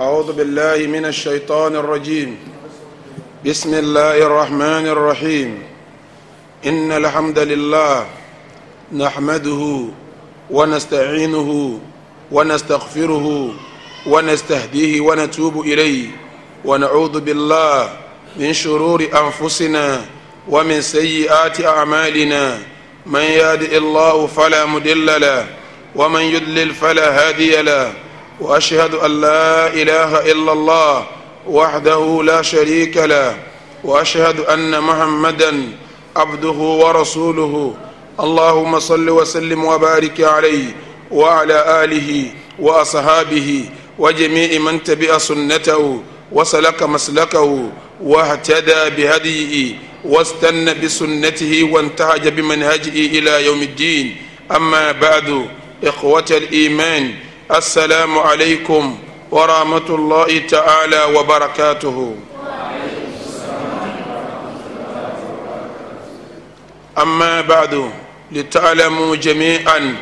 أعوذ بالله من الشيطان الرجيم بسم الله الرحمن الرحيم إن الحمد لله نحمده ونستعينه ونستغفره ونستهديه ونتوب إليه ونعوذ بالله من شرور أنفسنا ومن سيئات أعمالنا من يهد الله فلا مدل له ومن يدلل فلا هادي له وأشهد أن لا إله إلا الله وحده لا شريك له وأشهد أن محمدا عبده ورسوله اللهم صل وسلم وبارك عليه وعلى آله وأصحابه وجميع من تبع سنته وسلك مسلكه واهتدى بهديه واستنى بسنته وانتهج بمنهجه إلى يوم الدين أما بعد إخوة الإيمان السلام عليكم ورحمة الله تعالى وبركاته أما بعد لتعلموا جميعا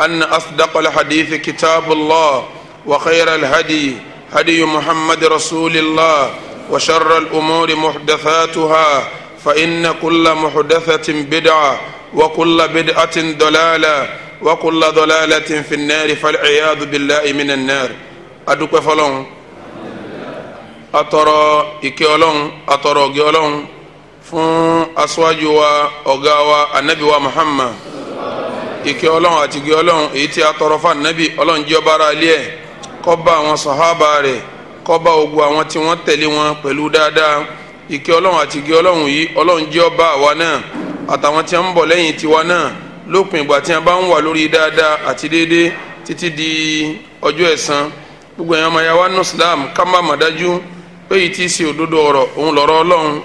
أن أصدق الحديث كتاب الله وخير الهدي هدي محمد رسول الله وشر الأمور محدثاتها فإن كل محدثة بدعة وكل بدعة ضلالة وكل ضلالة في النار فالعياذ بالله من النار أدوك فلون أترى إكيولون أترى جيولون فن أسواج وأغاوى النبي ومحمد ìkẹ́ ọlọ́run àti ìgbé ọlọ́run èyí tí a tọrọ fún ànábì ọlọ́run jẹ́ ọba ara ilé ẹ̀ kó bá àwọn sàhábà rẹ̀ kó bá ogun àwọn tí wọ́n tẹ̀lé wọn pẹ̀lú dáadáa ìkẹ́ ọlọ́run àti ìgbé ọlọ́run yìí ọlọ́run jẹ́ ọba àwa náà àtàwọn tí wọ́n ń bọ̀ lẹ́yìn tiwa náà lópin ìgbà tí a bá ń wà lórí dáadáa àti déédéé títí di ọjọ́ ẹ̀san gbogbo ẹ̀yàn ọmọ yàwá nù Islam ká má pé èyí tí ṣe òdodo ọ̀rọ̀ òun lọ̀rọ̀ Ọlọ́run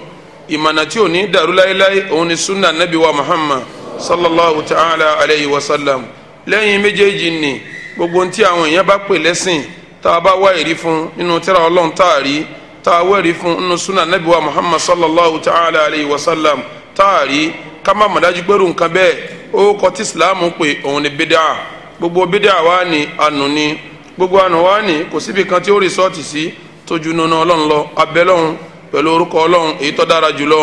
ìmọ̀nà tí ò ní dàrú láéláé òun ni sunna nabi wa Muhammad sallallahu ta'ala alayhi wa sallam lẹ́yìn méjèèjì ni gbogbo ohun tí àwọn èèyàn bá pè lẹ́sìn tá a bá wá èrí fún nínú tírà Ọlọ́run tá a rí tá fún nínú sunna nabi wa Muhammad sallallahu ta'ala alayhi wa sallam tá a rí ká pé irú nǹkan bẹ́ẹ̀ o tí ìsìláàmù pè òun ni bídà gbogbo bídà wa ní ànú ni gbogbo ànú wà ní kò síbi kan tí ó rìsọ́ọ̀tì sí tójú nínú ọlọ́run lọ abẹ́ lọ́run pẹ̀lú orúkọ ọlọ́run èyí tọ́ dára jùlọ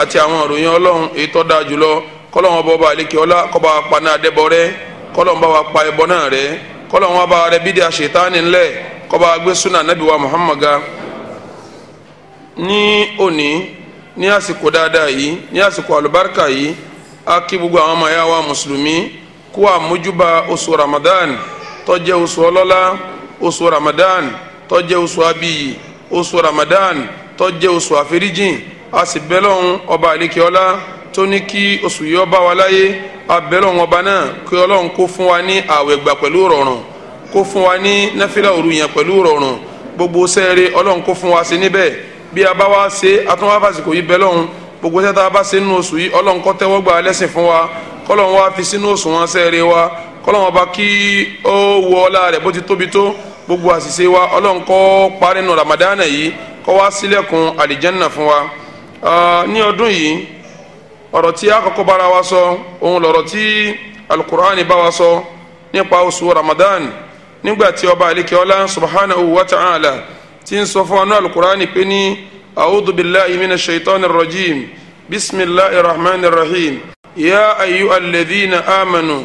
àti àwọn òròyìn ọlọ́run èyí tọ́ dára jùlọ ọba ọba àlekè ọlá kọ́ba apá náà bá wa akí gbogbo àwọn ọmọ ẹ̀yà wa mùsùlùmí kú àmójúbà oṣù ramadan tó jẹ́ oṣù ọlọ́lá oṣù ramadan tó jẹ́ oṣù abiyì oṣù ramadan tó jẹ́ oṣù àforíjìn a sì bẹ́lọ́hún ọba àlékeọ́lá tó ní kí oṣù yìí ọba wa láyé abẹ́lọ́hún ọba náà kí ọlọ́run kó fún wa ní àwẹ̀ gbà pẹ̀lú rọrùn kó fún wa ní náfìlà òru yẹn pẹ̀lú rọrùn gbogbo sẹ́ẹ̀rẹ́ ọlọ́run kó fún wa sí níbẹ̀ bí a bá wá ṣe atúnwá fásitì kò yí bẹ́lọ́hún gbogbo tẹ́ tá a bá ṣe nínú oṣù yìí ọlọ́run kó tẹ́wọ́ gbà lẹ́sìn fún wa kọ́lọ́run wá fi sínú oṣù wọn sẹ́ẹ̀rẹ̀ wa kọ́lọ́run ọba kí ó wọ ọlá rẹ̀ bó ti tóbi tó gbogbo àṣìṣe wa ọlọ́run kó parí nínú ramadana yìí kó wá sílẹ̀kùn àlìjẹ́nà fún wa ní ọdún yìí ọ̀rọ̀ tí a bára wa sọ òun lọ̀rọ̀ tí alukur'ani bá wa sọ nípa oṣù ramadan nígbà tí ọba àlekè ọlá subhanahu wa ta'ala ti ń sọ fún wa ní alukur'ani pé ní أعوذ بالله من الشيطان الرجيم بسم الله الرحمن الرحيم يا أيها الذين آمنوا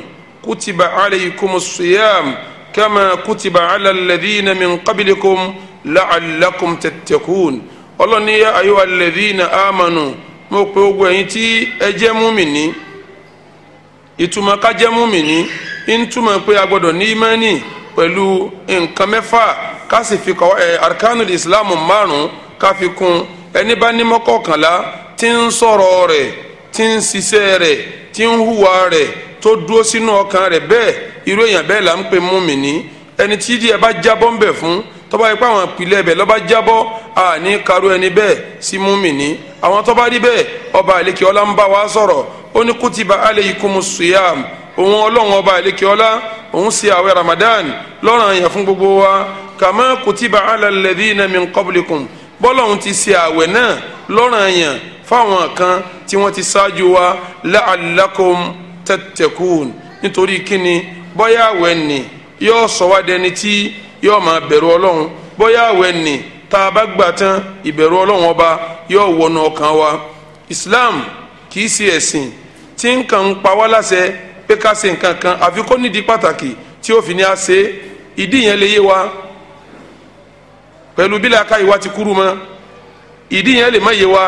كتب عليكم الصيام كما كتب على الذين من قبلكم لعلكم تتقون Ọlọ́run ní يا أيها الذين آمنوا mo pe ogun ẹ̀yin tí ẹ jẹ́ múmìnì ìtumọ̀ ká a gbọ́dọ̀ ní ìmánì pẹ̀lú nǹkan mẹ́fà ká fi kọ́ ẹ̀ arkanu islam márùn káfíkún ẹni bá ní mọ́kọ̀kànlá tí ń sọ̀rọ̀ rẹ̀ tí ń ṣiṣẹ́ rẹ̀ tí ń hùwà rẹ̀ tó dúró sínú ọkàn rẹ̀ bẹ́ẹ̀ irú èèyàn bẹ́ẹ̀ là ń pè mùmínì ẹni tí díẹ̀ bá jábọ́ ń bẹ̀ fún tọ́ba yìí àwọn ìpìlẹ̀ ẹ̀bẹ̀ lọ́ba jábọ́ àní karu ẹni bẹ́ẹ̀ sí mùmínì àwọn tọ́ba rí bẹ́ẹ̀ ọba àlekè ọlá ń bá wa sọ̀rọ̀ ó ní kútìbà alaykumus siyam òun ọlọ́run ọba àlekè ọlá òun ṣe àwẹ̀ ramadan lọ́ranyàn fún gbogbo wa kàmá kutiba ala alladhina min qablikum bọ́lọ́hún ti ṣe ààwẹ̀ náà lọ́ranyàn fáwọn kan tí wọ́n ti ṣáájú wa la'allakum tattaqun nítorí kíni bọ́yá ààwẹ̀ nì yóò sọ wá dẹni tí yóò máa bẹ̀rù ọlọ́run bọ́yá ààwẹ̀ nì tá a bá gbà tán ìbẹ̀rù ọlọ́run ọba yóò wọnú ọkàn wa Islam kì í ṣe ẹ̀sìn tí nǹkan ń pa wá láṣẹ pé ká ṣe nǹkan kan àfi nídìí pàtàkì tí ó fi ní a ṣe ìdí yẹn lè yé wa pẹ̀lú bí làákà ìwà ti kúrú mọ́ ìdí yẹn lè má yé wa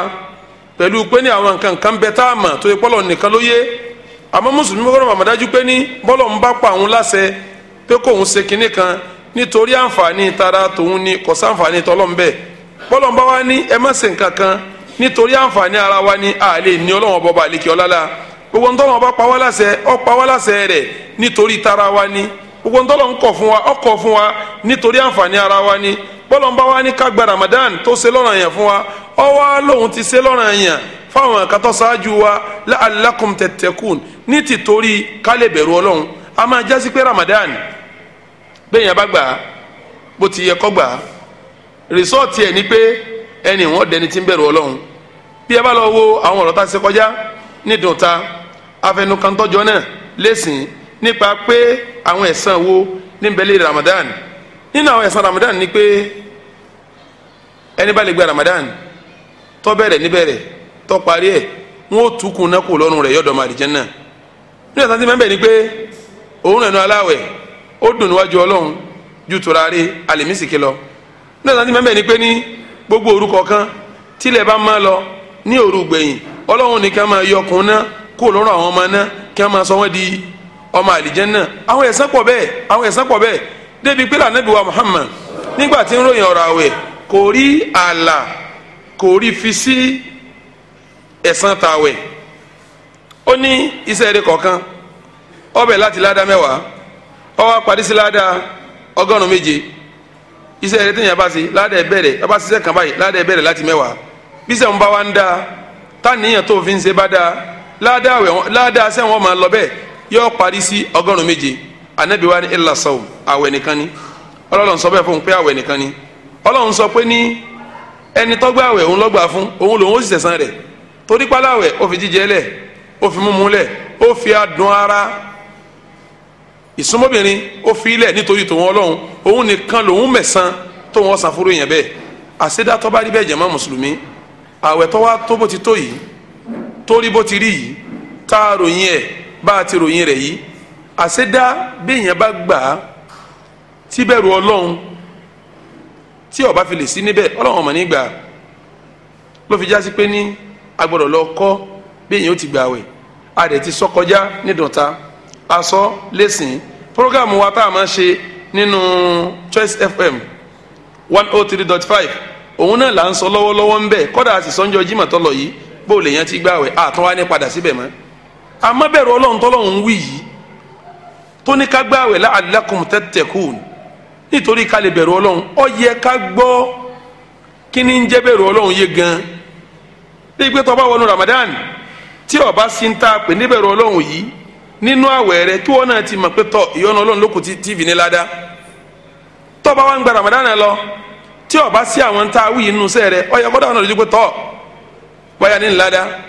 pẹ̀lú pé ní àwọn nǹkan kan bẹ tá a mọ̀ tó yẹ pọ́lọ̀ nìkan ló yé àmọ́ mùsùlùmí gbọ́dọ̀ màmá dájú pé ní bọ́lọ̀ ń bá pa òun láṣẹ pé kó òun ṣe kinní kan nítorí àǹfààní tara tòun ni kò sáǹfààní tọ́lọ́n bẹ́ẹ̀ bọ́lọ̀ ń bá wa ní ẹ má ṣe nǹkan kan nítorí àǹfààní ara wa ní àlè ní ọlọ́wọ́n bọ́ba àlekè ọlá la gbogbo pa wá láṣẹ ó pa wá gbogbo ntọ́lọ̀ ń kọ̀ fún wa ọkọ̀ fún wa nítorí àǹfààní ara wa ni bọ́lọ̀ wa ní ká Ramadan tó ṣe lọ́ràn yẹn fún wa ọwọ́ lòun ti ṣe lọ́ràn yẹn fáwọn àkàtọ́ ṣáájú wa la'allakum tattaqun ní tìtorí ká lè bẹ̀rù ọlọ́run a máa jásí pé Ramadan bẹ́ẹ̀ yẹn bá gbà á bó ti yẹ kọ́ gbà á rìsọ́ọ̀tì ẹ̀ ni pé ẹni wọ́n dẹni tí ń bẹ̀rù ọlọ́run bí ẹ bá lọ wo àwọn ọ̀rọ̀ tá a ṣe kọjá nídùn ta afẹnukantọ́jọ náà lẹ́sìn nípa pé àwọn esan wo níbẹ̀lẹ̀ Ramadan nínú àwọn esan Ramadan ni pé ẹni bá lè gba Ramadan tó bẹ̀rẹ̀ níbẹ̀rẹ̀ tó parí ẹ̀ wọn ò tukùn náà kò lọ́rùn rẹ̀ yọ̀dọ̀ màdìjẹ́ náà nínú ni pé òun rẹ̀ nu aláwẹ̀ ó dùn níwájú Ọlọ́run ju lọ nínú ẹ̀san tí mẹ́mbẹ̀ ni gbogbo orúkọ kan tílẹ̀ bá má lọ ní òru gbẹ̀yìn Ọlọ́run nìkan máa yọkùn náà kó lọ́rùn àwọn ọmọ di ọmọ àlìjẹ́nà àwọn ẹ̀san pọ̀ bẹ́ẹ̀ àwọn ẹ̀san pọ̀ bẹ́ẹ̀ débi pé lànàbí wa Muhammad nígbà tí ń ròyìn ọ̀rọ̀ àwẹ̀ kò rí ààlà kò rí fi sí ẹ̀san tàwẹ̀ ó ní iṣẹ́ rere kọ̀ọ̀kan ọbẹ̀ láti ládàá mẹ́wàá ọwọ́ parí sí ládàá ọgọ́rùn-ún méje iṣẹ́ rere téèyàn bá ṣe ládàá ẹ̀bẹ̀rẹ̀ bá ṣiṣẹ́ kan báyìí ládàá ẹ̀bẹ̀rẹ̀ láti mẹ́wàá bí sẹ́wọ̀n bá wá ń dáa táníyàn tó fi ń ṣe bá dáa ládàá sẹ́wọ̀n máa lọ bẹ́ẹ̀ yóò parí sí ọgọ́rùn méje anabi wa ni illa sawm àwẹ̀ nìkan ni ọlọ́run sọ bẹ́ẹ̀ fún pé àwẹ̀ nìkan ni ọlọ́run sọ pé ní ẹni tọ́gbà àwẹ̀ òun lọ́gbà fún òun lòun ó sì sẹ̀san rẹ̀ torí pálàwẹ̀ ó fi jíjẹ lẹ̀ ó fi mímu lẹ̀ ó fi adùn ara ìsúnmọ́bìnrin ó fi ilẹ̀ nítorí tòun ọlọ́run òun nìkan lòun mẹ̀san tóun ọ̀sán fúru yẹn bẹ́ẹ̀ àṣedátọ́ bá rí bẹ́ẹ̀ jẹ̀mọ́ mùsùlùmí àwẹ̀ tó tó bó ti tó yìí torí bó ti rí yìí tá a ròyìn ẹ̀ bá a ti ròyìn rẹ̀ yìí àṣẹdá béèyàn bá gbà á tí bẹ̀rù ọlọ́run tí ó bá fi lè sí níbẹ̀ ọlọ́run ọmọ nígbà ló fi jásí pé ní agbọ́dọ̀ lọ kọ́ béèyàn ó ti gbà wẹ̀ a dẹ̀ ti sọ kọjá nídọ̀ta aṣọ lẹ́sìn programu wa tá a máa ṣe nínú Choice FM one oh three dot five òun náà là ń sọ lọ́wọ́lọ́wọ́ ń bẹ̀ kọ́dà a sì sọ́njọ́ jimoh tọ́lọ̀ yìí bó lèèyàn ti gbà wẹ̀ àtúnwá ní padà síbẹ̀ mọ́. amábẹ̀rù ọlọ́run tọ́lọ́run wí yìí tó ní ká gbààwẹ̀ la'allakum tattaqun nítorí ká lè bẹ̀rù ọlọ́run ó yẹ ká gbọ́ kí ni ń jẹ́ bẹ̀rù ọlọ́run yé gan bí pé tó bá wọnú Ramadan tí ó bá sí ń ta pè ní bẹ̀rù ọlọ́run yìí nínú àwẹ̀ rẹ kí wọ́n náà ti mọ̀ pé tọ́ ti ládàá bá wà ń gba Ramadan lọ tí sí àwọn sẹ́ẹ̀ rẹ yẹ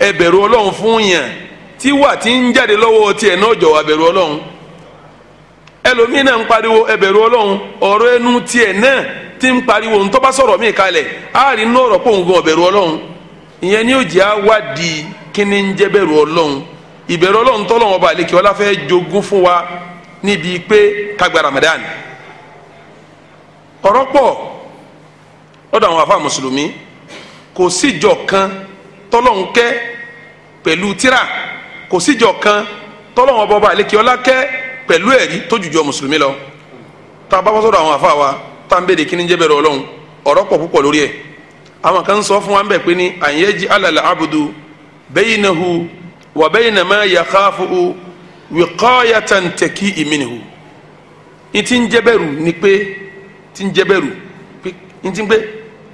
ẹ ọlọrun fún yàn tí wà tí ń jáde lọ́wọ́ tiẹ̀ náà jọ wà bẹ̀rù ọlọ́run ẹlòmíín náà ń pariwo ẹ bẹ̀rù ọlọ́run ẹnu tiẹ̀ náà ti ń pariwo ntọ́ sọ̀rọ̀ míì kalẹ̀ àárín náà ọ̀rọ̀ pòun gan ọ̀bẹ̀rù ọlọ́run ìyẹn ni ó jẹ́ àwádìí kíni ń jẹ́ bẹ̀rù ọlọ́run ìbẹ̀rù ọlọ́run tọ́lọ́run ọba àlekè ọlá fẹ́ jogún fún wa níbi pé kagbà Ramadan ọ̀rọ̀ pọ̀ lọ́dọ̀ àwọn àfa mùsùlùmí kò síjọ kan tọ́lọ́hún kẹ́ pẹ̀lú tíra kò síjọ kan tọ́lọ́hún ọba ọba àlekè ọlá kẹ́ pẹ̀lú ẹ̀rí tó jùjọ mùsùlùmí lọ tá a bá bọ́ sọ́dọ̀ àwọn àfa wa tá a ń bèèrè kíní jẹ́bẹ̀rẹ̀ ọlọ́run ọ̀rọ̀ pọ̀ púpọ̀ lórí ẹ̀ àwọn kan sọ fún wa ń bẹ̀ pé ní àyẹ́jì alàlà abudu bẹ́yìnahu wà bẹ́yìnàmá yàkáfu wìkọ́yàtàn tẹ̀kí ìmìnihu ní ti ń jẹ́bẹ̀rù ni pé ti ń jẹ́bẹ̀rù ní ti ń pé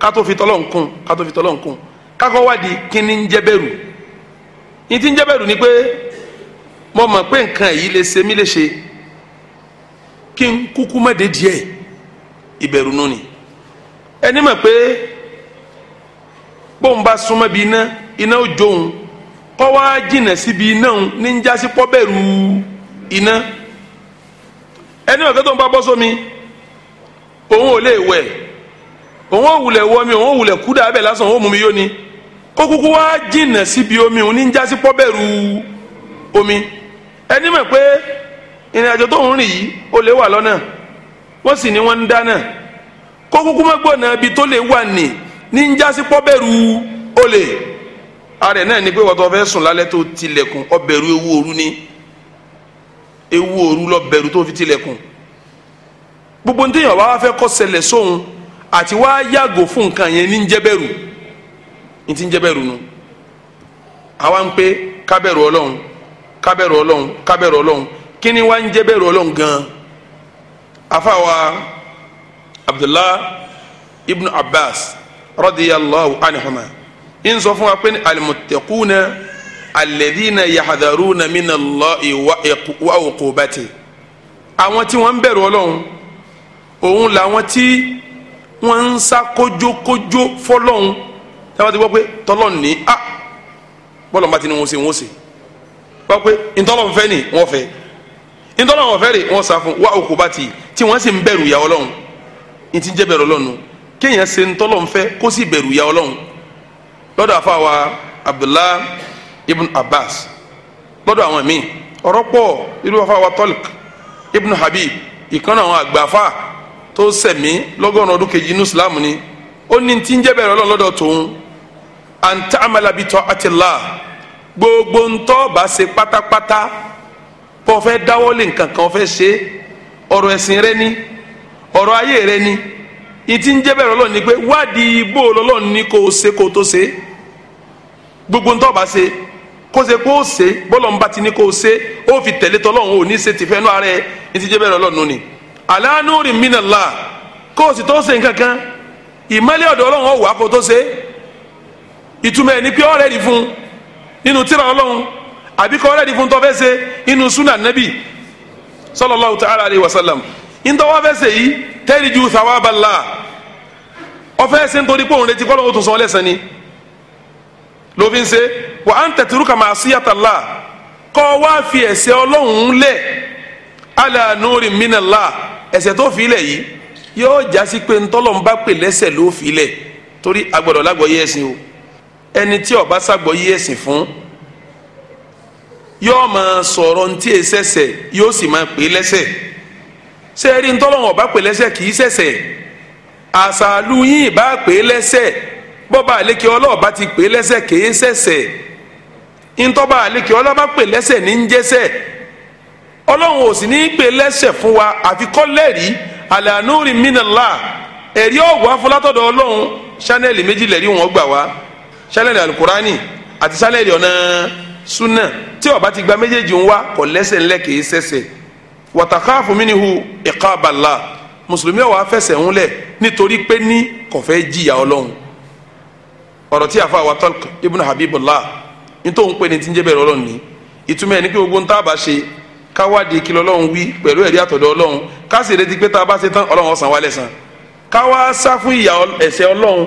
ká tó fi tọ́lọ́ nkún ká fi tọ́lọ́ nkún kakọ wádìí kini ń jẹ́ bẹ̀rù ní ti ń jẹ́ bẹ̀rù ni pé mo mọ̀ pé nǹkan yìí lè ṣe mí lè ṣe kí n kúkú má dé díẹ̀ ìbẹ̀rù nù ni ẹni mọ̀ pé bóun bá súnmọ́ bí iná iná ó jóun kọ́ wá jìnà síbi iná òun ní ń jásí pọ́ iná ẹni mọ̀ pé tóun bá bọ́ sómi òun ò lè wẹ̀ òun ò wulẹ̀ wọmi òun ò wulẹ̀ kú dàbẹ̀ lásán òun ò mú mi kó kúkú wá jìnnà síbi omi òun ní ń jásí pọ́ bẹ̀rù omi ẹni mọ̀ pé ìrìn àjò tó ń rìn yìí ó lè wà lọ́nà wọ́n sì ní wọ́n ń dáná kó kúkú gbọ́nà ibi tó lè wà nì ní ń jásí pọ́ olè náà ni pé wọ́n fẹ́ sùn lálẹ́ tó tilẹ̀kùn ewu òru ni ewu òru ló tó fi tilẹ̀kùn gbogbo ní wá fẹ́ sóhun àti wá yàgò fún nǹkan yẹn n ti ń jẹ́ bẹ́ẹ̀ runu àwa ń pé kábẹ̀rù ọlọ́run kábẹ̀rù ọlọ́run kábẹ̀rù ọlọ́run kí wá ń jẹ́ bẹ́ẹ̀ rù gan afáwa abdullah ibn abbas radiyallahu anhuma ń sọ fún wa pé alimutekuna alẹ́dínà yahadaruna minallahi wa uqubati àwọn tí wọ́n ń bẹ̀rù ọlọ́run òun làwọn tí wọ́n ń sá kójókójó fọlọ́run táwọn ti gbọ́ pé tọ́lọ́ ní a ah! bọ́lọ̀ bá ti ní wọn ṣe wọn ṣe gbọ́ pé ntọ́lọ́ fẹ́ ni wọ́n fẹ́ ntọ́lọ́ wọn fẹ́ rè wọ́n sá fún wa òkú bá ti tí wọ́n sì ń bẹ̀rù ya ọlọ́run ní ti jẹ́ bẹ̀rù ọlọ́run kéèyàn ṣe ntọ́lọ́ fẹ́ kó sì bẹ̀rù ya ọlọ́run lọ́dọ̀ àfa wa Abdullah ibn Abbas lọ́dọ̀ àwọn míì ọ̀rọ̀ pọ̀ irú afa wa Talik ibn Habib ìkànnì àwọn àgbà afa tó sẹ̀mí lọ́gọ́rùn ọdún kejì inú Islam ni ó ní ti ń jẹ́ bẹ̀rù ọlọ́run lọ́dọ̀ tòun àǹtá àmàlàbìtọ̀ àti là gbogbo ntɔ bá ṣe pátápátá pọ̀ fẹ́ nkankan nǹkan kan fẹ́ ṣe ọ̀rọ̀ ẹ̀sìn rẹ ni ọ̀rọ̀ ayé rẹ ni ìtí ń jẹ́ bẹ̀rẹ̀ ni pé wádìí bó tó gbogbo ntɔ bá ṣe kó ṣe kó o ṣe bọ́lọ́n bá ti ní kó ó fi tẹ̀lé tọ́lọ́hún ò ní ṣe tìfẹ́ nú ara ẹ ìtí jẹ́ bẹ̀rẹ̀ ọlọ́ọ̀nù tó tó ìtumọ̀ ẹ̀ ni pé ọ̀rẹ́ di fún nínú tírà ọlọ́run àbí kọ́ ọ̀rẹ́ di fún tọ́fẹ́ ṣe nínú sunna nabi sallallahu ta'ala alayhi wa sallam ntọ́wọ́ fẹ́ ṣe yìí tẹ́lẹ̀ ju thawabala ọfẹ́ ṣe nítorí pé òun retí kọ́ lọ́wọ́ tó sọ lẹ́sẹ̀ ni lófin ṣe wà á ń tẹ̀tùrú kàmá àṣìyàtàlá kọ́ wá fi ẹ̀ṣẹ̀ ọlọ́run lẹ̀ ala nuri minallah ẹ̀ṣẹ̀ tó fi lẹ̀ yìí yóò jásí pé ntọ́lọ́mbà pè lẹ́sẹ̀ ló fi lẹ̀ torí agbọ̀dọ̀ lágbọ̀ yẹ́ ẹ̀sìn o. ẹni tí ọba sàgbọ́ yí ẹ̀sìn fún yóò máa sọ̀rọ̀ ntí ẹsẹ̀sẹ̀ yóò sì máa pè lẹ́sẹ̀ ṣé ẹ rí ntọ́lọ́wọ̀n ọba pè lẹ́sẹ̀ kì í ṣẹ̀sẹ̀ àṣàlù yín pè lẹ́sẹ̀ bọ́ba àlékè ọlọ́ọ̀ba ti pè lẹ́sẹ̀ kì í ntọ́ba àlékè pè lẹ́sẹ̀ ní ń jẹ́sẹ̀ ò sì ní í pè lẹ́sẹ̀ fún wa lẹ́rìí ẹ̀rí ọlọ́run sálẹ̀rì alukurani àti sálẹ̀rì ọ̀nà sunna tí ó bá ti gba méjèèjì ń wá kò lẹ́sẹ̀ ńlẹ̀ kì í sẹ́sẹ̀ wàtàkàfù mínihù ìkàbàlà mùsùlùmí ó wá ńlẹ̀ nítorí pé ní kò jìyà ọlọ́run ọ̀rọ̀ tí àfa wa tọ́lk ibn habibullah nítorí òun pé ní ti ń jẹ́ bẹ̀rẹ̀ ọlọ́run ni ìtumọ̀ ẹ̀ ní pé gbogbo ń tá a bá ṣe ká wádìí kí lọ́lọ́run wí pẹ̀lú ẹ̀rí àtọ̀dọ̀ ọlọ́run ká sì retí pé tá a bá ṣe tán ọlọ́run ó san wa lẹ́san ká wá sá fún ìyà ẹ̀ṣẹ̀ ọlọ́run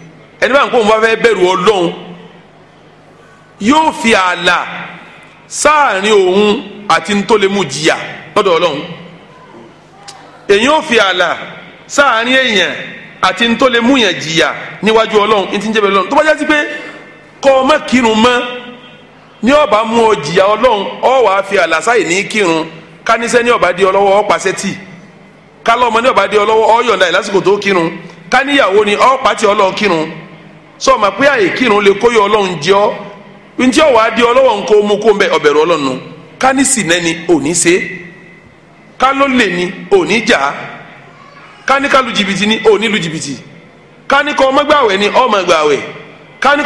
ẹni bá ń kó wọn bá fẹ́ bẹ̀rù ọlọ́run yóò fi ààlà sáàrin òun àti ntólemu jìyà lọ́dọ̀ ọlọ́run èyàn ò fi ààlà sáàrin èèyàn àti ntólemu yẹn jìyà níwájú ọlọ́run ní ti ń jẹ́ bẹ̀rù ọlọ́run tó bá jásí pé kọ́ ọ má kírun mọ́ ní ọba mú ọ jìyà ọlọ́run ọ wàá fi ààlà sáì ní kírun kánísẹ́ ní ọba di ọlọ́wọ́ ọ pàṣẹ tì kálọ́ ní ọba di ọlọ́wọ́ ọ yọ̀ǹda ẹ̀ tó kírun káníyàwó ni ọ pàtì ọlọ́ọ̀ kírun sọ ma pé àìkírun lè kóyọ ọlọ́run jẹ ọ́ dị ọ̀wá di ọlọ́wọ́ nǹkan mú kó bẹ ọlọ́run nu ká ní sìnẹ́ ni òní ṣe ká ló lè ni òní jà ká ní ká lu ni òní lu jìbìtì ká ní ni ọmọ gbàwẹ̀ ká ní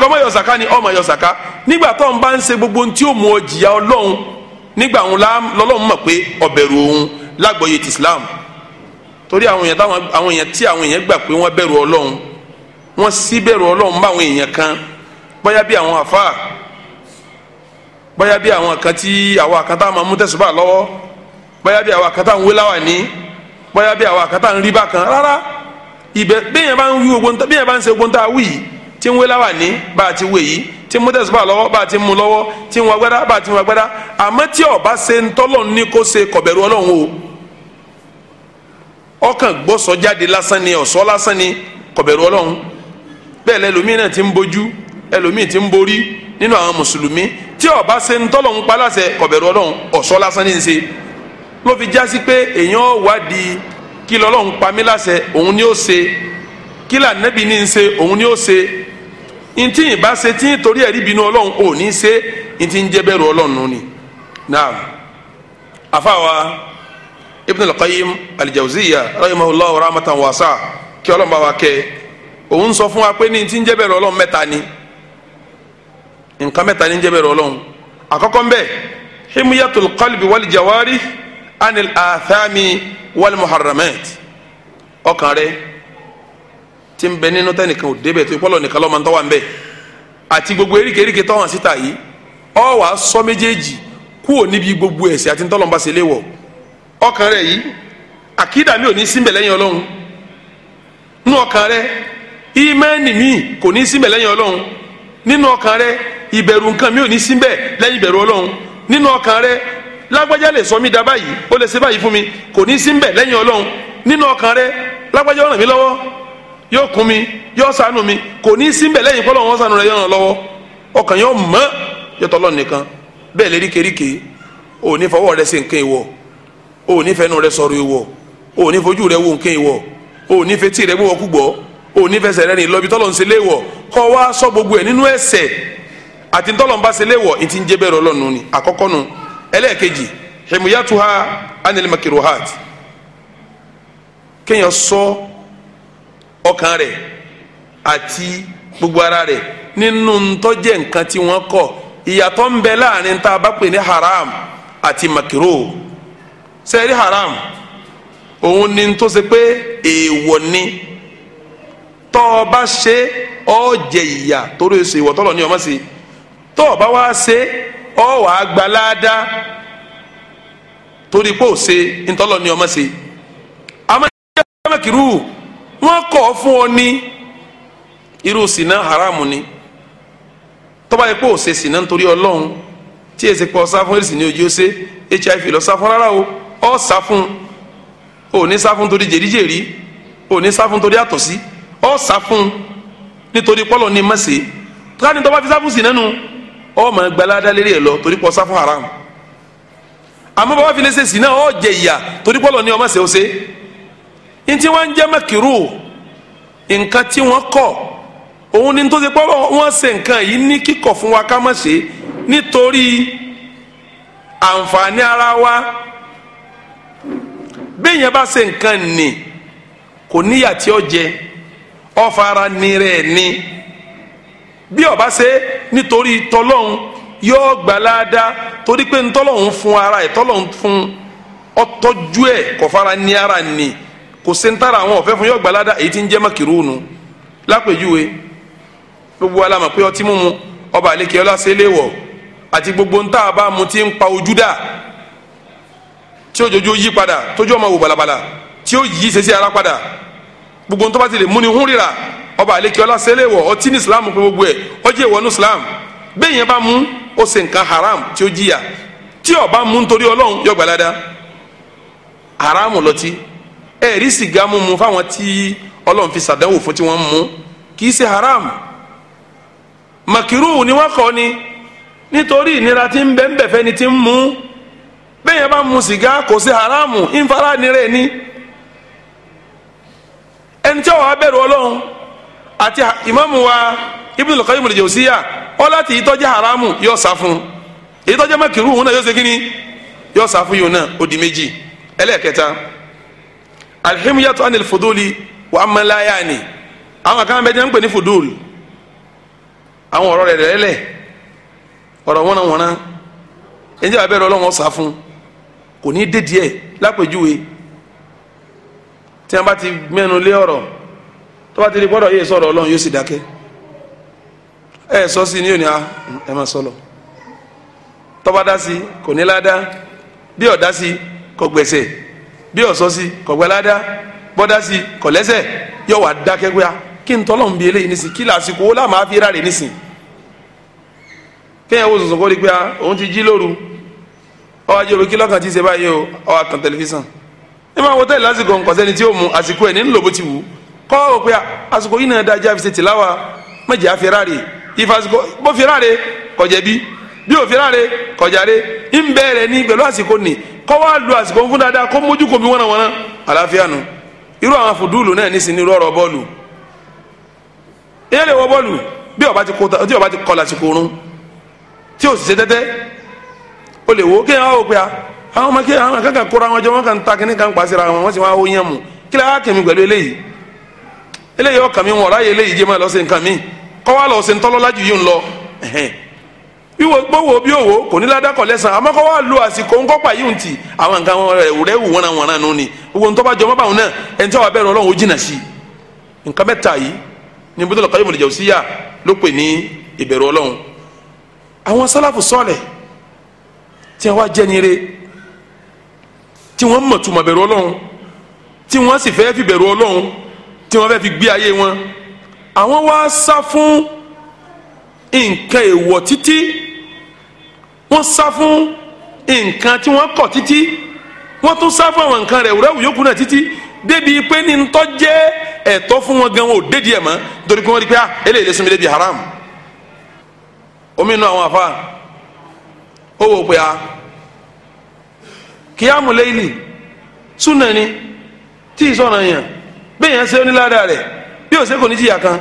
ọmọ gbogbo tí ó mú ọ jìyà nígbà òun pé òun torí àwọn èèyàn tí àwọn èèyàn gbà pé wọ́n síbẹ̀rù ọlọ́run bá àwọn èèyàn kan bóyá bí àwọn àfa bóyá bí àwọn kan tí àwọn àkàtà máa mú tẹ̀sùbà lọ́wọ́ bóyá bí àwọn àkàtà ń wé láwà ní bóyá bí àwọn àkàtà ń rí bákan rárá ibẹ̀ bẹ́ẹ̀yàn bá ń wí ogun bẹ́ẹ̀yàn bá ń ṣe ogun tá a wí yìí tí ń wé láwà ní bá a ti wé yìí tí ń mú tẹ̀sùbà lọ́wọ́ bá a ti mú lọ́wọ́ tí ń wá gbẹ́dá bá a ti wá gbẹ́dá àmọ́ tí ó bá ń tọ́lọ̀ ní kó ṣe kọ̀bẹ̀rù ọlọ́run o ọkàn ni ọ̀sọ́ lásán ni kọ̀bẹ̀rù bẹ́ẹ̀ ni ẹlòmíì náà ti ń bojú ti ń borí nínú àwọn mùsùlùmí tí ó ṣe ń tọ́lọ̀ ń pa láṣẹ Ọlọ́run ọ̀ṣọ́ lásán ní í ṣe ló fi jásí pé èèyàn wádìí kí lọ́lọ́run pa mí ni ó ṣe kí ní í ṣe òun ni ó ṣe ntí ìbá ṣe tí torí ẹ̀rí bínú Ọlọ́run ò ní í ṣe ń jẹ́ Ọlọ́run ni naam afaawa Ibn al-Qayyim òun sọ fún wa pé ní ti ń jẹ́ bẹ̀rù ni nǹkan mẹ́ta ni ń jẹ́ bẹ̀rù ọlọ́run ń bẹ himiyatul wali jawari anil athami wal muharramat ọkàn rẹ ti ń bẹ nínú tẹnìkan ò débẹ̀ tó nìkan ń bẹ àti gbogbo eríkèéríkè tó hàn síta yìí ọ wàá sọ méjèèjì gbogbo ẹ̀ṣẹ̀ àti ntọ́lọ́mọba ṣe léwọ̀ ọkàn rẹ yìí àkídà mi ò ní ìmẹ́ẹ̀nì míì kò ní síbẹ̀ lẹ́yìn ọlọ́run nínú ọkàn rẹ ìbẹ̀rù nǹkan mi ò ní síbẹ̀ lẹ́yìn ìbẹ̀rù ọlọ́run nínú ọkàn rẹ lágbájá lè sọ mí da báyìí ó lè ṣe báyìí fún mi kò ní síbẹ̀ lẹ́yìn ọlọ́run nínú ọkàn rẹ lágbájá ó ràn lọ́wọ́ yóò kún mi yóò ṣàánú mi kò ní síbẹ̀ lẹ́yìn pé ọlọ́run ṣàánú rẹ yóò ràn lọ́wọ́ ọkàn yóò mọ́ yọtọ̀ ọlọ́run nìkan bẹ́ẹ̀ lè ríkèríkè ò ní fọwọ́ rẹ ṣe nǹkan ìwọ ò ní fẹnu rẹ sọ̀rọ̀ ìwọ ò ní fojú rẹ òní fẹsẹ̀ rẹ̀ ní lọ́bi tọ́lọ̀ ń ṣe léwọ̀ kọ́ wa sọ gbogbo ẹ̀ nínú ẹ̀ṣẹ̀ àti tọ́lọ̀ ń bá ṣe léwọ̀ ní ti ń jẹ́ bẹ́ẹ̀ rọlọ́nu ni àkọ́kọ́ nu ẹlẹ́ẹ̀kejì himuyatuha anil makiruhat kéèyàn sọ ọkàn rẹ̀ àti gbogbo ara rẹ̀ nínú ntọ́jẹ́ nǹkan tí wọ́n kọ̀ ìyàtọ̀ ń bẹ láàrin tá a bá pè ní haram àti makiro, sẹ́ẹ̀rí haram òun ni tó ṣe pé èèwọ̀ ni. E tọ́ ọ bá ṣe ọ jẹ ìyà torí oṣù ìwọ̀ tọ́lọ̀ ní ọmọ sí tọ́ ọ bá wá ṣe ọ wà á gba láàdá torí pé ò ṣe ntọ́lọ̀ ní ọmọ sí. amákìrú wọn kọ̀ ọ́ fún ọ ní irú sìnà haramu ni tọ́ba yẹ pé ò ṣe sìnà nítorí ọlọ́run tí èsì pọ̀ sá fún èsì ní ojú ṣe hiv lọ sá fún rárá o ọ sá fún o ní sá fún torí jèríjèrí o ní sá fún torí àtọ̀sí ọ sá fún nítorí pọ́lọ̀ ní má ṣe tó ní tọ́ba fi sá fún sí nánu ọ máa gbalada lérí ẹ lọ torí pọ́ sá haram àmọ́ bàbá fi lè ṣe sí náà ọ jẹ ìyà torí pọ́lọ̀ ní ọmọ ṣe ó ṣe ntí wọ́n ń jẹ́ nǹkan tí wọ́n kọ̀ òun ni tó ṣe pọ́lọ̀ wọ́n ṣe nǹkan yìí ní kíkọ̀ fún wa ká má ṣe nítorí àǹfààní ara wa bẹ́ẹ̀ yẹn bá ṣe nǹkan nì kò níyà tí ó jẹ ọ̀fara nírẹ̀ ni bí ọba ṣe nítorí tọlọ́hún yóò gbà láàdá torí pé ntọ́lọ́hún fún ara ẹ̀ tọ́lọ́hún fún ọtọ́jú ẹ̀ kọ̀fara ní ara ni kò se ń tara àwọn ọ̀fẹ́ fún yóò gbà láàdá èyí tí ń jẹ́ mọ́kìrúnù lápèjúwe gbogbo alamọ̀ pé ọtí mímu ọba àlekè ọlá ṣe léwọ̀ àti gbogbo ń tá a bá mu ti ń pa ojú dà tí ojoojó yí padà tójú ọmọ wò balabala tí ó yí sẹ́sẹ́ ara padà gbogbo ntọ́ bá ti lè múni hún ríra ọba àlekí ọlá sẹ́lẹ̀ wọ̀ ọtí ní islam pé gbogbo ẹ̀ ọjẹ́ ìwọ ní islam bẹ́ẹ̀ yẹn bá mú ó ṣe nǹkan haram tí ó jìyà tí ó bá mú nítorí ọlọ́run yọ gbalada haram lọtí ẹ̀rí sìgá mímu fáwọn tí ọlọ́run fi ṣàdánwò fún tí wọ́n mú kì í ṣe haram makiru ni wọ́n kọ́ ni nítorí ìnira tí ń bẹ́ẹ̀ bẹ́ẹ̀ fẹ́ni tí ń mú bẹ́ẹ̀ yẹn bá mú sìgá kò ṣe haram ìfarani rẹ̀ ni. ẹni tí àwọn abẹ́rù ọlọ́run àti ìmáàmù wa Ibnul Qayyim al-Jawziyya ọ láti ìtọ́jẹ́ haramu yóò sá fún ìtọ́jẹ́ mẹ́kìrú òun náà yóò ṣe kí ni yóò sá fún yóò náà ó méjì ẹlẹ́ẹ̀kẹta alhimiyatu anil fuduli wa amalayani àwọn kan bẹ jẹ́ ń pè ní fuduli àwọn ọ̀rọ̀ rẹ̀ lẹ́lẹ̀ ọ̀rọ̀ wọ́nawọ́ná ẹni tí àwọn abẹ́rù ọlọ́run ọ sá fún kò ní dédìí ẹ̀ lápèjúwe tí a bá ti mẹ́nu lé ọ̀rọ̀ tó bá ti di gbọ́dọ̀ yé sọ̀rọ̀ Ọlọ́run yóò sì dákẹ́ ẹ sọ sí ni yóò ní a ah, ẹ máa sọ lọ tọba dá sí kò ní ládá bí dá sí kò gbẹ̀sẹ̀ bí sọ sí kò gbẹ ládá bọ́dá sí kò lẹ́sẹ̀ yóò dákẹ́ ah, kí n tọ́lọ̀ ń bi eléyìí nísìn kí làásìkò nísìn kéèyàn sọ̀sọ̀ kó ẹ máa wọ tẹ́lẹ̀ lásìkò nǹkan sẹ́ni tí ó mu àsìkò ẹ̀ ní ńlò bó ti wù kọ́ ọ pé àsìkò yìí náà dá ajá fi ṣe méjì àfẹ́ráre ìfàsìkò bó fẹ́ráre kọjá bí bí ò kọjá re ń bẹ̀rẹ̀ ní pẹ̀lú àsìkò nì kọ́ wá lu àsìkò fún dáadáa kó mójú kò bí wọ́n wọn àlàáfíà nu irú àwọn fùdúùlù náà ní sinmi rọrọ bọ́ọ̀lù ìyẹn wọ bọ́ọ̀lù bí ọba ti kọ àwọn ọmọ kéèyàn àwọn kankan kóra wọn jọ wọn kàn ta kíní kan pàṣẹ ra wọn wọn sì wá ó yẹn mu kí la kẹmi pẹ̀lú eléyìí eléyìí ọkàn mi wọn ráyè eléyìí jẹ́ máa lọ sí nǹkan mi kọ́ wa lọ sí ntọ́lọ́lá jù yìí ń lọ wíwo gbówó bí òwò kò ní ládàkọ̀ lẹ́sàn àmọ́ kọ́ wa lu àsìkò ńkọ́pà yìí ń àwọn nǹkan wọn rẹ̀ wù wọ́n wọn náà gbogbo ntọ́ba jọ ni bídọ́lọ̀ kọ́yọ́ mọ̀lẹ́jà òsíyà ló pè ní ìbẹ̀rù tí wọ́n mọ̀ tuma bẹ̀rù ọlọ́run tí wọ́n sì fẹ́ fi bẹ̀rù ọlọ́run tí wọ́n fẹ́ fi gbé ayé wọn àwọn wá sá fún nǹkan èèwọ̀ títí wọ́n sá fún nǹkan tí wọ́n kọ̀ títí wọ́n tún sá fún àwọn nǹkan rẹ̀ wúrẹ́wù yòókù náà títí débi pé ní ntọ́ jẹ́ ẹ̀tọ́ fún wọn gan wọn ò dédi ẹ̀ mọ́ torí pé wọ́n rí pé ah eléyìí lè sinmi débi haram omi inú àwọn afa ó wò pé ah kíámù léyìlì súnà ni tí ìsọ̀nà yàn bẹ́ẹ̀ yẹn ṣe onílàdà rẹ̀ bí òṣè kò ní jìyà kan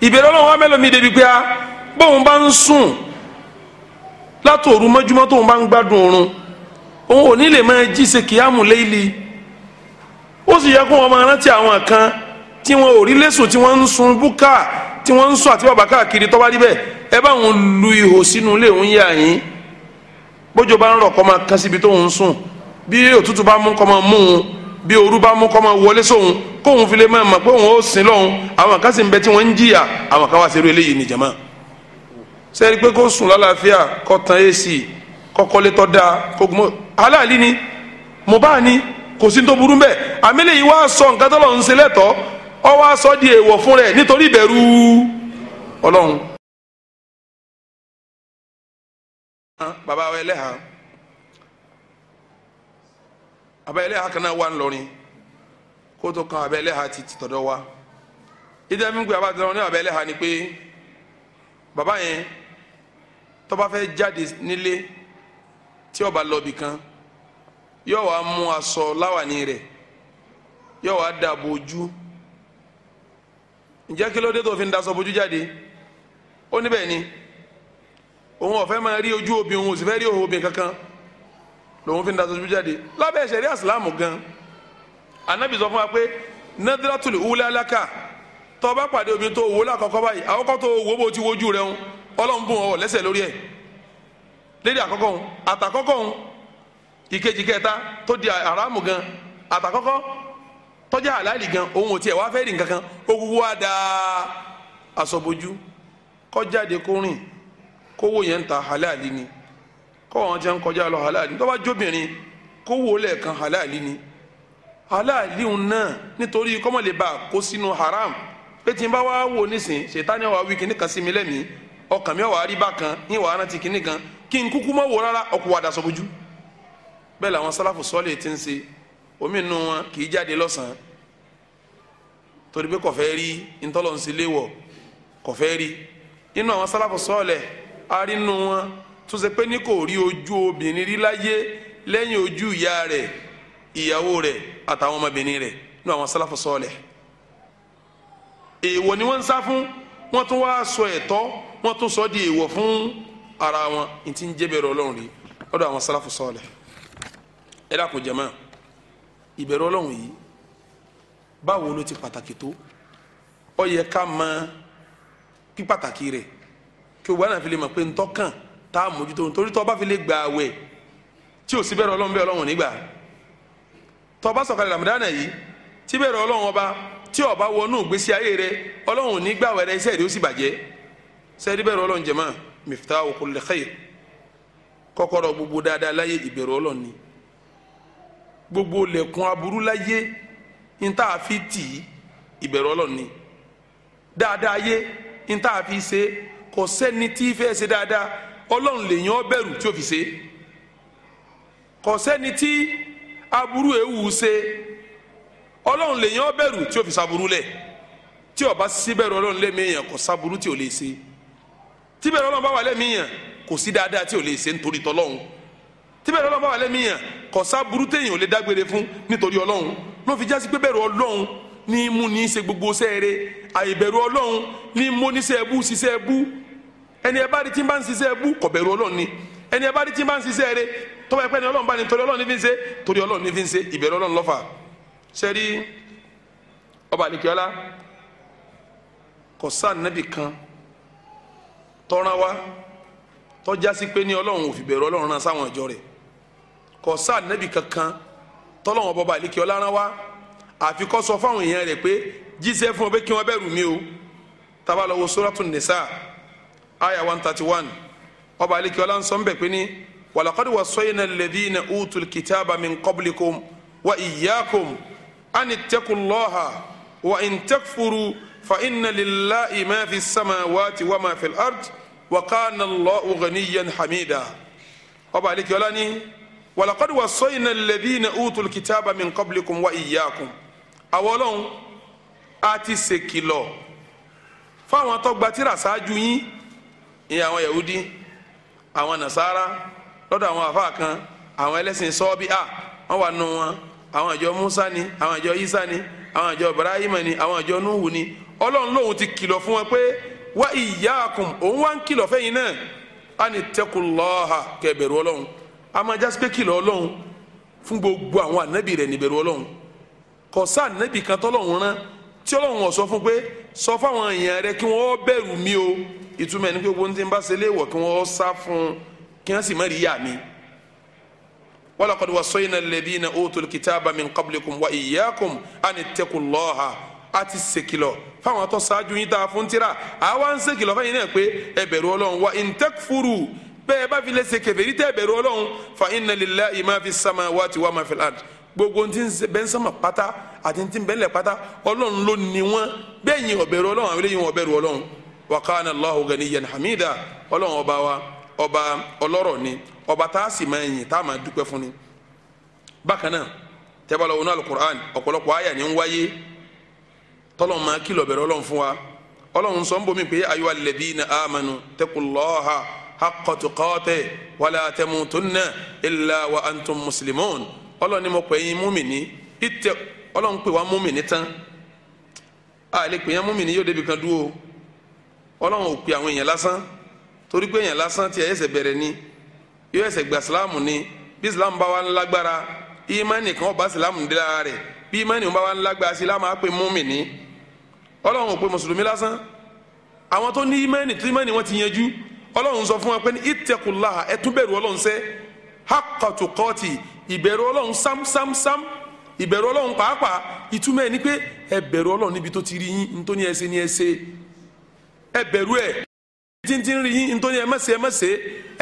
ìbẹ̀rẹ̀ ọlọ́run wa mẹ́lòmíì débi pé a bóun bá ń sùn látòru mọ́júmọ́ tóun bá ń gbádùn oorun òun ò ní lè máa jí ṣe kíámù léyìlì ó sì yẹ kó wọn máa rántí àwọn kan tí wọn ò rí lẹ́sùn tí wọ́n ń sun búkà tí wọ́n ń sùn àti bàbá káàkiri tọ́ba rí bẹ́ẹ̀ ẹ bá wọn lu ihò sínú ilé òun yà yín bójú bá ń rọ̀ kọ́ máa kán síbi tóun ń sùn bí òtútù bá mú kọ́mọ mú un bí òru bá mú kọ́mọ wọlé sóhun kóhun fi lè máa mọ̀ pé ó sin lọ́hun àwọn kan sì ń bẹ tí wọ́n ń jìyà àwọn kan wá sí eléyìí ni mo bá ní kò sí tó burú bẹ́ẹ̀ àmìlẹ̀ yìí wá sọ nǹkan tó abẹ́lẹ́ ha kan náà wà ńlọrin kó tó kan abẹ́lẹ́ ha ti tọ̀dọ̀ wa ìdá mi ń gbé abájọ́ ní abẹ́lẹ́ ha ni pé bàbá yẹn tó bá fẹ́ jáde nílé tí ó bá lọ bì kan yóò wá mú aṣọ láwàní rẹ̀ yóò wá dà bojú ǹjẹ́ kí ló dé tó fi ń daṣọ bojú jáde ó ni òun ò fẹ́ rí ojú obìnrin òun ò rí òun kankan. lòun fi ń da sojú jáde lábẹ́ ìṣẹ̀rí àsìlámù gan anabi sọ fún wa pé nadratuli wulalaka tọba bá pàdé omi tó wò lákọ̀ọ́kọ́ báyìí àkọ́kọ́ tó wò bó ti wojú rẹ̀ ń ọlọ́run ọ lẹ́sẹ̀ lórí ẹ̀ lédi àkọ́kọ́ ń àtàkọ́kọ́ ń ìkejì kẹta tó di gan àtàkọ́kọ́ tọ́jà gan òun ò tiẹ̀ wá kan da kọ́ àwọn tí kọjá lọ halali ní tó bá jóbìnrin kó ni halali náà nítorí kọ́mọ̀lẹ́bà kó haram pé n bá wá wò nísìn wa wí kíní kan sí mi lẹ́mìí ọkàn mi wà á rí kan kí n kúkú rárá ọkọ̀ wàdà bẹ́ẹ̀ làwọn ti ń ṣe wọn kì jáde lọ́sàn torí pé tó ṣe pé ní kò rí ojú obìnrin rí láyé lẹ́yìn ojú ìyá rẹ̀ ìyàwó rẹ̀ àtàwọn ọmọbìnrin rẹ̀ ní àwọn sálàfù sọ́ọ̀lẹ̀ èèwọ̀ ni wọ́n ń sá fún wọ́n tún wá sọ ẹ̀tọ́ wọ́n tún sọ di èèwọ̀ fún ara wọn ní ti ń jẹ́bẹ̀rẹ̀ ọlọ́run rí ọ̀dọ̀ àwọn sálàfù sọ́ọ̀lẹ̀ ẹ dákun jàmáà ìbẹ̀rù ọlọ́run yìí báwo ló ti pàtàkì tó ó yẹ ká mọ pípàtàkì rẹ̀ kí o gbọ́dọ̀ fi lè mọ̀ pé ntọ́kàn tá a mójútó nítorí tó bá fi lè gba àwẹ̀ tí ò sí bẹ̀rù ọlọ́run bẹ́ẹ̀ ọlọ́run nígbà tó bá sọ̀kalẹ̀ ramadana yìí tí bẹ̀rù ọlọ́run ọba tí ó bá wọnú ìgbésí ayé rẹ ọlọ́run nígbà wẹrẹ iṣẹ́ rẹ ó sì bàjẹ́ sẹ́ẹ̀dí bẹ̀rù ọlọ́run jẹ́ máa miftahu kulli khair gbogbo dáadáa láyé ìbẹ̀rù ọlọ́run ni gbogbo lẹ̀kùn aburú láyé níta àfi tì í ìbẹ̀rù ọlọ́run ni dáadáa ayé níta àfi ṣe kò sẹ́ni tí fẹ́ ṣe dáadáa ọlọ́run lèyàn ó bẹ̀rù tí ó fi ṣe kò sẹ́ni tí aburú ewu ṣe ọlọ́run lèyàn ó bẹ̀rù tí ó fi ṣaburú lẹ̀ tí ó bá síbẹ̀rù ọlọ́run lẹ́mìíyàn kò ṣaburú tí ò lè ṣe tíbẹ̀rù ọlọ́run bá wà lẹ́mìíyàn kò sí dáadáa tí ò lè ṣe nítorí tọlọ́run tíbẹ̀rù ọlọ́run bá wà lẹ́mìíyàn kò ṣaburú téèyàn ò lè dágbére fún nítorí ọlọ́run ló fi jásí pé bẹ̀rù ọlọ́run ní mú ní í ṣe gbogbo sẹ́ẹ̀rẹ́ àìbẹ̀rù ọlọ́run ní mú ní sẹ́ẹ̀bù sí sẹ́ẹ̀bù ẹni ẹ bá rí tí n bá ń ṣiṣẹ́ bú kò bẹ̀rù ni ẹni ẹ bá rí tí n bá ń ṣiṣẹ́ rẹ tọ́wọ́ ẹ̀pẹ́ ni ọlọ́run bá ní torí ọlọ́run ní fi ń ṣe torí ọlọ́run ní fi ń ṣe ìbẹ̀rù ọlọ́run lọ́fà sẹ́rí ọba àlekíọ́lá kò sáà nẹ́bì kan tọ́ran wa tọ́já sí pé ní ọlọ́run ò fi bẹ̀rù ọlọ́run rán sáwọn ìjọ rẹ̀ kò sáà kankan tọ́lọ́run ọba àlekíọ́lá rán wa àfi sọ fáwọn èèyàn rẹ̀ pé jíṣẹ́ fún ọ pé kí wọ́n bẹ̀rù mi o tá bá lọ aya one thirty one ọba aleke ọlá ń sọ nbẹ pé ní walaqad waṣṣayna alladhina utul kitaba min qablikum wa iyyakum an ittaqullaha wa in takfuru fa inna lillahi ma fi samawati wa ma fi al-ard wa kana Allahu ghaniyan hamida ọba aleke ọlá ní walaqad waṣṣayna alladhina utul kitaba min qablikum wa iyyakum àwọn a ti ṣèkìlọ̀ fáwọn tó gba yín ìyẹn àwọn yahudi àwọn nasara lọdọ àwọn afa kan àwọn ẹlẹ́sìn sọọbi a wọ́n wà nù wọn àwọn àjọ musa ni àwọn àjọ isa ni àwọn àjọ ibrahima ni àwọn àjọ nuhu ni ọlọ́run lòun ti kìlọ̀ fún wọn pé wá ìyáàkùn òun wá ń kìlọ̀ fẹ́yìn náà á ní tẹkùlọ́ọ̀hà kẹbẹ̀rù ọlọ́run a máa jásí pé kìlọ̀ ọlọ́run fún gbogbo àwọn anabi rẹ níbẹ̀rù ọlọ́run kò sá ànábì kan tọ́lọ́run rán tí ọlọ́run ó sọ fún pé sọ fáwọn èèyàn rẹ kí wọ́n bẹ̀rù mi o ìtumọ̀ ní gbogbo tí ń bá ṣẹlẹ̀ wọ̀ kí wọ́n sá fún kí wọ́n sì má rí yà mí. walaqad wasayna alladhina utul kitaba min qablikum wa iyyakum anittaqullaha a ti ṣèkìlọ̀ fáwọn tó ṣáájú yín tá a fún tira àwa ń ṣèkìlọ̀ fáyín náà pé ẹ ọlọ́run wa in takfuru bẹ́ẹ̀ bá fi lè ṣe kèfèrí tẹ́ ẹ ọlọ́run fa inna lillahi ma fi samawati wa ma fil ard gbogbo ti ń bẹ ń sánmà pátá àti ti ń bẹ ń lẹ̀ pátá ọlọ́run ló ní wọn bẹ́ẹ̀ yín ọ̀bẹ̀rù ọlọ́run àwọn eléyìí wọn ọ̀bẹ̀rù ọlọ́run wa kana Allahu ganiyyan hamida ọlọ́run ọba wa ọba ọlọ́rọ̀ ni ọba tá a sì máa yìn tá a máa dúpẹ́ fún ni. bákan náà tẹ́bàlá wọnú alukur'an ọ̀pọ̀lọpọ̀ àyà ni ń wáyé tọ́lọ́run máa kìlọ̀ bẹ̀rẹ̀ ọlọ́run fún wa ọlọ́run sọ ń bomi pé ayyuha alladhina amanu taqullaha haqqa tuqatihi wala tamutunna illa wa antum muslimun ọlọ́run ni mo pè yín múmìnì ìtẹ ọlọ́run pè wá múmìnì tán a lè pè yín múmìnì yóò débi kan dúró ọlọ́run ò pè àwọn èèyàn lásán torí pé èèyàn lásán tí ẹ̀yẹ́sẹ̀ bẹ̀rẹ̀ ni yóò ẹ̀sẹ̀ gba síláàmù ni bí síláàmù bá wà ń lágbára ìmánì kan ọba síláàmù dé lára rẹ̀ bí ìmánì bá wà ń lágbára síláàmù á pè múmìnì ọlọ́run ò pè mùsùlùmí lásán àwọn tó ní ìmánì tó ìmánì wọn ti yanjú ọlọ́run sọ fún wa pé ní ìtẹ̀kùláhà ẹ tún bẹ̀rù ọlọ́run ìbẹ̀rù ọlọ́run sámsámsám ìbẹ̀rù ọlọ́run pàápàá ìtumọ̀ ẹ̀ ni pé ẹ bẹ̀rù ọlọ́run níbi tó ti rí yín nítorí ẹ ni ẹ ṣe ẹ bẹ̀rù ẹ̀ títí rí yín ẹ ẹ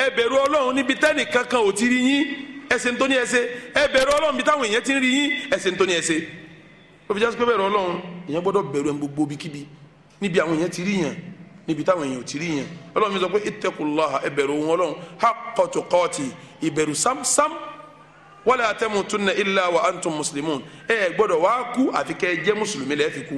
ẹ bẹ̀rù ọlọ́run níbi tẹ́nì kankan ò ti rí yín ẹ ṣe ẹ ṣe ẹ bẹ̀rù ọlọ́run táwọn èèyàn ti rí yín ẹ ṣe ẹ ṣe ó fi bẹ̀rù ọlọ́run èèyàn gbọ́dọ̀ bẹ̀rù gbogbo ibikíbi níbi àwọn èèyàn wala tamutunna illa wa antum muslimun ẹ gbọ́dọ̀ wá kú àfi kẹ́ jẹ́ mùsùlùmí lẹ́ẹ̀fi kú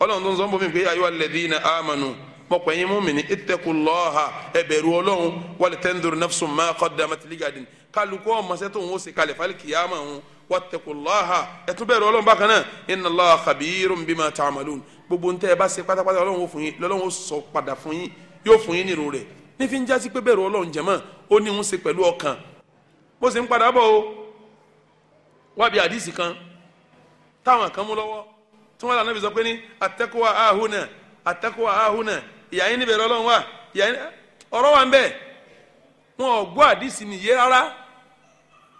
ọlọ́run tó ń sọ ń bọ́ mi pé ayyuhal ladhina amanu mọ̀pẹ́ yín mú mi ní ittaqullaha ẹ bẹ̀rù ọlọ́run wal tanzur nafsun ma qaddamat ligadin kálukú ọmọọṣẹ́ tó ń wọ́sẹ̀ kalẹ̀ fálẹ̀ kìyàmà wọn wattaqullaha ẹ tún bẹ̀rù ọlọ́run bákan náà inna Allaha khabirun bima ta'malun gbogbo ntẹ́ ẹ bá ṣe pátápátá ọlọ́run ó wá bí àdìsí kan táwọn kan mú lọ́wọ́ tí wọ́n lànà bí sọ pé ní atẹ́kọ̀ọ́ ahùnà atẹ́kọ̀ọ́ ahùnà ìyá yín níbẹ̀rẹ̀ ọlọ́run wà ìyá yín ọ̀rọ̀ wà ń bẹ̀ wọn ò gbọ́ àdìsí nìyé rárá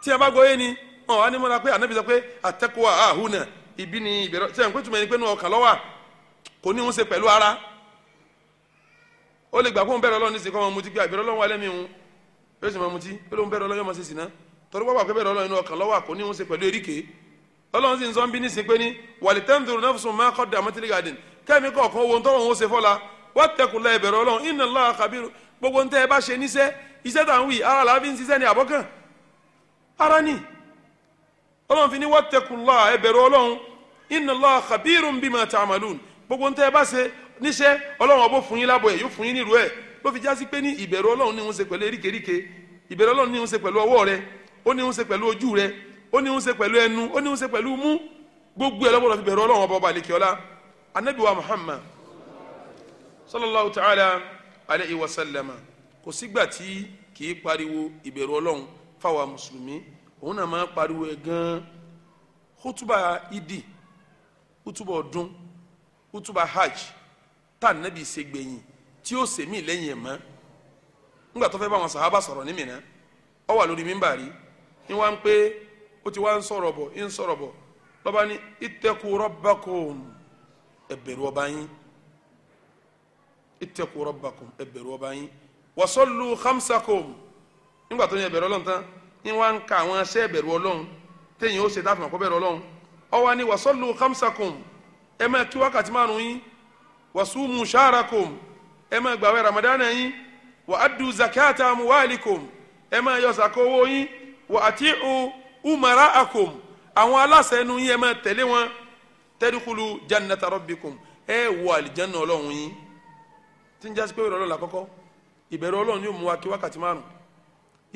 tí a bá gbọ́ yé ni wọn wà ní mọ́ra pé ànábi sọ pé atẹ́kọ̀ọ́ ahùnà ìbí ni ìbẹ̀rẹ̀ tí a ń pè túmọ̀ ẹni pé ní ọkàn lọ́wà kò ní òun ṣe pẹ̀lú ara ó lè gbà kó ń bẹ̀rẹ̀ torí wọ́n wà pé bẹ́ẹ̀ lọ́lọ́run inú ọkàn lọ́wọ́ àkóní òun ṣe pẹ̀lú eríkèé lọ́lọ́run sì ń sọ ń bí ní sìn pé náà fún máa kọ́ dàmẹ́tìlì garden kẹ́mi kọ̀ọ̀kan owó tó òun ṣe fọ́la wọ́n tẹkùn la ìbẹ̀rẹ̀ ọlọ́run iná lọ́wọ́ kábírù gbogbo ń tẹ́ ẹ bá ṣe níṣẹ́ iṣẹ́ tà ń wì ara làá fi ń ṣiṣẹ́ ní àbọ́kàn ara ni ọlọ́run fi ní wọ́n tẹkùn la ìbẹ̀rẹ̀ ọlọ́run iná lọ́wọ́ kábírù ń bímọ tààmàlùn gbogbo ń tẹ́ ẹ bá ṣe níṣẹ́ ọlọ́run ọbọ̀ ó ní ń ṣe pẹ̀lú ojú rẹ ó ní ń ṣe pẹ̀lú ẹnu ó ní ń ṣe pẹ̀lú mú gbogbo ẹ lọ́gbọ́dọ̀ fi bẹ̀rù ọlọ́run ọba ọba àlekèọ́lá anabi wa muhammad sallallahu ta'ala alayhi wa sallama kò sígbà tí kì í pariwo ìbẹ̀rù ọlọ́run fáwa mùsùlùmí òun náà máa pariwo ẹ̀ gan-an idi khutuba ọdún khutuba hajj tá anabi ṣe gbẹ̀yìn tí ó ṣèmí lẹ́yìn ẹ̀ mọ́ ńgbà tó fẹ́ bá àwọn sọ̀rọ̀ ní Mínà ó wà lórí mímbàrí ni wọ́n pé ó ti wá ń sọ̀rọ̀ bọ̀ ń sọ̀rọ̀ bọ̀ lọ́ba ní ittaqu rabbakum ẹ bẹ̀rù ọba yín ittaqu rabbakum ẹ bẹ̀rù ọba yín wa sallu khamsakum nígbà tó ní ẹ bẹ̀rù ọlọ́run tán ni wọ́n ń ka àwọn aṣẹ́ ẹ̀bẹ̀rù ọlọ́run téèyàn ó ṣe dáfìmọ̀ kó bẹ̀rù ọlọ́run ó wá ní wa sallu khamsakum ẹ máa kí wákàtí márùn yín wa sumu ẹ máa gbàwẹ̀ ramadana yín wa addu zakata amwalikum ẹ máa yọ sàkó owó yín wà àti ù umara akom àwọn aláṣẹ inú yẹn máa tẹ̀lé wọn tẹ́dúkulù jannata rabbikum ẹ wọ àlìjáná ọlọ́run yín tí ń jásí pé ìrọ̀lọ́ la kọ́kọ́ ìbẹ̀rù ọlọ́run ni yóò mú wa kí wákàtí márùn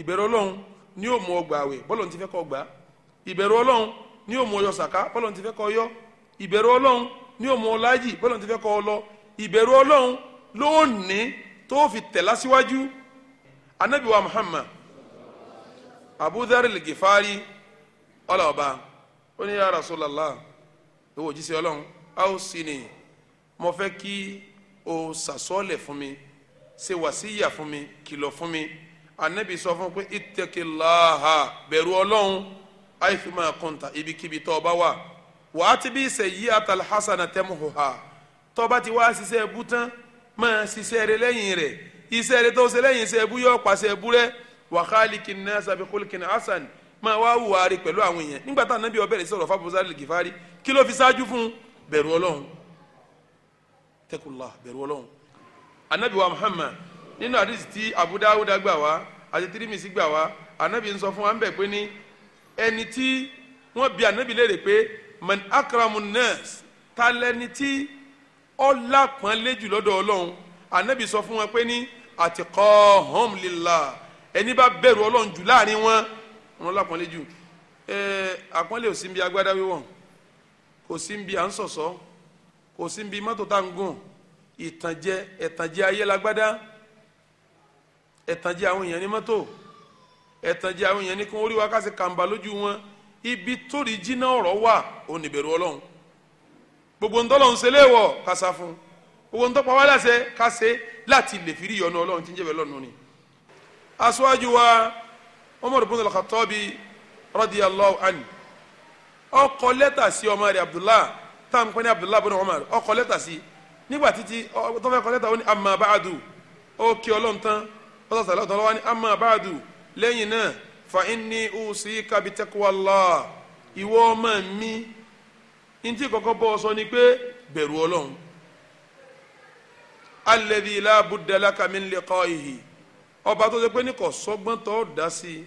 ìbẹ̀rù ọlọ́run ni yóò mú ọ gbà àwẹ̀ bọ́lọ̀ ti fẹ́ kó gbà ìbẹ̀rù ọlọ́run ni yóò mú ọ sàká bọ́lọ̀ ti fẹ́ kó yọ ìbẹ̀rù ọlọ́run ni yóò mú ọ abudari ligifari ọlọba ó ní ya Rasulullah owó jíṣẹ́ Ọlọ́run a ó sì ní mo fẹ́ kí o sàsọ́ọ̀lẹ̀ fún mi ṣe wàsíyà fún mi kìlọ̀ fún mi anabi sọ fún pé ittaqillaha bẹ̀rù Ọlọ́run ayfima kunta ibikíbi tó o bá wà wà á ti bí sayyi'atal hasana tamhuha tó o bá ti wá ṣiṣẹ́ ẹbú tán máa ṣiṣẹ́ rẹ lẹ́yìn rẹ̀ iṣẹ́ rẹ tó ṣe lẹ́yìn ṣe ẹbú yóò pàṣẹ ẹbú rẹ̀ wa khaliqin nasa bi khulqin hasan máa wá wùwà rí pẹ̀lú àwọn èèyàn nígbà tá ànábì ó bẹ̀rẹ̀ sí ọ̀rọ̀ fábùsà lè gìfárí kí ló fi ṣáájú fún bẹ̀rù ọlọ́run taqullah bẹ̀rù ọlọ́run ànábì wa muhammad nínú àdìsí tí abu dawud gbà wá àti tirimisi gbà wá ànábì ń sọ wa ń bẹ̀ pé ní ẹni tí bi ànábì léèrè pé man akramu nas ta lẹni tí ọlá pọ́nlé jù lọ́dọ̀ ọlọ́run ànábì sọ fún wọn pé ní àtìkọ́ lillah ẹni bá bẹ̀rù ọlọ́run jù láàrin wọn wọn lápọ́nlé jù ẹ àpọ́nlé ò sí bí agbádá wíwọ̀n kò sí bí à ń sọ̀sọ́ kò sí bí mọ́tò tá à ń gùn ìtànjẹ ẹ̀tànjẹ ayé lágbádá ẹ̀tànjẹ àwọn èèyàn ní mọ́tò ẹ̀tànjẹ àwọn èèyàn ní kí wọ́n rí wa ká ṣe kàǹbà lójú wọn ibi tóri jìnnà ọ̀rọ̀ wà òun ìbẹ̀rù ọlọ́run gbogbo ntọ́lọ̀ ń ṣe léèwọ̀ kásá fún gbogbo ntọ́pọ̀ wálé àṣẹ kásẹ̀ láti lè fi rí ìyọnu ọlọ́run tí ń jẹ́bẹ̀ lọ́nu ni aṣáájú wa Umar ibn al-Khattabi radiyallahu anhu ó kọ lẹ́tà sí ọmọ rẹ̀ abdullah tá à ń pẹ́ ní abdullah ibn Umar ó kọ lẹ́tà sí nígbà títí tó fẹ́ kọ lẹ́tà ó ní amma ba'du ó kí ọlọ́run tán ó sọ sàlẹ́ ọ̀tọ̀ lọ́wọ́ ní amma ba'du lẹ́yìn náà fa inni usika bi taqwallah ìwọ ọmọ mi ntí kọ́kọ́ bọ́ ọ sọ ni pé bẹ̀rù ọlọ́run alladhi la budda laka min liqa'ihi ọba tó ṣe pé ní kò sọ́gbọ́n tó dá sí i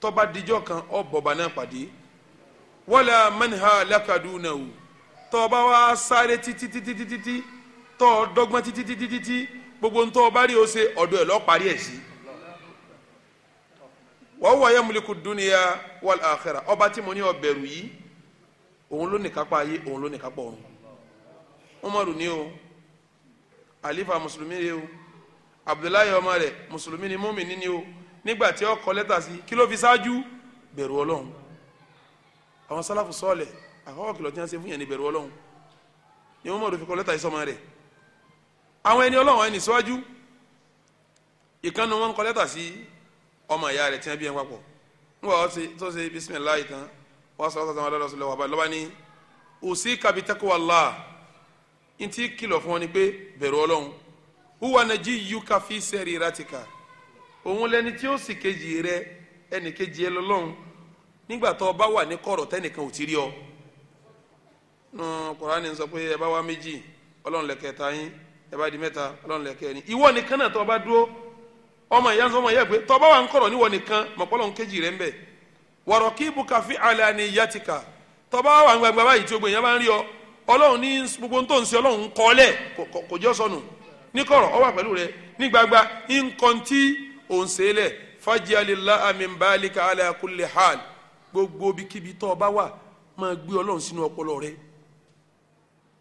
tọ́ba díjọ́ kan ọ̀bọ̀ba náà pàdé wala manha lakadunahu tọ́ba wá sáré títítítítítí tọ́ dọ́gbọ́n títítítítí gbogbo ntọ́ ọba rí o ṣe ọ̀dọ̀ ẹ̀ lọ́ọ́ parí ẹ̀ sí. wa huwa yamuliku dunya wal akhirah ọba tí mo ní ó bẹ̀rù yìí òun ló ní kápá ayé òun ló ní kápá ọ̀run Umaru ni o àlífà mùsùlùmí rẹ o abdullahi ọmọ rẹ̀ mùsùlùmí ni mùmínì ni o nígbà tí ó kọ lẹ́tà sí kí ló fi ṣáájú bẹ̀rù ọlọ́run àwọn sálàfù sọ́ọ̀lẹ̀ àkọ́kọ́ kìlọ̀ tí wọ́n ṣe fún yẹn ní bẹ̀rù ọlọ́run ni wọ́n mọ̀ òfin kọ lẹ́tà yìí sọmọ rẹ̀ àwọn ẹni ọlọ́run ẹni síwájú ìkànnì wọn kọ lẹ́tà sí ọmọ ìyá rẹ̀ tí wọ́n bí ẹ papọ̀ ńgbà tó ṣe bisimilayi tán wọ́n Allah ntí kìlọ̀ fún ni pé bẹ̀rù huwa najiyyuka fi sariratika òun lẹni tí ó sì kejì rẹ ẹnì kejì ẹ lọ́lọ́run nígbà tó o bá wà ní kọ̀rọ̀ tẹ́nìkan ò ti rí ọ nù kùránì sọ pé ẹ bá wá méjì ọlọ́run lẹ́kẹ̀ẹ́ta yín ẹ bá di mẹ́ta ọlọ́run lẹ́kẹ̀ẹ́ni ìwọ nìkan náà tó o bá dúró ọmọ ìyá sọmọ ìyá pé tó o bá wà ń kọ̀rọ̀ níwọ nìkan mọ̀pọ́lọ́ kejì rẹ ń bẹ̀ wa raqibuka fi alaniyatika tó o bá wà ń gbàgbà báyìí tí o gbè yẹn bá ń rí ọ ọlọ́run ní gbogbo tó ń kọ́ lẹ̀ kò jọ́ sọnù ní kọ̀rọ̀ ọ wà pẹ̀lú rẹ ní gbagba nǹkan tí ò ń ṣe lẹ̀ fàjẹ́lélá min hal gbogbo bíkíbi tọ́ ọ bá wà máa gbé ọlọ́run sínú ọpọlọ rẹ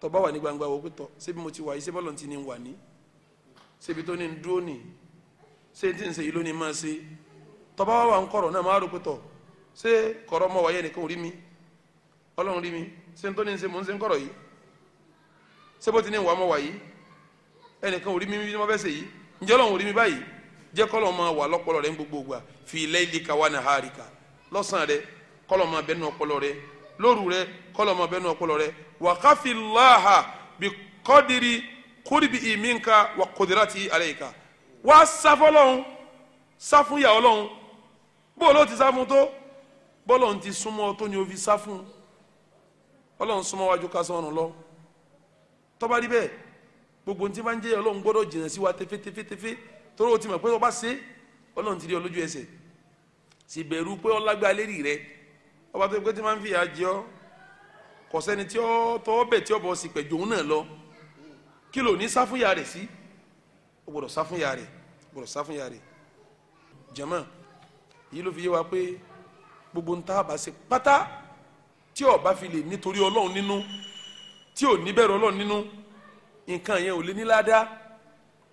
tọ́ ọ bá wà ní gbangba wo pé tọ́ ṣebí mo ti wà yìí ṣebí ọlọ́run ti ní wà ní ṣebí tó ní ń dúró nì ṣé tí ń ṣe yìí lónìí máa ṣe tọ́ ọ bá wà ń kọ̀rọ̀ náà máa rò pé tọ́ ṣé kọ̀rọ̀ mọ́ wáyé nìkan rí mi ọlọ́run rí mi ṣé tó ní ń ṣe mò ń ṣe ń kọ̀rọ̀ yìí ṣé bó ti ní ìwà mọ́ wáyé ẹnìkan ò rí mi bí wọ́n yìí ǹjẹ́ ọlọ́run ò mi báyìí jẹ́ kọ́lọ́ wà lọ́pọlọ rẹ gbogbo fi laylika wa naharika lọ́sàn rẹ kọ́lọ́ máa bẹ́nu ọpọlọ rẹ lóru rẹ kọ́lọ́ máa bẹ́nu ọpọlọ wa ti sáfún tó ti súnmọ́ tó fi sáfún súnmọ́ wájú gbogbo ntí bá ń jẹ́ ọlọ́run gbọ́dọ̀ jìnnà sí wa tẹ́fẹ́tẹ́fẹ́tẹ́fẹ́ tọ́rọ ti mọ̀ pé ọba ṣe ọlọ́run ti rí ọ lójú ẹsẹ̀ sì bẹ̀rù pé ọlágbá lérí rẹ ọba tó pé tí máa ń fìyà jẹ ọ kò sẹ́ni tí ọ tọ́ bẹ̀ tí ọ bọ̀ sì pẹ̀jọ òun náà lọ kí ló ní sáfúnyà rẹ̀ sí ó gbọ́dọ̀ sáfúnyà rẹ̀ ó sáfúnyà rẹ̀ jẹ̀mọ́ èyí ló fi yé wa pé gbogbo ń tá a pátá tí ó fi lè nítorí ọlọ́run nínú tí ò ní bẹ̀rù ọlọ́run nínú nǹkan yẹn ò lè ní ládàá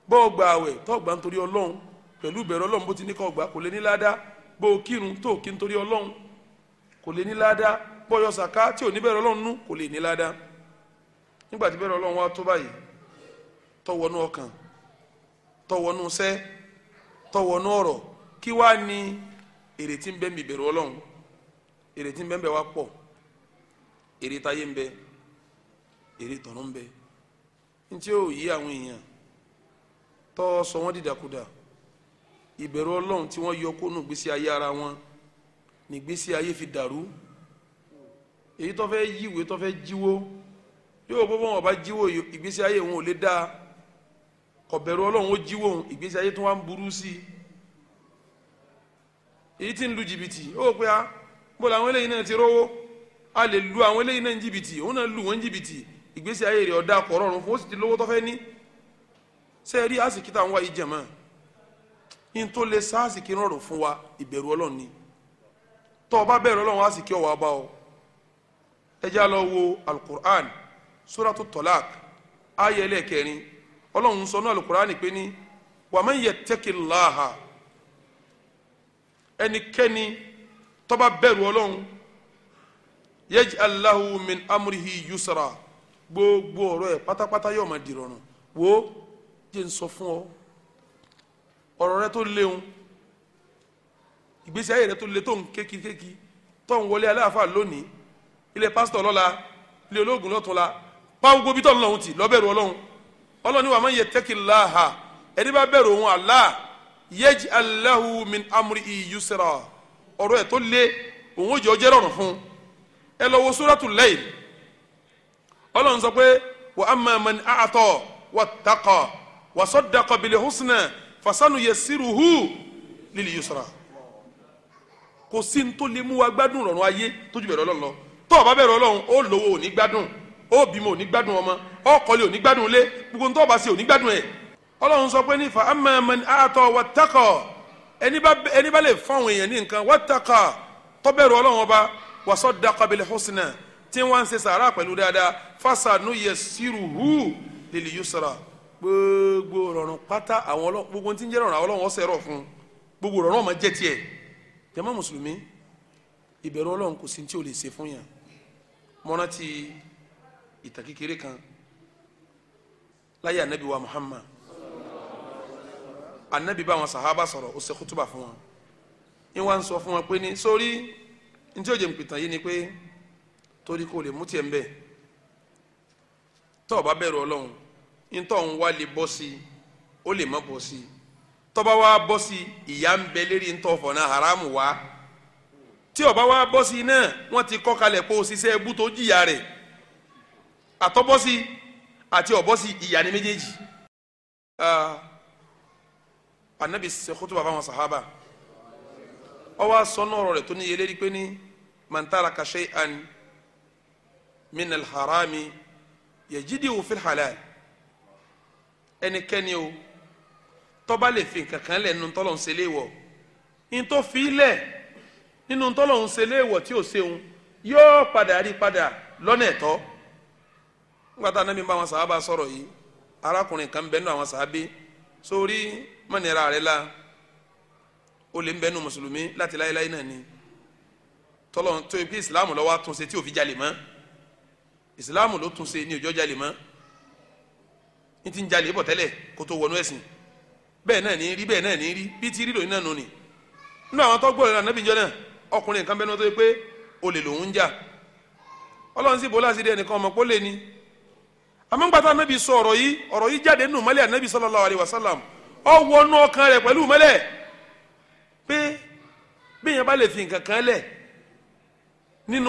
bó o gba àwẹ̀ tó gbà nítorí ọlọ́run pẹ̀lú ìbẹ̀rù ọlọ́run bó ti ní kó gbà kò lè ní ládàá bó o kírun tó kí nítorí ọlọ́run kò lè ní ládàá bó o yọ sàká tí ò ní bẹ̀rù ọlọ́run nú kò lè ní ládàá nígbà tí bẹ̀rù ọlọ́run wá tó báyìí tọwọ́nú ọkàn tọwọ́nú sẹ́ tọwọ́nú ọ̀rọ̀ kí wá ní èrè ń bẹ mi bẹ̀rù ọlọ́run èrè ń bẹ ń bẹ wá pọ̀ èrè táyé ń bẹ èrè tọ̀run ń bẹ ntí ó yí àwọn èèyàn tọ́ sọ wọ́n dìdàkudà ìbẹ̀rù ọlọ́run tí wọ́n yọ kó nù gbésí ayé ara wọn nígbésí ayé fi dàrú èyí tó fẹ́ yíwèé tó fẹ́ jíwó yóò gbọ́ bọ́ wọn bá jíwó ìgbésí ayé wọn ò lè dáa kọ̀bẹ̀rù ọlọ́run ó jíwó ìgbésí ayé tó wá ń burú sí i èyí tí ń lu jìbìtì ó pé a ah, bó làwọn eléyìí náà ti rówó a lè lu àwọn eléyìí náà ń jìbìtì òun náà lu wọn jìbìtì ìgbésí ayé rẹ̀ ọ̀dà kọ̀rọ̀rùn fún ó sì ti lówó tó fẹ́ ní sẹ́ẹ̀rí àsìkí tá à ń wá ìjẹ̀mọ́ yín tó lè sá àsìkí rọrùn fún wa ìbẹ̀rù ọlọ́run ni tọ́ ọ bá bẹ̀rù àsìkí ọ̀wà bá ọ ẹ já lọ wo alukur'an suratu tolak ayé ẹlẹ́ẹ̀kẹrin ọlọ́run sọ ní alukur'an pé ní wa man yattaqillaha ẹnikẹ́ni tó bá bẹ̀rù ọlọ́run yaj'al lahu min amrihi yusra gbogbo ọ̀rọ̀ ẹ̀ pátápátá yóò máa dìrọ̀rùn wo jẹ́ ń sọ fún ọ ọ̀rọ̀ rẹ tó léwu ìgbésí ayé rẹ tó le tó ń kékikéki tó ń wọlé aláàfà lónìí ilé pásítọ̀ lọ́la ilé ológun lọ́tún la pàwọn gbogbo bitọ́ lọ́hùn tì lọ́bẹ̀rù ọlọ́hun ọlọ́hun ni wàá máa ń yẹ tẹ́kìláha ẹni bá bẹ̀rù òun àlá yẹ́jì aláhu min amúri iyusra ọ̀rọ̀ ẹ̀ tó le òun ò jẹ́ ọjẹ́ rọrùn fún ẹ lọ wo sóràtú láyl ọlọ́run sọ pé wa amma man a'ata wattaqa wa saddaqa bil husna fasanu yassiruhu lil yusra kò sí ní tó lè mú wa gbádùn rọrùn ayé tójú bẹ̀rẹ̀ ọlọ́run lọ tó o bá bẹ̀rẹ̀ ó lówó ò gbádùn ó bímọ ò gbádùn ọmọ ó kọ́lé ò gbádùn ilé gbogbo tó o bá ṣe gbádùn ẹ̀ ọlọ́run sọ pé ní fa amma man a'ata wattaqa ẹni bá ẹni bá lè fáwọn èèyàn ní nǹkan wattaqa tó bẹ̀rẹ̀ ọlọ́run ọba wa saddaqa bil husna tí wọ́n ń ṣe sàárà pẹ̀lú dáadáa fásánù yẹ sírùhù lèlè yóò sara gbogbo rọrùn pátá àwọn ọlọ́run gbogbo tí ń jẹ́ rọrùn àwọn ọlọ́run ọ̀sẹ̀ rọ̀ fún gbogbo rọrùn ọmọ jẹ́ tiẹ̀ jẹ́mọ́ mùsùlùmí ìbẹ̀rù ọlọ́run kò sí tí o lè ṣe fún yàn mọ́nà ti ìtàn kékeré kan láyé anabi wa Muhammad anabi bá wọn sàhábà sọ̀rọ̀ ó ṣe kútúbà fún wọn ń ń sọ fún wọn pé ní sórí ntí ó jẹ́ mpìtàn yìí ni pé torí kò lè mú tiẹ̀ ń bẹ̀ tọ́ ọ bá bẹ̀rù ọlọ́run ntọ́ ń wá lè bọ́ sí i ó lè má bọ́ sí i tọ́ba wá bọ́ sí i ìyá ń bẹ lérí ntọ́ fọ̀nà haramu wá tí ọba wá bọ́ sí i náà wọ́n ti kọ́ kalẹ̀ pé òṣìṣẹ́ ẹbú tó jìyà rẹ̀ àtọ́bọ́ sí i àti ọ̀bọ́ sí i ìyá ni méjèèjì anabi ṣe khutuba fáwọn sahaba ọwọ́ asọ́nà ọ̀rọ̀ rẹ̀ tó níye lérí pé ní mantara kashay an min alharami yajidi wo fil halal ẹnikẹ́ni o tó bá lè fi nǹkan kan lẹ̀ nínú tọ́lọ̀ ń ṣe léèwọ̀ ntọ́ fi lẹ̀ nínú tọ́lọ̀ ń ṣe léèwọ̀ tí ò ṣeun yóò padà rí padà lọ́nà ẹ̀tọ́ nígbà tá a nàbí bá àwọn sàábà sọ̀rọ̀ yìí arákùnrin kan bẹ́ẹ̀ nù àwọn sàábé sórí mọ̀nìyàrá rẹ̀ la ó lè ń bẹ́ẹ̀ nù mùsùlùmí láti láéláé náà ni tọ́lọ̀ tó ibi ìsìlámù lọ́wọ́ àtúnṣe tí ò fi jalè mọ́. ìsìláàmù ló tún ṣe ní ọjọ́ jalè mọ́ ní ti ń jalè bọ̀ tẹ́lẹ̀ kó tó wọnú ẹ̀sìn bẹ́ẹ̀ náà ní rí bẹ́ẹ̀ náà ní rí bí ti rí lòun náà nù ni nínú àwọn tó gbọ́dọ̀ nàbí ìjọ náà ọkùnrin nǹkan bẹ́ẹ̀ ni wọ́n tó yẹ pé olè lòun ń jà ọlọ́run sì bó láti rí ẹnìkan ọmọ ni amúgbàtà nàbí sọ ọ̀rọ̀ yìí ọ̀rọ̀ yìí jáde nínú mọ́lẹ̀ ànábì sallallahu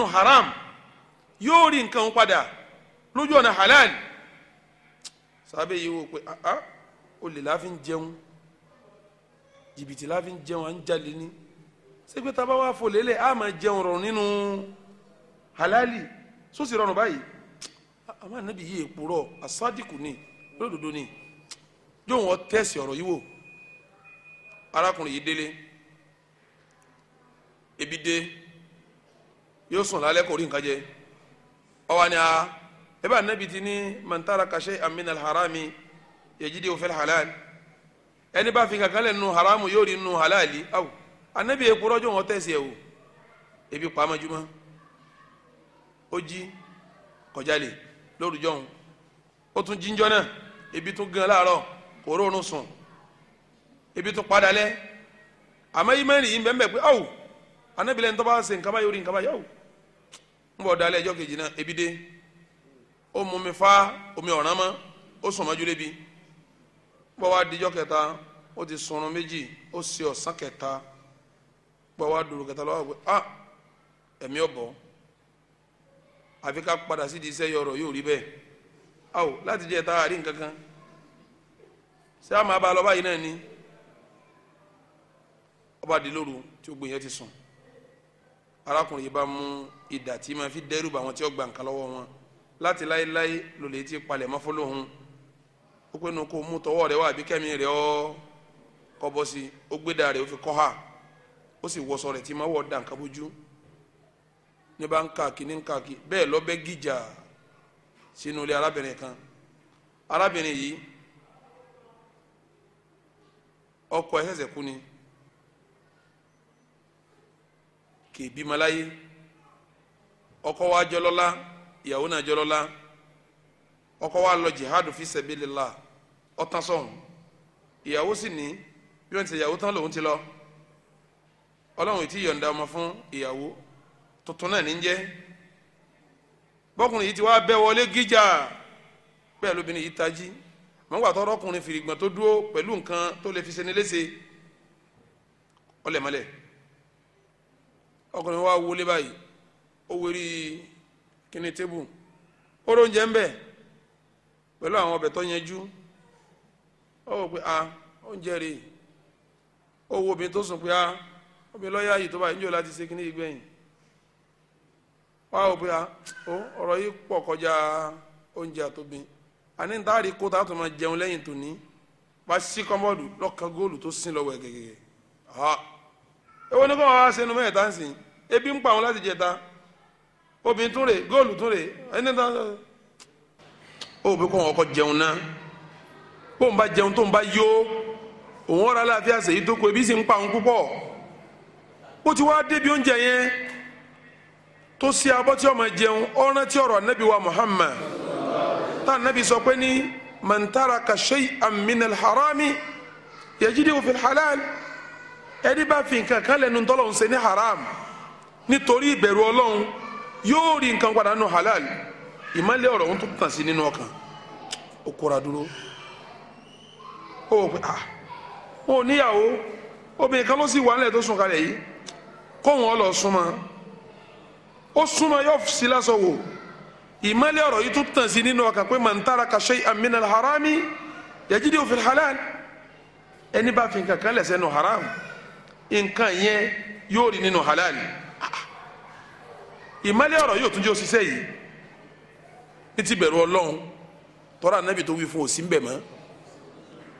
ọ haram yóò rí nǹkan padà lójú ọ̀nà halal sábẹ́ yìí wò pé ah, ah olè láfi ń jẹun jìbìtì láfi ń jẹun à ń jalè ní ṣégbé tá a bá wà fòlélẹ̀ a máa jẹun rọrùn nínú halali sósì rọrùn báyìí ah, àmọ́ ànábì yìí èpòrọ̀ asádìkù ni olódodo ni yóò wọ́n tẹ̀sí ọ̀rọ̀ yìí wò arákùnrin yìí délé ebi dé yóò sùn lálẹ́ kò rí nǹkan ọwọ ni a ah, ẹ bá anabi ti ní mantara kashe amina alharami yejidi ofel halal ẹni bá fi kankan lẹ nu haramu yóò rí nu halali aw anabi yẹ kúrọ jọ wọn tẹsí ẹ o ebi pa amajuma ó jí kọjá lè lórí jọ̀hún ó tún jíjọ náà ebi tún gan láàárọ̀ kò róorun sùn ebi tún padà lẹ àmọ́ ìmọ̀ ẹ̀rìn yìí bẹ́ẹ̀ bẹ́ẹ̀ pé aw anabi lẹ́ni tó bá ṣe nǹkan báyìí ó rí nǹkan báyìí aw. ń bọ̀ dalẹ̀ ẹjọ́ kejì náà ebi dé o mú mi fa omi ọ̀ràn mọ́ ó sùn mọ́jú lébi ti sunrun méjì o si ah ẹ̀mí ọ̀bọ̀ àfi ká padà sí di iṣẹ́ yọrọ yóò rí láti ta àrí ṣé a bá lọ báyìí náà ni ọba dìlóru tí ìdà tí máa fi dẹ́rù bá àwọn tí ó gba nǹkan lọ́wọ́ wọn láti láéláé ti palẹ̀ mọ́ fọlọ́hún ó pé nu kó mú tọwọ́ rẹ wá àbí kẹ́mi rẹ ọ́ kọ́ bọ́ sí ó fi kọ́ ha ó sì wọṣọ rẹ tí máa wọ̀ dà bójú ní bá ń kàkí ní ń kàkí bẹ́ẹ̀ gíjà kan arábìnrin yìí ọkọ ẹ̀ ṣẹ̀ṣẹ̀ kú ni ọkọ wa jọlọ́lá ìyàwó náà jọlọ́lá ọkọ wa lọ jihadu fi sabilillah ọtán sọ̀hún ìyàwó sì ní bí wọ́n ti ìyàwó tán lòun ti lọ ọlọ́run ìtì yọ̀ǹda ọmọ fún ìyàwó tuntun náà ní jẹ́ bọ́kùnrin yìí ti wá bẹ́ wọlé gíjà bẹ́ẹ̀ lóbìnrin yìí tají mọ́gbà tọ́rọ́ ọkùnrin fìrìgbọ̀n tó dúró pẹ̀lú nǹkan tó lè fi ṣe ní léṣe ọlẹ́mọlẹ́ ọkùnrin wa wọlé báyìí ó wérí kíni tébù ó róúnjẹ ń bẹ pẹ̀lú àwọn ọbẹ̀ tó yẹjú ó wò pé a oúnjẹ rè ó wo obìnrin tó sùn pé a obìnrin lọ́ọ́yà yìí tó bá yín jò láti ṣe kíní ìgbẹ̀yìn wá wò pé a ó ọ̀rọ̀ yìí pọ̀ kọjá oúnjẹ àtòbí àní ń táàrí kó tá a tó máa jẹun lẹ́yìn tòní bá sí kọ́mọ́ọ̀dù lọ́kàn góòlù tó sin lọ́wọ́ gẹ́gẹ́ ha èwo ni kò wá sẹ́nu mẹ́ta ń sìn ebi ń pa àwọn láti jẹ ta obìnrin tún rè góòlù tún rè ẹni tán ó bí kò wọn kọ jẹun náà bó ń bá jẹun tó ń bá yó òun ọ̀rọ̀ aláàfíà sèyí tó kọ ebi sì ń pa òun púpọ̀ ó ti wá débi oúnjẹ yẹn tó ṣe abọ́ tí ọmọ jẹun ọ̀rán tí ọ̀rọ̀ anabi wa Muhammad tá anabi sọ pé ní mantara ka shay'an min alharami yajidu fi alhalal ẹni bá fi nǹkan kan lẹ́nu tọ́lọ́hún ṣe ní haram nítorí ìbẹ̀rù ọlọ́hun yóò rí nǹkan padà nù halal ìmọ̀lẹ́ ọ̀rọ̀ ń tún tàn sí nínú ọkàn ó kóra dúró ó wò pé ah ó níyàwó obìnrin kan ló sì wà nílẹ̀ tó sùn kalẹ̀ yìí kóhun ọ lọ súnmọ́ ó súnmọ́ yóò sí lásọ wò ìmọ̀lẹ́ ọ̀rọ̀ yìí tún tàn sí nínú ọkàn pé man taraka shay'an min al-harami yajidu fil halal ẹni bá fi nǹkan kan lẹ̀ sẹ́nu haram nǹkan yẹn yóò rí nínú halal yìí ìmọ̀lẹ́ ọ̀rọ̀ yóò tún jẹ́ òṣìṣẹ́ yìí ní ti bẹ̀rù ọlọ́run tọ́ra anábì tó wí fún òsì bẹ̀ mọ́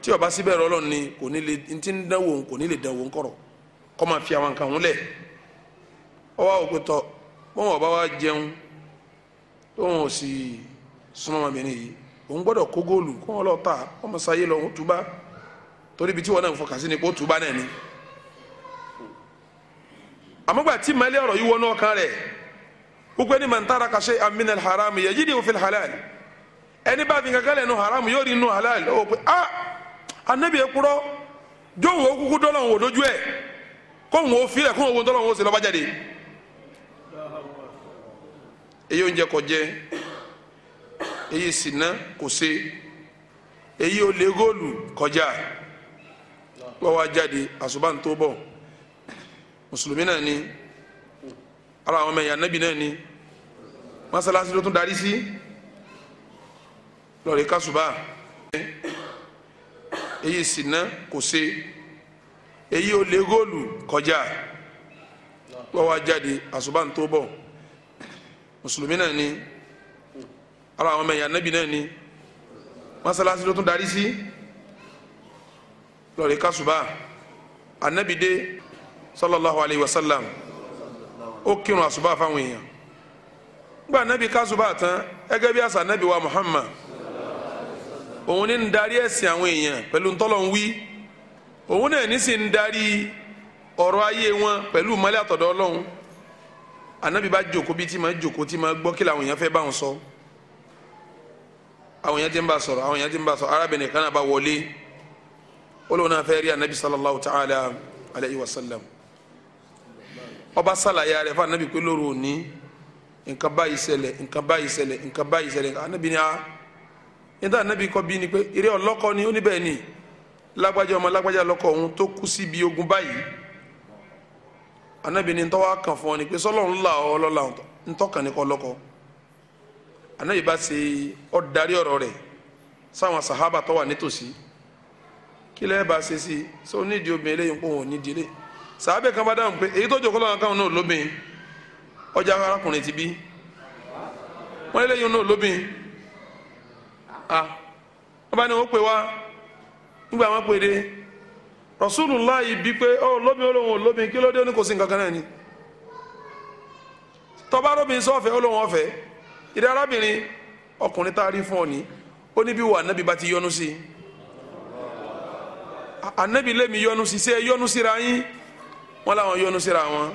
tí ọba sí bẹ̀rù ọlọ́run ni kò ní lè ti ń dánwò kò ní lè dánwò ń kọ̀rọ̀ kọ́ máa fi àwọn nǹkan òun lẹ̀ ọwọ́ òpin tọ́ bọ́n ọba wa jẹun tóun ò sì súnmọ́ ọmọbìnrin yìí òun gbọ́dọ̀ kó góòlù kó wọn lọ ta ọmọ sáyé lọ òun túbá torí ibi tí wọn náà fọkàn sí ni pé ó túbá náà ni àmọ́gbà tí ìmọ̀lẹ́ ọ̀rọ̀ yìí wọnú ọkàn rẹ̀ wípé ni mantara ka shay'an min alharam yajidu fi alhalal ẹni bá fi kankan lẹ́nu haram yóò no halal ó pe ah anabi ekurọ jọ̀wọ́ kúkú dọlọ wò lójú ẹ kó wọn ò filẹ kó wọn wò dọlọ wọn ò sì lọba jáde èyí oúnjẹ kò jẹ èyí sìnà kò ṣe èyí olè góòlù kọjá wọn wá jáde àṣùbà ń tó ni ara àwọn ọmọ ẹ̀yà nẹ́bí náà ni mọ́sálásí ló tún darí sí lọ́ọ̀rẹ́ kásùbà èyí sìnà kò ṣe èyí ò lé góòlù kọjá wọ́n wá jáde àsùbà ń tó bọ̀ mùsùlùmí náà ni ara àwọn ọmọ ẹ̀yà nẹ́bí náà ni mọ́sálásí ló tún darí sí lọ́ọ̀rẹ́ kásùbà ànẹ́bí sallallahu alayhi wa sallam ó kírun àṣùbà fáwọn èèyàn gba anabi kásùbà tán ẹgẹ bí àṣà anabi wa Muhammad òun ní ń darí ẹ̀sìn àwọn èèyàn pẹ̀lú ntọ́lọ̀ ń wí òun náà ní sì ń darí ọ̀rọ̀ ayé wọn pẹ̀lú mọ́lẹ́ àtọ̀dọ̀ ọlọ́run anabi bá jòkó bí tí máa jòkó tí máa gbọ́ kí làwọn èèyàn fẹ́ bá wọn sọ àwọn èèyàn ti ń bá sọ̀rọ̀ àwọn èèyàn ti ń bá sọ̀rọ̀ arábìnrin kan náà bá wọlé olóhùn fẹ́ rí anabi sallallahu alayhi wa sallam. ọba sàlàyé rẹ̀ fún anabi pé lóru òní nǹkan báyìí ṣẹlẹ̀ nǹkan báyìí ṣẹlẹ̀ nǹkan báyìí ṣẹlẹ̀ anabi ni a níta anabi kọ bí ni pé eré ọlọ́kọ ni ó níbẹ̀ ni lágbájá ọmọ lágbájá lọ́kọ òun tó kú ogun anabi ni kàn fún ọ ni pé sọlọ́run ọ lọ́la anabi bá ṣe ọ darí ọ̀rọ̀ sáwọn sàhábà nítòsí bá ṣe sí sọ nídìí obìnrin sàábẹ̀ kan bá dáhùn pé èyí tó jòkó lọ́wọ́ káwọn náà lóbìn ọjà arákùnrin ti bí wọ́n lé lẹ́yìn náà lóbìn a ah, wọ́n bá ní wọ́n pè wá nígbà wọn pè dé Rasulullah bí pé ó oh, lóbìn olóhùn olóbìn kí ló dé ti yọnu sí i yọnu sí i wọn làwọn yọnu síra wọn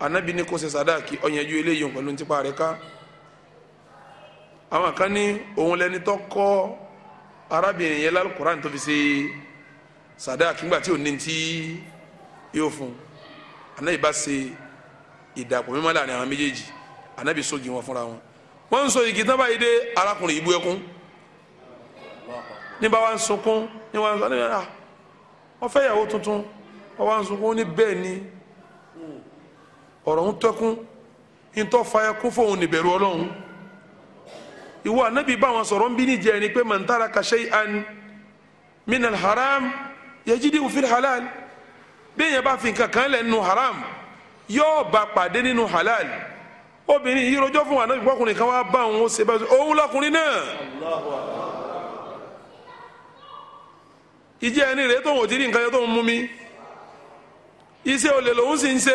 anabi ní kò ṣe sadaki ọ̀yànjú eléyìí pẹ̀lú ntipa rẹ̀ ká àwọn kan ní òun lẹni tó kọ́ arábìnrin yẹn lálùkùrán tó fi ṣe sadaki nígbà tí ò ní ti yóò fún anabi bá ṣe ìdàpọ̀ mímọ́ láàrin àwọn méjèèjì anabi sógi wọn fúnra wọn wọn ń so igi tán báyìí dé arákùnrin yìí ẹkún ní bá wa ń sunkún ní wa ń sọ ọ́ ah, fẹ́ yàwó tuntun wọ́n ń sunkún ní bẹ́ẹ̀ ni ọ̀rọ̀ ń tẹ́kún ntọ́ fàyà kún fóun níbẹ̀rù ọlọ́run ìwọ anabi bá wọn sọ̀rọ̀ ń bí níjẹ́ ni pé mantara kashai an minal haram yajidi ufil halal bẹ́ẹ̀ yẹn bá fi nǹkan kan lẹ̀ nínú haram yóò bá pàdé nínú halal obìnrin yìí rojọ́ fún wa anabi kọkùnrin kan wá bá òun ó ṣe bá òun lọkùnrin náà ìjẹ́ ẹni rèé tóun ò ti rí nǹkan yẹn tóun mú mi. ise olè lòun sì ń ṣe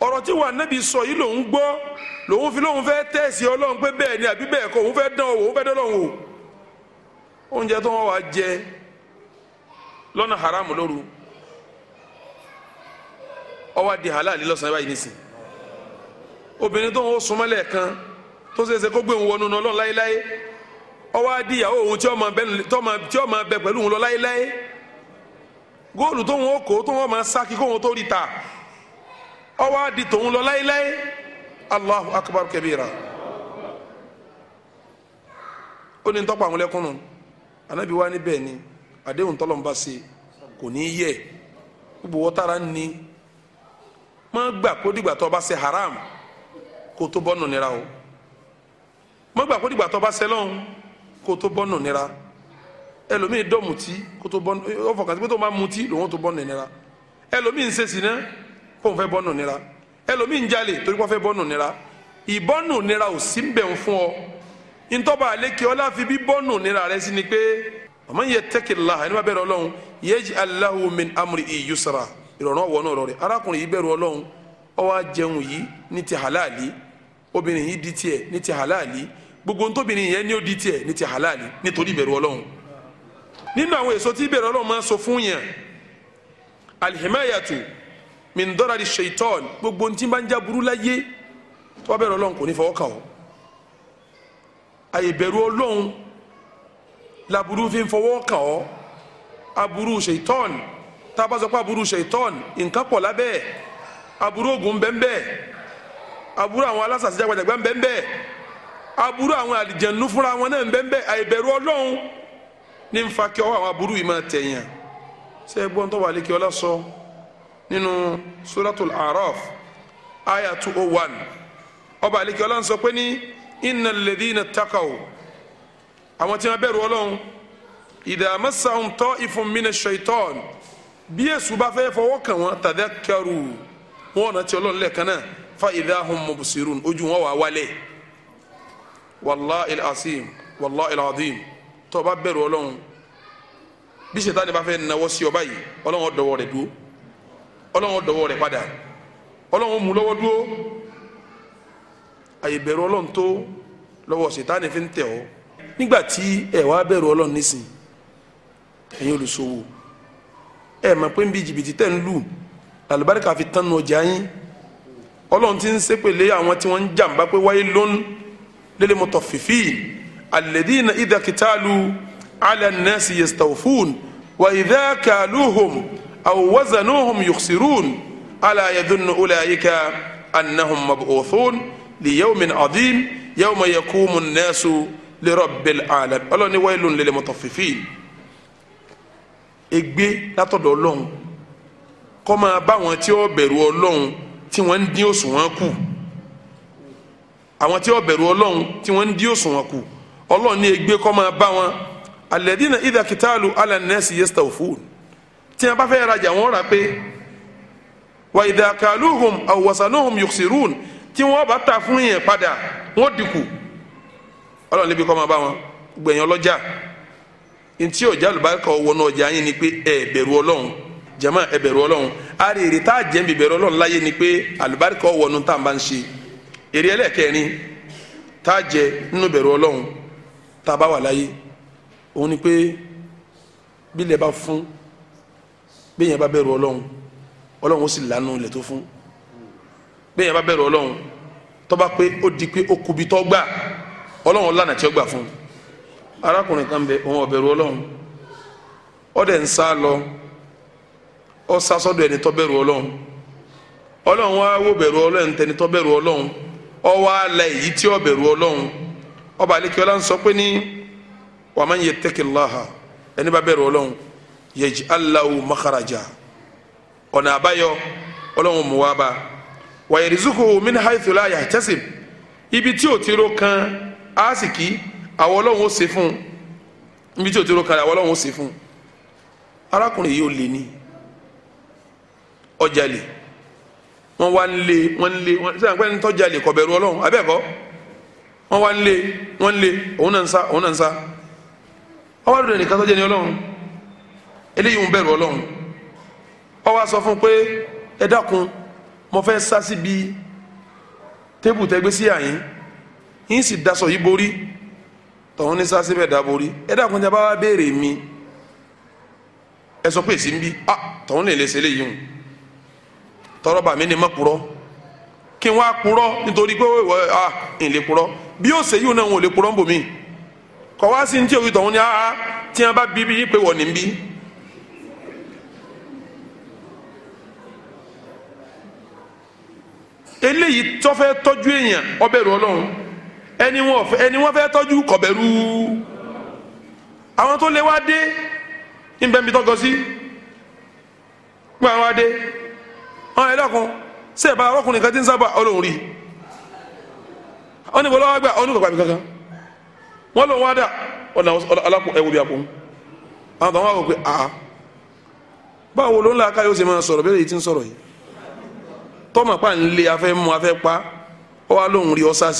ọ̀rọ̀ tí wà nẹ́bi sọ yìí lòun lòun fi lòun fẹ tẹ̀sí pé ni àbí bẹ́ẹ̀ kọ òun fẹ dán òun fẹ dọ́lọ́run wò oúnjẹ tó jẹ haram lóru ó wá halal obìnrin tó ń kan tó ṣe é ṣe kó gbé òun wọnú náà lọ láéláé ó ìyàwó òun tí góòlù tó wọn kó tó wọn máa sá kí kó wọn tó rí ta ó wá tòun lọ láéláé Allahu akbar kabira ó ní anabi wa ni ni àdéhùn kò ní í yẹ gbogbo haram kó tó bọ́ nira o má gbà kó dìgbà tó bá lọ́hùn nira ẹlòmíì dọ̀ muti kó tó bọ́ ọ fọkàn sí pé tó máa mutí lòun tó bọ́ nìyẹn ẹlòmíì ń ṣe sìná kó n fẹ́ bọ́ nìyẹn ẹlòmíì ń jalè torí kó fẹ́ bọ́ nìyẹn ìbọ́nù nira ò sí ń bẹ̀ ń fún ọ ntọ́ba àlékè fi bí bọ́nù nira rẹ sí ni pé ọmọ yẹ tẹ́kìlá ẹni bá bẹ̀rẹ̀ ọlọ́run yẹ́jì aláwo min amri iyusra ìrọ̀rùn ọ̀wọ́ náà rọrẹ̀ arákùnrin yìí bẹ̀rù ọlọ́run ó wá jẹun yìí ní ti halali obìnrin yìí di tiẹ̀ ní ti halali gbogbo ntóbìnrin yẹn ní ó di tiẹ̀ ní ti halali nítorí ìbẹ̀rù ọlọ́run nínú àwọn èso tí ìbẹ̀rẹ̀ ọlọ́run máa ń so fún yàn alihimayatu mindorari shaitan gbogbo ntí bá ń já burú láyé tó bá bẹ̀rẹ̀ ọlọ́run kò ní fọwọ́ kàn ọ́ àyèbẹ̀rù ọlọ́run laburú fi ń fọwọ́ kàn ọ́ aburú shaitan tá a bá aburú shaitan nǹkan pọ̀ lábẹ́ ẹ̀ aburú ogun bẹ́ẹ̀ aburú àwọn alásàsíjà gbajàgbà bẹ́ẹ̀ aburú àwọn àlìjẹ̀nu fúnra wọn náà bẹ́ẹ̀ àyèbẹ̀rù ọlọ́run ní nfa kí ọwọ́ àwọn aburú yìí máa tẹ̀yàn ṣe é gbọ́n tó wà lékè ọlá sọ nínú suratul araf aya two oh one ọba àlékè ọlá ń sọ pé ní innal ladina takaw àwọn tí wọ́n bẹ̀rù ọlọ́run idha massahum ta'ifun minash shaitan bí èṣù bá fẹ́ fọwọ́ kàn wọ́n tadhakkaru wọn ọ̀nà tí ọlọ́run lẹ̀ kan náà fa idha hum ojú wọn wà wálẹ̀ wallahi asim wallahi al tó bá bẹ̀rù Ọlọ́run bí Sàtánì bá fẹ́ nawọ́ sí ọ báyìí Ọlọ́run dọ́wọ́ rẹ̀ dúró Ọlọ́run dọ́wọ́ rẹ̀ padà Ọlọ́run mú lọ́wọ́ dúró àyè bẹ̀rù Ọlọ́run tó lọ́wọ́ Sàtánì fi ń tẹ̀ ọ́ nígbà tí ẹ wá bẹ̀rù Ọlọ́run nísìn ẹ̀yin olùṣòwò ẹ mọ̀ pé ń bí jìbìtì tẹ̀ ń lù àlùbáríkà fi tán nu ọjà yín Ọlọ́run ti ń ṣépèlé àwọn tí wọ́n ń jàǹbá pé wáyé lón lélẹ́mọ̀tọ̀ alladhina idha kitalu ala nasi yastawfun wa idha kaluhum aw wazanuhum yukhsirun ala yadhunnu ulaika annahum mab'uthun li yawmin adhim yawma yaqumu an-nasu li rabbil alamin ọlọ́run ní wailun lil mutaffifin ègbé látọ̀dọ̀ ọlọ́run kó máa bá àwọn tí ó bẹ̀rù ọlọ́run tí wọ́n ń dín òṣùwọ̀n kù àwọn tí ó bẹ̀rù ọlọ́run tí wọ́n ń dín òṣùwọ̀n kù ọlọ́run ní ègbé kọ́ máa bá wọn alladhina idha kitalu ala nnasi yastawfun tí wọn bá fẹ́ rajà wọn rà pé wa idha kaluhum aw wasanuhum yukhsirun tí wọn bá ta fún yẹn padà wọn dínkù ọlọ́run níbi kọ́ máa bá wọn gbẹ̀yìn ọlọ́jà ntí ọjà àlùbáríkà wọnú ọjà yín ni pé ẹ bẹ̀rù ọlọ́run jama ẹ bẹ̀rù ọlọ́run ara èrè tá a jẹ́ bí bẹ̀rù ọlọ́run láyé ni pé àlùbáríkà wọnú tá a bá ń ṣe èrè ẹlẹ́kẹ̀rin tá a jẹ nínú bẹ̀rù ọlọ́run tá a bá wà láyé òun ni pé bílẹ̀ bá fún béèyàn bá bẹ̀rù ọlọ́run ọlọ́run ó sì lánú ilẹ̀ tó fún béèyàn bá bẹ̀rù ọlọ́run tó pé ó di pé ó kubi tó gbà ọlọ́run lánà tí ó gbà fún arákùnrin kan bẹ òun ọ̀bẹ̀rù ọlọ́run ọ̀dẹ̀ ń sá lọ ọ sá sọ́dọ̀ ẹni tó bẹ̀rù ọlọ́run ọlọ́run wá wò bẹ̀rù ọlọ́run tẹni tó bẹ̀rù ọlọ́run ọ wá la èyí tí ó ọlọ́run ọba alekiola ń sọ pé ní wa man yattaqillaha ẹni bá bẹ̀rù ọlọ́run yaj'al lahu makhraja ọ̀nà àbáyọ ọlọ́run mú wá bá wa yarzuquhu min haythu la yahtasib ibi tí ò ti ro kan aásìkí àwọn ọlọ́run ó ṣe fún ibi tí ò ti ro kan àwọn ọlọ́run ó ṣe fún arákùnrin yìí ó lè ní ọjà lè wọ́n wá ń lé wọ́n ń lé wọ́n sẹ́yìn pé ń tọ́jà lè kọ̀ bẹ̀rù ọlọ́run abẹ́ẹ̀kọ́ wọn wá nílé wọ́n nílé òun náà ń òun náà nìkan ní eléyìí ń bẹ̀rù ọlọ́run wọ́n sọ fún pé ẹ dákun mo fẹ́ sá síbi tébù tẹ́gbé sí àyín yín sì daṣọ yìí borí ní sá síbẹ̀ dá borí ẹ dákun tọrọ bàmí ni kí n wá nítorí pé bí ó ṣèyí náà wọn ò lè purọ́ nbòmí kọ̀ wá sí ní tí òye tọ̀hún ni áá tí wọn bá bí bí pé wọ̀ ní bí. eléyìí tó fẹ́ tọ́jú èèyàn ọbẹ̀rù ọlọ́run ẹni wọ́n fẹ́ tọ́jú kọ̀bẹ̀rù àwọn tó lé wá dé nbẹ̀mí tọ́gọ sí gbọ́n wá dé ọ̀hún ẹ̀dọ́kun ṣé ìbára kan ti ń sábà ọlọ́run rí i. ó ní bọ́lá gbà ó ní kọ̀ọ̀kan kankan wọ́n lò wọ́n dà ọ̀nà alákùn ẹ̀wù bí akùn àwọn tó pé a báwo ló ń la káyọ̀ ṣe máa sọ̀rọ̀ bẹ́ẹ̀ yìí ti ń sọ̀rọ̀ yìí tọ́mọ̀ pa ń lé mú pa rí ọsá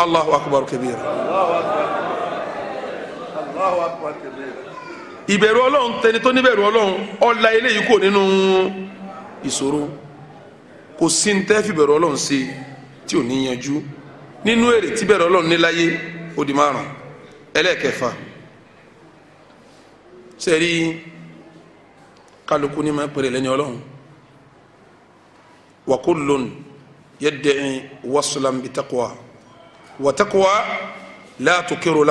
Allahu akbar ìbẹ̀rù ọlọ́run tẹni tó níbẹ̀rù ọlọ́run ọ̀la eléyìí kò nínú ìṣòro kò sí ní tẹ́fì bẹ̀rù ọlọ́run ṣe tí ò ní yanjú nínú èrè tí bẹ̀rù ọlọ́run ní ó di márùn ẹlẹ́ẹ̀kẹfà sẹ́rí kálukú ní máa ń pèrè lẹ́ni ọlọ́run wa kullun yadda'i waslan bitaqwa wa taqwa la tukiru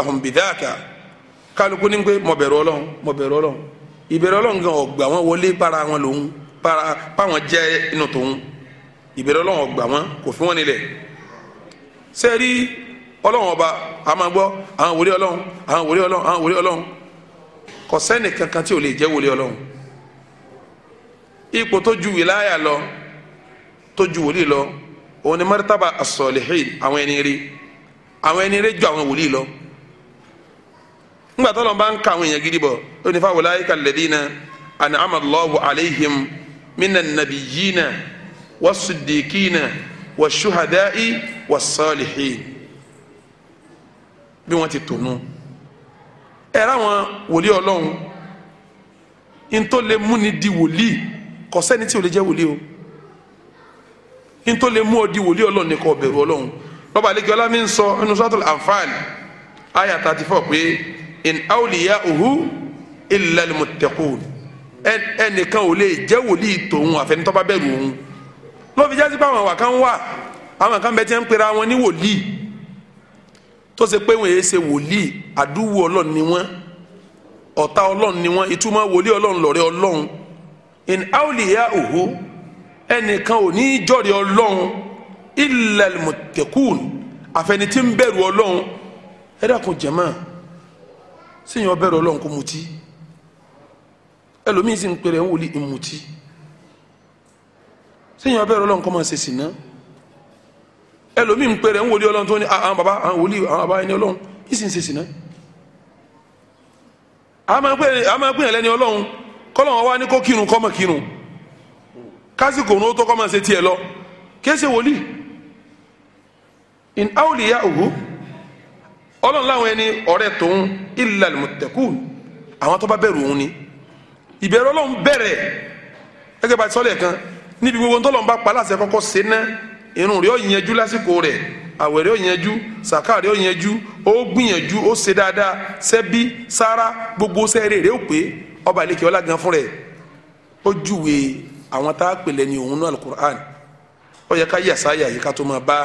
kálukú ní pé mo bẹ̀rù ọlọ́run mo bẹ̀rù ọlọ́run ìbẹ̀rù ọlọ́run gan ọ̀gbà wọn wọlé para wọn lòun para páwọn jẹ́ inú tòun ìbẹ̀rù ọlọ́run ọ̀gbà wọn kò fi wọn nílẹ̀ sẹ́ẹ̀rí ọlọ́run ọba a máa gbọ́ àwọn wòlé ọlọ́run àwọn wòlé ọlọ́run àwọn wòlé ọlọ́run kò sẹ́ni kankan tí ò lè jẹ́ wòlé ọlọ́run ipò tó ju wìláyà lọ tó ju wòlíì lọ òun ni mọ́tàbà as ńgbà tó lọ́n bá ń ka àwọn èèyàn gidi bọ̀ ó ní fa ulaika alladhina an'ama Allahu alayhim minan nabiyyina was-siddiqina wash-shuhada'i was-salihin bí wọ́n ti tònú ẹ̀ ráwọn wòlíì ọlọ́run ntó lè ni di wòlíì kò sẹ́ni tí o lè jẹ́ o ntó lè di wòlíì ọlọ́run ní kò bẹ̀rù ọlọ́run lọ́ba àlejò ọlámi ń sọ nínú aya thirty four pé in awliya'uhu illa al-muttaqun ẹnìkan ò lè jẹ́ wòlíì tòun àfẹnitọ́ bá bẹ̀rù òun ló fi jásí pé àwọn àwa kan wà àwọn kan bẹ tí ń pera wọn ní wòlíì tó ṣe pé wọn yéé ṣe wòlíì àdúwò ọlọ́run ni wọn ọ̀tá ọlọ́run ni wọn ìtumọ̀ wòlíì ọlọ́run lọ̀rẹ́ ọlọ́run in awliya'uhu ẹnìkan ò ní í jọ̀rẹ́ ọlọ́run illa al-muttaqun àfẹnití ń bẹ̀rù ọlọ́run ẹ dákun sèyàn bẹ̀rù ọlọ́run kò mutí ẹlòmíín sì ń pèrè ń wòlí ìmutí sèyàn bẹ̀rù ọlọ́run kò máa ṣe sìnà ẹlòmíín pèrè ń wòlí ọlọ́run tó ní ah, àwọn baba àwọn wòlí àwọn baba ẹni ọlọ́run yìí sì ń ṣe sìnà àmọ́ pé ẹlẹ́ni ọlọ́run kọ́lọ́run wá ní kó kírun kọ́ mọ̀ kírun kásìkò ní ó tó kọ́ máa ṣe tiẹ̀ lọ kéṣe wòlíì in awliya uhu ọlọ́run láwọn ẹni ọ̀rẹ́ tòun illal muttaqun àwọn tó bá bẹ̀rù òun ni ìbẹ̀rù ọlọ́run bẹ̀rẹ̀ gẹ́gẹ́ bá ti sọ́lẹ̀ kan níbi gbogbo tó lọ́n bá pa láṣẹ kọ́kọ́ ṣe ná irun rẹ̀ ó yanjú lásìkò rẹ̀ àwẹ̀ rẹ̀ ó yanjú sàká rẹ̀ ó yanjú ó gbìyànjú ó ṣe dáadáa sẹ́bí sára gbogbo sẹ́rẹ̀ rẹ̀ ó pé ọba àlekè ọlá gan fún rẹ̀ ó júwe àwọn tá a pè lẹ́ni òun náà alukur'an ó yẹ ká yàsáyà yìí ká tó máa bá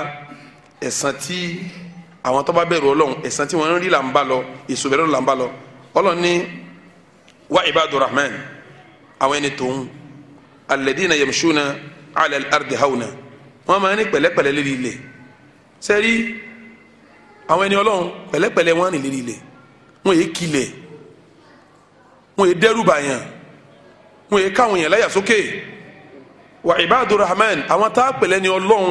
ẹ̀sán tí àwọn tó bá bẹ̀rù ọlọ́run ẹ̀san tí wọ́n rí là ń bá lọ ìṣòbẹ̀rẹ̀ là ń bá lọ ọlọ́run ní wa ibadu rahman àwọn ẹni tòun alladina yamshuna ala al wọ́n máa ní pẹ̀lẹ́pẹ̀lẹ́ lérí ilẹ̀ sẹ́rí àwọn ẹni ọlọ́run pẹ̀lẹ́pẹ̀lẹ́ wọn ní lérí ilẹ̀ wọn yé kilẹ̀ wọn yé dẹ́rù bàyàn wọn yé káwọn yẹn láyà sókè wa ibadu rahman àwọn tá pẹ̀lẹ́ ni ọlọ́run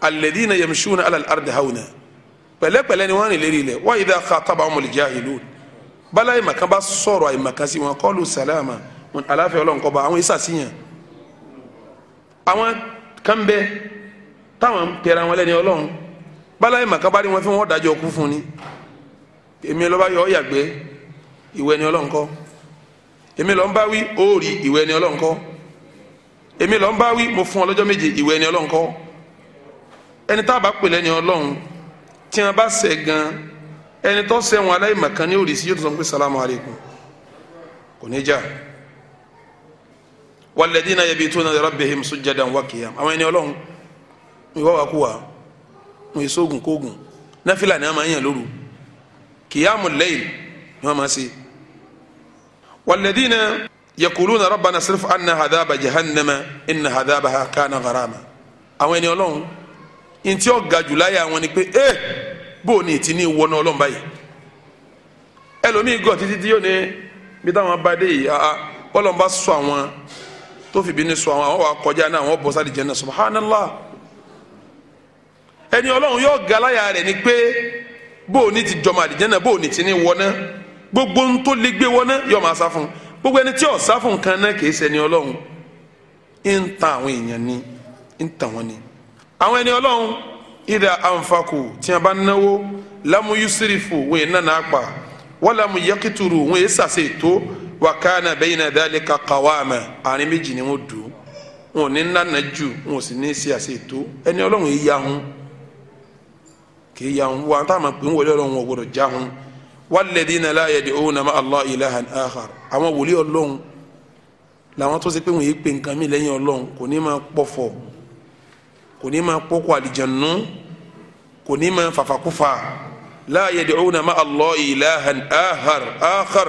alladina yamshuna ala al pẹ̀lẹ́pẹ̀lẹ́ ni wọ́n rìn lérí ilẹ̀ wa idha khatabahumul jahilun bala ìmọ̀kan bá sọ̀rọ̀ àìmọ̀kan sí wọn qalu salama aláfẹ́ ọlọ́run kọ́ bá àwọn ìsàsíyàn àwọn kan bẹ táwọn ń pẹ̀rẹ̀ àwọn ẹlẹ́ni ọlọ́run bala ìmọ̀kan bá rí wọn fún wọn dájọ́ kú fún ni èmi lọ́ba yọ ọ́ yàgbẹ́ ìwẹ́ ni ọlọ́run kọ́ èmi lọ́n bá wí òórì ìwẹ́ ni ọlọ́run kọ́ èmi lọ́n bá wí mo fún ọ méje ìwẹ́ ni ọlọ́run ẹni tá a bá pè lẹ́ni ọlọ́run tí wọn bá ṣẹ̀ gan ẹni tó ṣẹ̀ wọn aláìmọ̀kan ní òrìṣì yóò tó sọ pé salamu alaykum kò ní jà walladhina yabituna li rabbihim sujjadan wa qiyam àwọn ẹni ọlọ́run mi wá wá kú wa mo yẹ sóògùn kóògùn náfìlà ni wọn máa ń yàn lóru qiyamul layl ni wọn máa ṣe walladhina yakuluna rabbana sirif anna hadaba jahannama inna hadabaha kana gharama àwọn ẹni ọlọ́run ntí ọ̀gá jù láyà wọn ni pé ẹ eh, bóò ní ìtì ní ìwọ́nà ọlọ́mọba yìí ẹlòmíì gọ̀ títí tí yóò ní bí táwọn bá dé yìí àá ọlọ́mọba sọ àwọn tó fi bínú sọ àwọn àwọn wà kọjá náà àwọn bọ́ sáré jẹ́nà subhanallah ẹni ọlọ́run yóò ga láyà rẹ̀ ni pé bóò ní ti jọmọ àdìjẹ́nà bóò ní ti ní gbogbo ń tó lè gbé wọ́ná yóò máa sá fún gbogbo ẹni tí ò sá fún kan náà kì í ṣẹni ọlọ́run ń ta àwọn èèyàn ni ń ta wọn ni àwọn ẹni ọlọ́run ìdá ànfàkù tí a bá náwó lámú yusrifu wọn èèyàn náà pa wọn lámú yakituru wọn èèyàn sàṣe ètò wà kánà bẹ́yìn náà dálé kakàwá àmà àárín méjì ni wọ́n dùn wọn ò ní nánà jù wọn ò sì ní ṣe àṣe ètò ẹni ọlọ́run yìí hun kì í ya wọn táwọn máa pè ń wọlé ọlọ́run wọn gbọdọ̀ já hun walladhina la yad'una ma'a Allahi ilahan akhar àwọn wòlíì ọlọ́run làwọn tó ṣe pé wọn yìí pè nǹkan mi lẹ́yìn ọlọ́run kò ní máa pọ̀fọ̀ kò ní máa kókó àlìjànú kò ní máa fàfàkúfà la yad'una ma'a Allahi ilahan ahar akhar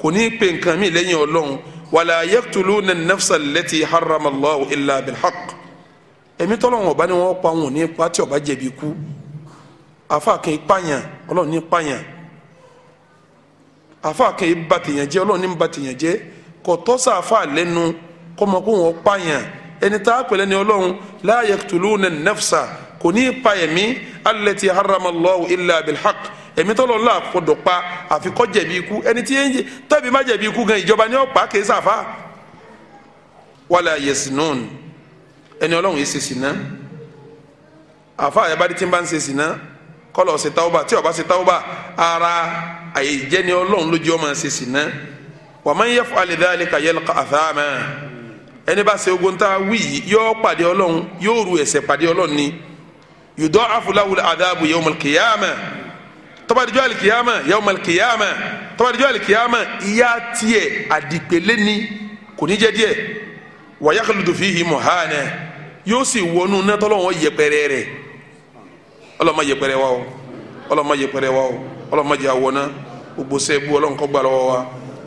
kò ní pè nǹkan mi lẹ́yìn ọlọ́run wala yaqtuluna an-nafsa allati harrama Allahu illa bil-haqq ẹ̀mí tọ́lọ́run ọba ni wọ́n pa wọn ní ipa tí ọba jẹ̀bi kú afa kan ipáyàn ọlọ́run ní ipáyàn afa ibatìyànjẹ ọlọ́run ní batìyànjẹ kò afa lẹ́nu kọ́mọ kó wọn páyàn ẹni tá a pèlè ní ọlọ́run la yaqtuluna nafsa kò ní í pa ẹ̀mí allati harrama Allahu illa bilhaq ẹ̀mí tọ́lọ́ ńlá àfọdọ̀ pa àfi kó jẹ̀bi ikú ẹni tí ń tẹ́bi má jẹ̀bi ikú gan ìjọba ni ó pa kì í sàfà wala yasnun ẹni ọlọ́run yìí ṣe sìnà àfa àyàbádé tí ń bá ń ṣe sìnà kọlọ ṣe tawuba tí ó bá ṣe tawuba ara àyè ìjẹni ọlọ́run lójú ọmọ ṣe sìnà wa man yaf'al dhalika yalqa athama ẹni bá ṣe ogun tá a wí yóò pàdé ọlọ́run yóò ru ẹ̀ṣẹ̀ pàdé ọlọ́run ni yùdọ́ afúláwùlẹ̀ àdáàbò yẹ̀wò mọ̀lìkìyàmẹ̀ tọ́badìjọ́ àlìkìyàmẹ̀ yẹ̀wò mọ̀lìkìyàmẹ̀ tọ́badìjọ́ àlìkìyàmẹ̀ ìyà tiẹ̀ àdìpẹ̀lẹ̀ ni kò ní jẹ́ díẹ̀ wàyákàlùdù fìhì mọ̀hánẹ̀ yóò sì wọnú nẹ́tọ́lọ́wọ́ yẹpẹrẹ rẹ̀ ọlọ́mọ yẹpẹrẹ wa o ọlọ́mọ yẹpẹrẹ wa o ọlọ́mọ jẹ́ àwọn náà gbogbo sẹ́ẹ̀bù ọlọ́nkọ́gbà lọ́wọ́ wa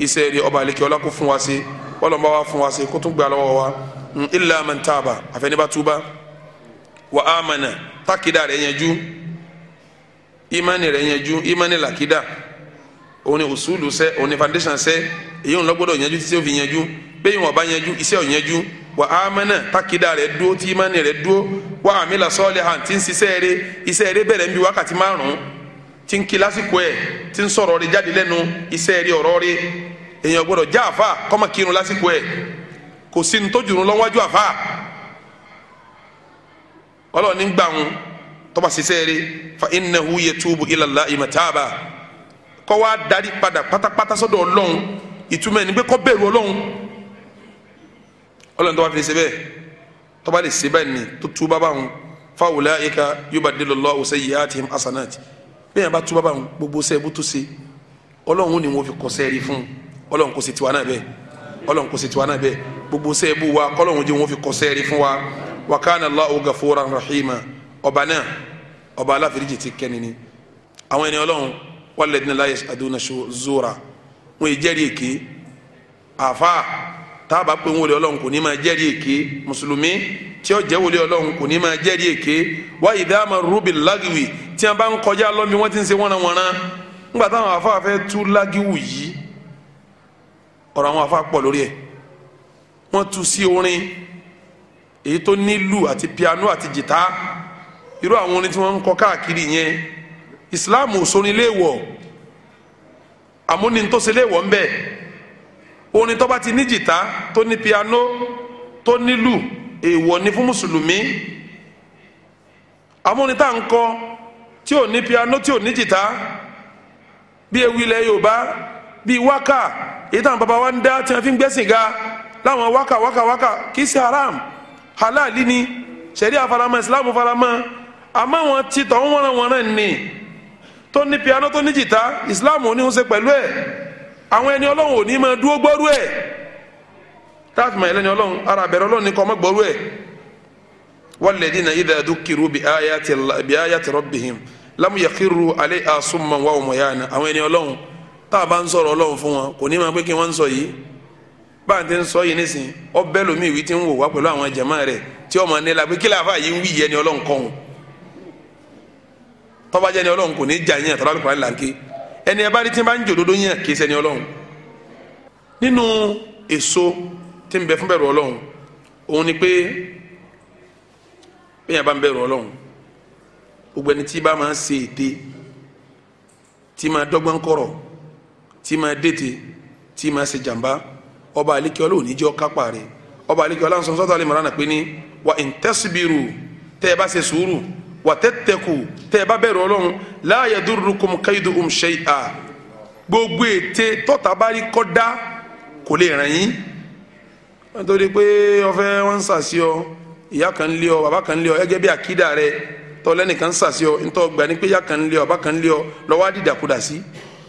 iṣẹ́ rí ọba àlekẹ́ ọlá fún wa sí i bọ́lọ̀mọ́ wa fún wa ṣe kó tún gbà lọ́wọ́ wa mm, illa man taaba àfẹnibà túbà wa amana takida rẹ̀ yanjú imani rẹ̀ yanjú imani làkìdá òun ni usulu sẹ́ òun ni foundation sẹ́ èyí òun lọ́gbọ́dọ̀ yanjú títí ó fi yanjú bẹ́ẹ̀ wọn bá yanjú iṣẹ́ ò yanjú wa amana takida rẹ̀ dúró tí imani rẹ̀ dúró wa amila salihan tí ń ṣiṣẹ́ rẹ̀ iṣẹ́ rẹ̀ bẹ̀rẹ̀ ń bi wákàtí márùn-ún tí ń kí lásìkò ẹ̀ tí ń sọ̀rọ̀ rẹ̀ jáde lẹ́nu iṣẹ́ rẹ̀ ọ̀rọ̀ rẹ̀ èèyàn gbọ́dọ̀ já àfa kọ́mọ kírun lásìkò ẹ̀ kò sí ní tójú ní lọ́wọ́jú àfa ọlọ́run ní gbà wọn tọ́ba ṣiṣẹ́ rẹ fa innahu yatubu ila Allahi mataba kọ́ wa darí padà pátápátá sọ́dọ̀ ọlọ́run ìtumọ̀ ẹni pé kọ́ bẹ̀rù ọlọ́run ọlọ́run tọ́ba fi ṣe bẹ́ẹ̀ tọ́ba lè ṣe bẹ́ẹ̀ ni tó tú bá bá wọn fa ulaika yubaddilu Allahu sayyiatihim hasanat bẹ́ẹ̀ yẹn bá tú bá bá wọn gbogbo sẹ́ẹ̀ bó tó ṣe ọlọ́run ni wọ́n fi kọ́ sẹ́ẹ̀rí fún un ọlọ́run kò sì tiwa náà bẹ́ẹ̀ ọlọ́run kò sì tiwa náà bẹ́ẹ̀ gbogbo sẹ́ẹ̀bù wa kọ́lọ́run jẹ́ wọn fi kọ́ fún wa wa kana Allahu gafuran rahima ọba náà ọba aláfẹ́ríjì ti kẹ́ni ni àwọn ènìyàn ọlọ́run walladina la yashaduna zura wọn yìí jẹ́rìí èké àfa táàbà pé wọlé ọlọ́run kò ní máa jẹ́rìí èké mùsùlùmí tí ó jẹ́ wọlé ọlọ́run kò ní máa jẹ́rìí èké wa idha marru bil lagwi tí wọn bá ń kọjá lọ́mi wọ́n ti ń ṣe wọ́nrawọ́nra ńgbà táwọn àfa fẹ́ tú lágìwì yìí ọ̀rọ̀ àwọn afa pọ̀ lórí ẹ̀ wọ́n tu sí orin èyí tó nílù àti piano àti jìtá irú àwọn orin tí wọ́n ń kọ káàkiri yẹn islam ò sórin léèwọ̀ àmúni tó ṣe ń bẹ orin tó bá ti ní jìtá tó ní piano tó nílù èèwọ̀ ni fún mùsùlùmí amóni tá à ń kọ tí ò ní piano tí ò ní jìtá bí ewì ilẹ̀ yorùbá bíi wákà èyí táwọn baba wa ń dá tí wọn fi ń gbẹ́sìn ga láwọn wákà wákà wákà kì í ṣe haram halali ni sẹ̀rí àfaramọ́ ìsìlámù faramọ́ àmọ́ wọn ti tọ̀ ń wọ́n wọn náà nì tó ní piano tó ní jìtá ìsìlámù ò ní ṣe pẹ̀lú ẹ̀ àwọn ẹni ọlọ́run ò ní máa dúró gbọ́rú ẹ̀ táàfin máa ẹlẹ́ni ọlọ́run ara àbẹ̀rẹ̀ ọlọ́run ní kọ́ ọmọ gbọ́rú ẹ̀ walladhina idha dhukiru bi ayati rabbihim lam yakhiru alayha summan tá a bá ń sọ̀rọ̀ ọlọ́run fún wọn kò ní máa pé kí wọ́n ń sọ yìí bá a ti ń sọ yìí nísìn ọbẹ̀ lomi ìwí ti ń wò wá pẹ̀lú àwọn jàmáà rẹ̀ tí ọmọ ní la pé kí láàfà yìí ń wí yẹn ni ọlọ́run kọ́ wọn tọ́ba jẹ́ ni ọlọ́run kò ní jà yẹn tọ́lá lùkùnrin lànké ẹni ẹ bá rí tí ń bá ń jòdodo yẹn kì í ṣẹni ọlọ́run nínú èso tí ń bẹ fún bẹ̀rù ọlọ́run òun ni pé bí bá ń bẹ̀rù ọlọ́run gbogbo ẹni tí bá máa ń ṣe ète tí máa dọ́gbọ́n kọ̀rọ̀ tí máa dètè tí máa ṣe jàmbá ọba àlékè ọlọ́run níjọ́ kápá rẹ̀ ọba àlékè ọlọ́run sọ́sọ́ tó alimọ̀rán pé wa in tasbiru tẹ́ ẹ bá ṣe sùúrù wa tattaqu tẹ́ ẹ bá bẹ̀rù ọlọ́run la yadurrukum kayduhum shay'a gbogbo ète tọ́ta bá rí kọ́ dá kò lè ràn yín nítorí pé ọfẹ́ wọn ń sàṣì ọ ìyá kan lé ọ bàbá kan lé ọ gẹ́gẹ́ bí àkídà rẹ tọ́lẹ́nìkan ń sàṣì ọ ntọ́ gbà pé ìyá kan lé ọ bàbá kan lé ọ lọ́wọ́ á dìdàkudà sí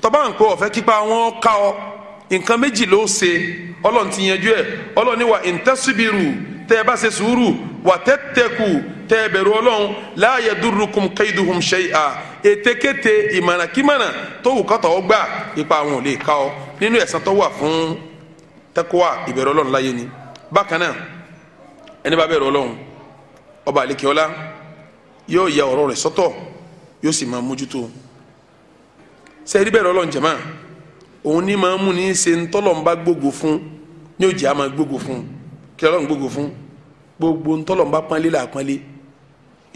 tọ́ba ń pẹ́ ọ̀fẹ́ kípa wọn ká ọ nǹkan méjì ló ṣe ọlọ́run ti yanjú ẹ̀ ọlọ́run ní wa ìntẹ́síbirù tẹ́ ẹ bá ṣe sùúrù wà tẹ́tẹ́kù tẹ́ ẹ bẹ̀rù ọlọ́run láàyè dúrúkùn kẹ́hìndùhùn ṣẹ́yà ètekéte ìmọ̀nàkímọ̀nà tó wù kọ́tọ̀ ọ gbà ipa àwọn ò lè ká ọ nínú ẹ̀san tó wà fún tẹ́kọ̀wá ìbẹ̀rù ọlọ́run láyé ni bákan náà ẹni bá bẹ̀rù ọlọ́run ọba àlekèọlá yóò ya ọ̀rọ̀ rẹ̀ sọ́tọ̀ yóò sì máa mójútó sẹ́ẹ̀rí bẹ́ẹ̀ lọ́lọ́ njẹ̀má òun ní máa ń mú ní ṣe ntọ́lọ́mbá gbogbo fún ní òjì àmà gbogbo fún kí ọlọ́run gbogbo gbogbo ntọ́lọ́mbá pọ́nlé là pọ́nlé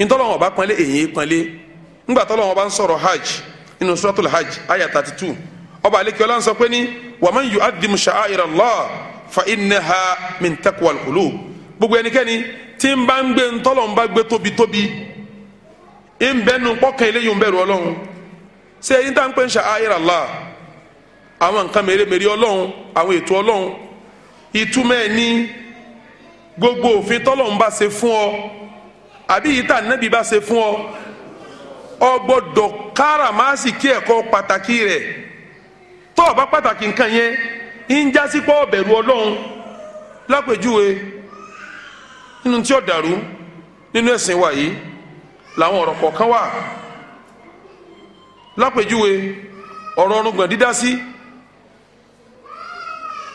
ntọ́lọ́wọ́n bá pọ́nlé èyí pọ́nlé ńgbà bá hajj nínú hajj aya thirty two ọba àlekí sọ pé ní ṣé eyín tá à ń pè ń ṣe ayé Allah àwọn nǹkan mèremère ọlọ́run àwọn ètò ọlọ́run ìtumọ̀ ẹ̀ ní gbogbo òfin tọ́lọ́run bá ṣe fún ọ àbí yìí tá ànábì bá ṣe fún ọ ọ gbọ́dọ̀ káràmáàsì kí ẹ̀kọ́ pàtàkì rẹ̀ tó o bá pàtàkì nǹkan yẹn ń jásí pé ọ̀bẹ̀rù ọlọ́run lápèjúwe nínú tí ó dàrú nínú ẹ̀sìn wa yìí làwọn ọ̀rọ̀ kọ̀ọ̀kan wà lápèjúwe ọ̀rọ̀ ọ̀rùngbọ̀n dídá sí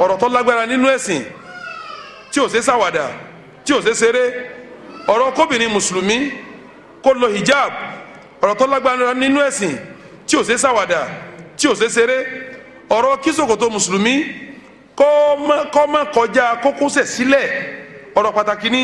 ọ̀rọ̀ tó lágbára nínú ẹ̀sìn tí ò ṣe ṣàwàdà tí ò ṣe ṣeré ọ̀rọ̀ kóbìnrin mùsùlùmí kó lo hijab ọ̀rọ̀ tó lágbára nínú ẹ̀sìn tí ò ṣe ṣàwàdà tí ò ṣe ṣeré ọ̀rọ̀ kí ṣòkòtò mùsùlùmí kó má kọjá kókósẹ̀ sílẹ̀ ọ̀rọ̀ pàtàkì ni.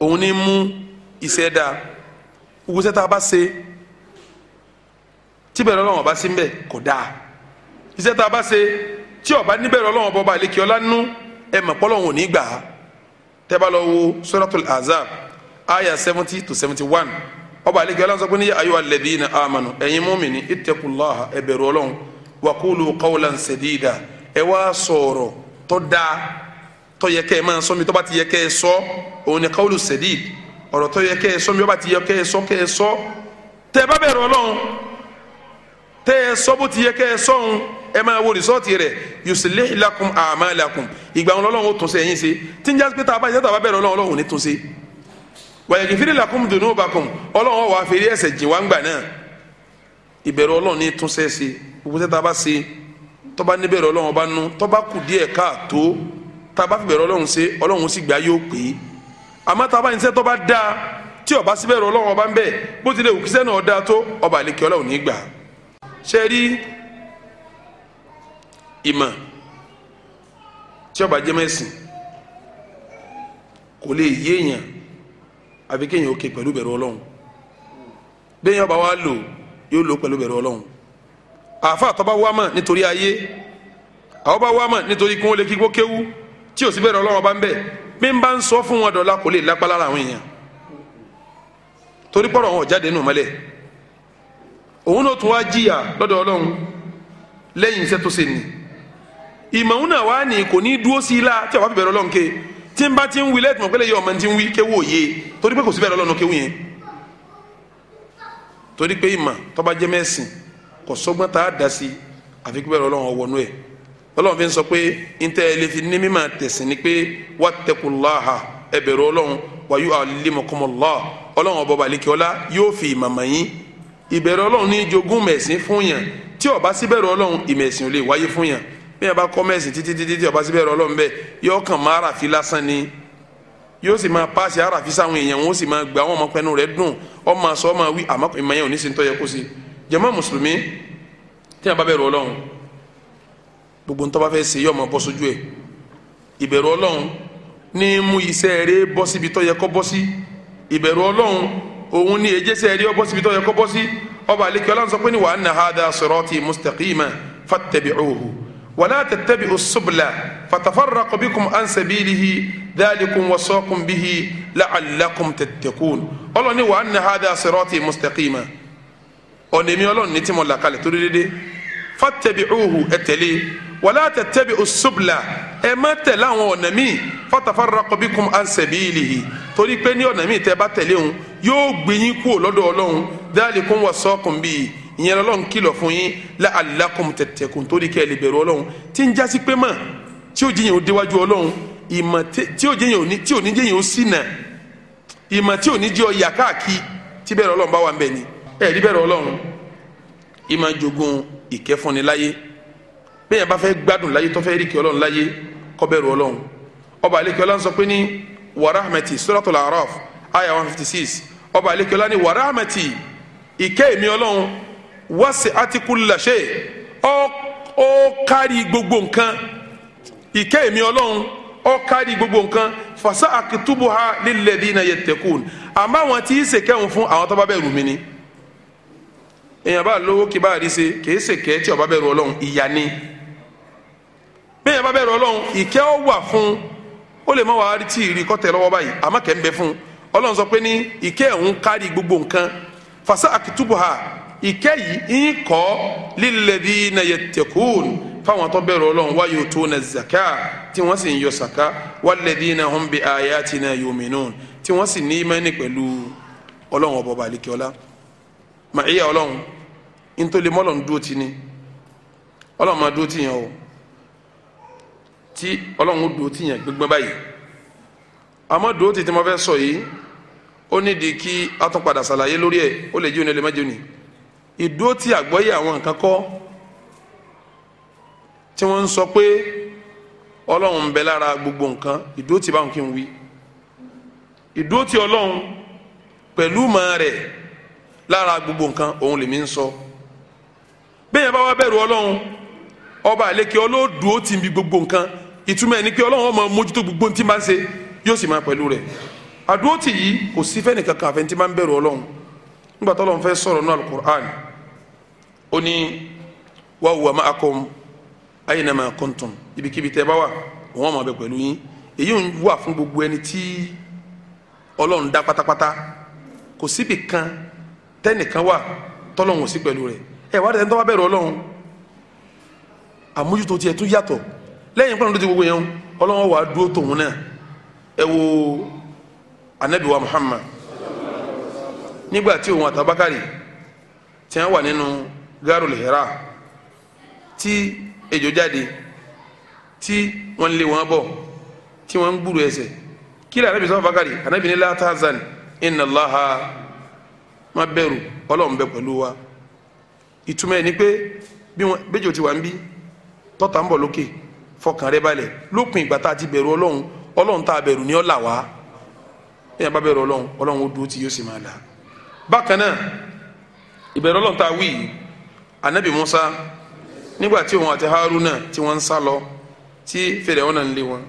òun ní mú iṣẹ́ dáa gbogbo iṣẹ́ tá a bá ṣe tí bẹ̀rẹ̀ Ọlọ́run ọba sí mbẹ̀ kò dáa iṣẹ́ tá a bá ṣe tí ọba níbẹ̀rẹ̀ Ọlọ́run ọba ọba àlekè ọlá nínú ẹ mọ̀ pọ́lọ́run ò ní gbà á tẹ́ bá lọ wo suratul azab aya seventy to seventy one ọba àlekè ọlá sọ pé ní ayọ̀ alladhina amanu ẹ̀yin mùmínì ittaqullaha ẹ bẹ̀rù Ọlọ́run wa qulu qawlan sadida ẹ wá sọ̀rọ̀ tó dáa tó yẹ kẹ́ ẹ máa sọ mi tó bá ti yẹ kẹ́ ẹ sọ òun ni káwọlù sẹdíd ọ̀rọ̀ tó yẹ kẹ́ ẹ sọ mi tó bá ti yẹ kẹ́ ẹ sọ kẹ́ ẹ sọ tẹ́ ẹ bá bẹ̀rù Ọlọ́run tẹ́ ẹ sọ bó ti yẹ kẹ́ ẹ sọ òun ẹ máa wo rìsọ́ọ̀tì rẹ̀ yuslih lakum a'malakum ìgbà wọn lọ́lọ́run ó tún ṣe ẹ̀yin ṣe tí ń jásí pé tá a bá yẹ tá a bá bẹ̀rù Ọlọ́run Ọlọ́run ní tún ṣe wa yaghfir lakum dhunubakum Ọlọ́run wà á fi rí ẹ̀ṣẹ̀ jìn wá ń gbà náà ìbẹ̀rù Ọlọ́run ní tún ṣe é ṣe gbogbo tẹ́ tá a bá ṣe Taba a bá fi bẹ̀rẹ̀ ọlọ́run ṣe ọlọ́run sì gbà yóò pé àmọ́ tá a bá ní sẹ́tọ́ bá dáa tí ọba síbẹ̀ rọ ọlọ́run ọba ń bẹ̀ bó ti lè wù kíṣẹ́ náà dáa tó ọba àlekè ọlọ́run ní gbà ṣe rí ìmọ̀ tí ọba jẹ́ mẹ́sìn kò lè yéèyàn àfi kéèyàn ó ké pẹ̀lú bẹ̀rù ọlọ́run bẹ́ẹ̀ yẹn wa lò yóò lò pẹ̀lú bẹ̀rù ọlọ́run àfa àtọ́ bá mọ̀ nítorí ayé àwọn bá wá mọ̀ nítorí kí wọ́n lè kí wọ́n kéwú tí o sì bẹ̀rẹ̀ ọlọ́wọ́n bá ń bẹ̀ bí n bá ń sọ fún wọn dọ̀la kò lè lágbára àwọn èèyàn torí pọ̀rọ̀ wọn ò jáde nù mọ́lẹ̀ òun náà tún wá jìyà lọ́dọ̀ ọlọ́run lẹ́yìn iṣẹ́ tó ṣe ni ìmọ̀ òun náà wá ní kò ní dúró sí i la tí àwọn bẹ̀rẹ̀ ọlọ́run ké tí n bá ti ń wí lẹ́tùmọ̀ pé lè yọ ọmọ ti ń wí kéwú òye torí pé kò sí bẹ̀rẹ̀ ọlọ́run kéwú yẹn torí pé ìmọ̀ tó bá jẹ́ mẹ́sìn kò sọ́gbọ́n tá a dá sí àfikún bẹ̀rẹ̀ ọlọ́run ọwọ́nú ẹ̀ ọlọ́run fi ń sọ pé ntẹ́ ẹ lè fi ní mímọ̀ tẹ̀sìn ni pé wattaqullaha ẹ bẹ̀rù ọlọ́run wa yu'allimukumullah ọlọ́run ọba balẹ̀kẹ́ ọlá yóò fi ìmọ̀mọ̀ yín ìbẹ̀rù ọlọ́run ní jogún mẹ̀sìn fún yàn tí ó bá sí bẹ̀rù ọlọ́run ìmẹ̀sìn ò lè wáyé fún yàn bí yàn bá kọ́ mẹ̀sìn títí títí tí ó bá sí bẹ̀rù ọlọ́run bẹ́ẹ̀ yóò sì máa paasi àràfi sáwọn èèyàn wọn ó sì máa gbà àwọn ọmọpẹ́nu rẹ̀ dùn ọmọ àṣọ ọmọ wí àmọ́ ìmọ̀ yẹn ò ní sí ní tọ́yẹ kó sí jàmá mùsùlùmí tí yàn bá bẹ̀rù ọlọ́run gbogbo ntọ́ bá fẹ́ ṣe yọ ọmọ bọ́ sójú ẹ̀ ìbẹ̀rù ọlọ́run ní mú iṣẹ́ rẹ bọ́ síbi tó yẹ kó bọ́ sí ìbẹ̀rù ọlọ́run òun ní ejésẹ́ rẹ bọ́ síbi tó yẹ kó bọ́ sí ọba àlekí ọlọ́run sọ pé ní wa anna hadha sirati mustaqima fattabi'uhu wala tattabi'u subla fatafarraqa bikum an sabilihi dhalikum wasaqum bihi la'allakum tattaqun ọlọ́run ní wa anna hadha sirati mustaqima ọ̀nà èmi ọlọ́run ní tí mo wala tattabi'us subla ẹ má tẹ̀lé àwọn ọ̀nà míì fatafarraqa bikum an sabilihi torí pé ní ọ̀nà míì tẹ́ bá tẹ̀lé òun yóò gbé yín kúrò lọ́dọ̀ ọlọ́run dhalikum wasaqum bihi ìyẹn ọlọ́run kìlọ̀ fún yín la'allakum tattaqun torí kẹ́ ẹ lè bẹ̀rù ọlọ́run tí ń jásí pé mọ̀ tí ò jẹ́yìn ò déwájú ọlọ́run ìmọ̀ tí ò jẹ́yìn ò ní tí ò ní jẹ́yìn ò sínà ìmọ̀ tí ò ní jẹ́ ọ̀yà káàkiri tí bẹ̀rù ọlọ́run bá wà ń bẹ̀ bẹ́ẹ̀ bá fẹ́ gbádùn láyé tó fẹ́ rí kí ọlọ́run láyé kó bẹ̀rù ọlọ́run ọba àlekí ọlọ́run sọ pé ní wàràhàmẹ́tì suratul araf aya one fifty six ọba àlekí ọlọ́run ní wàràhàmẹ́tì ìkẹ́ mi ọlọ́run wasi kulla shay kárí gbogbo nǹkan ìkẹ́ mi ọlọ́run ó kárí gbogbo nǹkan fasa akitubuha lilladhina yattaqun àmọ́ àwọn tí í ṣèkẹ́hùn fún àwọn tó bá bẹ̀rù mi ni èèyàn bá lówó kí bá rí ṣe kì í ṣèkẹ́ tí ó bá bẹ̀rù ọlọ́run ìyà ni bẹ́ẹ̀ bá bẹ̀rẹ̀ ọlọ́run ìkẹ́ ọ wà fún ó lè má wàá tí ìrì kọ́tẹ̀ lọ́wọ́ báyìí àmọ́ kẹ́ ń fún ọlọ́run sọ pé ní ìkẹ́ ọ̀hún kárí gbogbo nǹkan fasa akitubu ha ìkẹ́ yìí ń kọ́ lilladhina yattaqun fáwọn tó bẹ̀rẹ̀ ọlọ́run tó yutuna zaka tí wọ́n sì ń yọ saka tí wọ́n sì ní ọlọ́run ọ̀bọ̀ ni tí ọlọ́run dùn ti yàn gbígbọ́n báyìí àmọ́ dùn ti tí mo fẹ́ sọ yìí ó nídìí kí a tún padà ṣàlàyé lórí ẹ̀ ó lè jóni ó lè má jóni ìdúró tí àgbọ́yé àwọn nǹkan kọ́ tí wọ́n ń sọ pé ọlọ́run ń bẹ lára gbogbo nǹkan ìdúró tí báwọn kì ń wí ìdúró tí ọlọ́run pẹ̀lú mọ́ rẹ̀ lára gbogbo nǹkan òun lèmi ń sọ bẹ́ẹ̀ bá wá bẹ̀rù ọlọ́run ọba àlekè ọlọ́dún ti ń bi gbogbo nǹkan ìtumọ̀ ẹni pé ọlọ́run ọmọ mójútó gbogbo ntí máa ń ṣe yóò sì máa pẹ̀lú rẹ̀ àdúró tì yìí kò sí fẹ́ kankan àfẹn tí máa ń bẹ̀rù ọlọ́run nígbà tó fẹ́ sọ̀rọ̀ náà alukur'an ó ní ibikíbi tẹ́ bá wà fún gbogbo ẹni tí ọlọ́run dá pátápátá kò síbi kan tẹ́nìkan wà tọ́lọ́run ò sí pẹ̀lú rẹ̀ ẹ̀ wá lẹ́yìn pẹ̀lú ti gbogbo yẹn ọlọ́wọ́ wàá dúró tòun náà ẹ wo anabi muhammad nígbà tí òun àtàbákàrí tí wọ́n wà nínú garul hira tí ejò jáde tí wọ́n lé wọn bọ̀ tí wọ́n ń gbúrò ẹsẹ̀ kí lè anabi sọ àbákàrí anabi ní látàzán inna allaha má bẹ̀rù ọlọ́run bẹ pẹ̀lú wa ìtumọ̀ ẹ̀ ni pé bí wọ́n bẹ́jọ́ ti wà ń bí tọ́ta ń bọ̀ lókè. Okay fọkàn rẹ balẹ̀ lópin ìgbà tá a ti bẹ̀rù ọlọ́run ọlọ́run tá a bẹ̀rù ni ó là wá ẹ̀yàn bá bẹ̀rù ọlọ́run ọlọ́run ó dúró tí yóò sì máa là bákan náà ìbẹ̀rù ọlọ́run tá a wí anabi musa nígbà tí òun àti haruna tí wọ́n ń sá lọ tí fèrè ọ̀nà ń lé wọn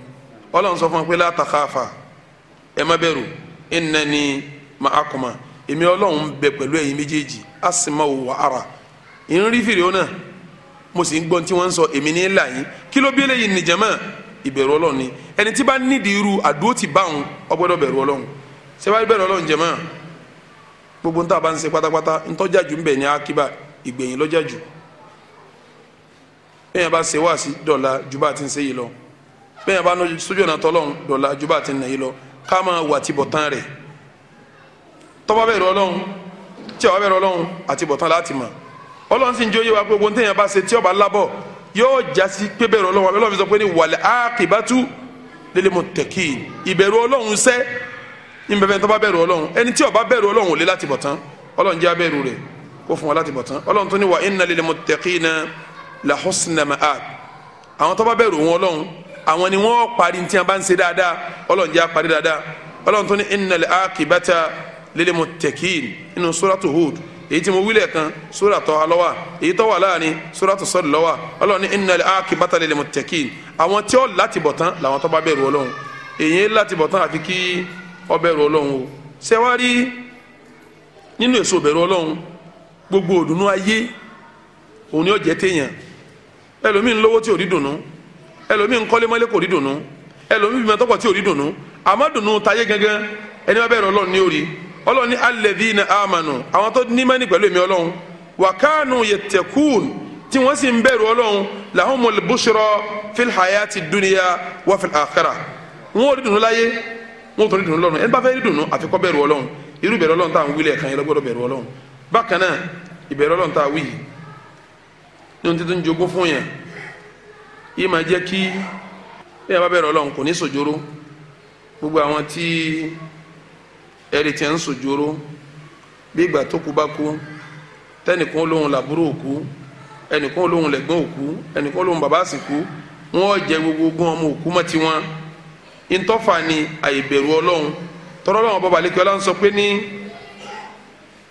Ọlọrun sọ fún wọn pé la takhafa ẹ má bẹ̀rù innani ma'akuma èmi ọlọ́run ń bẹ pẹ̀lú ẹ̀yin méjèèjì asma'u wa ara ìrírí fèrè ọ̀nà mo sì ń gbọ́ tí wọ́n ń sọ èmi ní là yín kí ló bí eléyìí ní ìbẹ̀rù ọlọ́run ni ẹni tí bá nídìí irú àdúró ti bá òun ọgbọ́dọ̀ bẹ̀rù ọlọ́run sẹ́wájú bẹ̀rù ọlọ́run jẹ́mọ́ gbogbo ń tà bá ń ṣe pátápátá ntọ́jà jù ń bẹ̀ ní akíbà ìgbẹ̀yìn lọ́jà jù bẹ́ẹ̀ bá ṣe wáàsí dọ̀la ju bá ti ń ṣe yìí lọ bẹ́ẹ̀ bá sójú ọ̀nà tọ́lọ́run dọ̀la ju bá ti ń nà yìí lọ ká máa wà tí bọ̀tán rẹ̀ tọ́ba bẹ̀rù ọlọ́run tí bẹ̀rù ọlọ́run àti bọ̀tán láti mọ̀ ọlọ́run sì ń jóye wa pé ogun téèyàn bá ṣe tí ọba lábọ̀ yóò jásí pé bẹ̀rù ọlọ́run abẹ́lẹ́ ọ̀fíìsọ pé ní wàlẹ̀ ákìbátú lil muttaqin ìbẹ̀rù ọlọ́run sẹ́ ìbẹ̀fẹ̀ tó bá bẹ̀rù ọlọ́run ẹni tí ó bá bẹ̀rù ọlọ́run ò lè láti bọ̀ tán ọlọ́run jẹ́ abẹ́rù rẹ̀ kó fún wa láti bọ̀ tán ọlọ́run tó ní wa inna lil muttaqina la èyí tí mo wílẹ̀ kan sóra tọ́ alọ́wà èyí tọ́ wà láàrin sóra tó sọ́ọ̀dì lọ́wà ọlọ́run ní innal aqibata lil muttaqin àwọn tí ó láti bọ̀ tán làwọn tó bá bẹ̀rù ọlọ́run èyí láti bọ̀ tán àfi kí ó bẹ̀rù ọlọ́run o ṣẹ́wárí nínú èso bẹ̀rù ọlọ́run gbogbo òdùnnú ayé òun ni ó jẹ́ téèyàn ẹlòmíín lówó tí ò rí dùnnú ẹlòmíín kọ́lémọ́lé kò rí dùnnú ẹlòmíín bímọ tọ́kọ̀ tí ò rí dùnnú àmọ́ dùnnú tayé gangan ẹni bá bẹ̀rù ọlọ́run ní orí ọlọ́run ní alladhina amanu àwọn tó ní mẹ́ni pẹ̀lú èmi ọlọ́run wa kanu yattaqun tí wọ́n sì ń bẹ̀rù ọlọ́run lahumul bushra fil hayati dunya wa fil akhirah wọn ò rí dùnú láyé wọn ò tún rí dùnú lọ́run ẹni bá fẹ́ rí dùnú àfi kó bẹ̀rù ọlọ́run irú bẹ̀rù ọlọ́run tá à ń wílẹ̀ kan yẹn lọ́gbọ́dọ̀ bẹ̀rù ọlọ́run bákan náà ìbẹ̀rù ọlọ́run tá a wí yìí ní ohun tuntun jogún fún yẹn yìí máa jẹ́ kí bí wọn bá bẹ̀rù ọlọ́run kò ní sòjóró gbogbo àwọn tí ẹ̀rì tiẹ̀ ń sòjòrò bí ìgbà tó kú bá kú tẹ́nìkan olóhùn làbúrò òkú ẹnìkan olóhùn lẹ́gbọ́n òkú ẹnìkan olóhùn bàbá àsìkú wọ́n jẹ gbogbo ogún ọmọ òkú mọ́ tiwọn ntọ́fà ni àìbẹ̀rù ọlọ́run tọ́lọ́ lọ́wọ́ bọ́ba alẹ́ kí ọlá ń sọ pé ní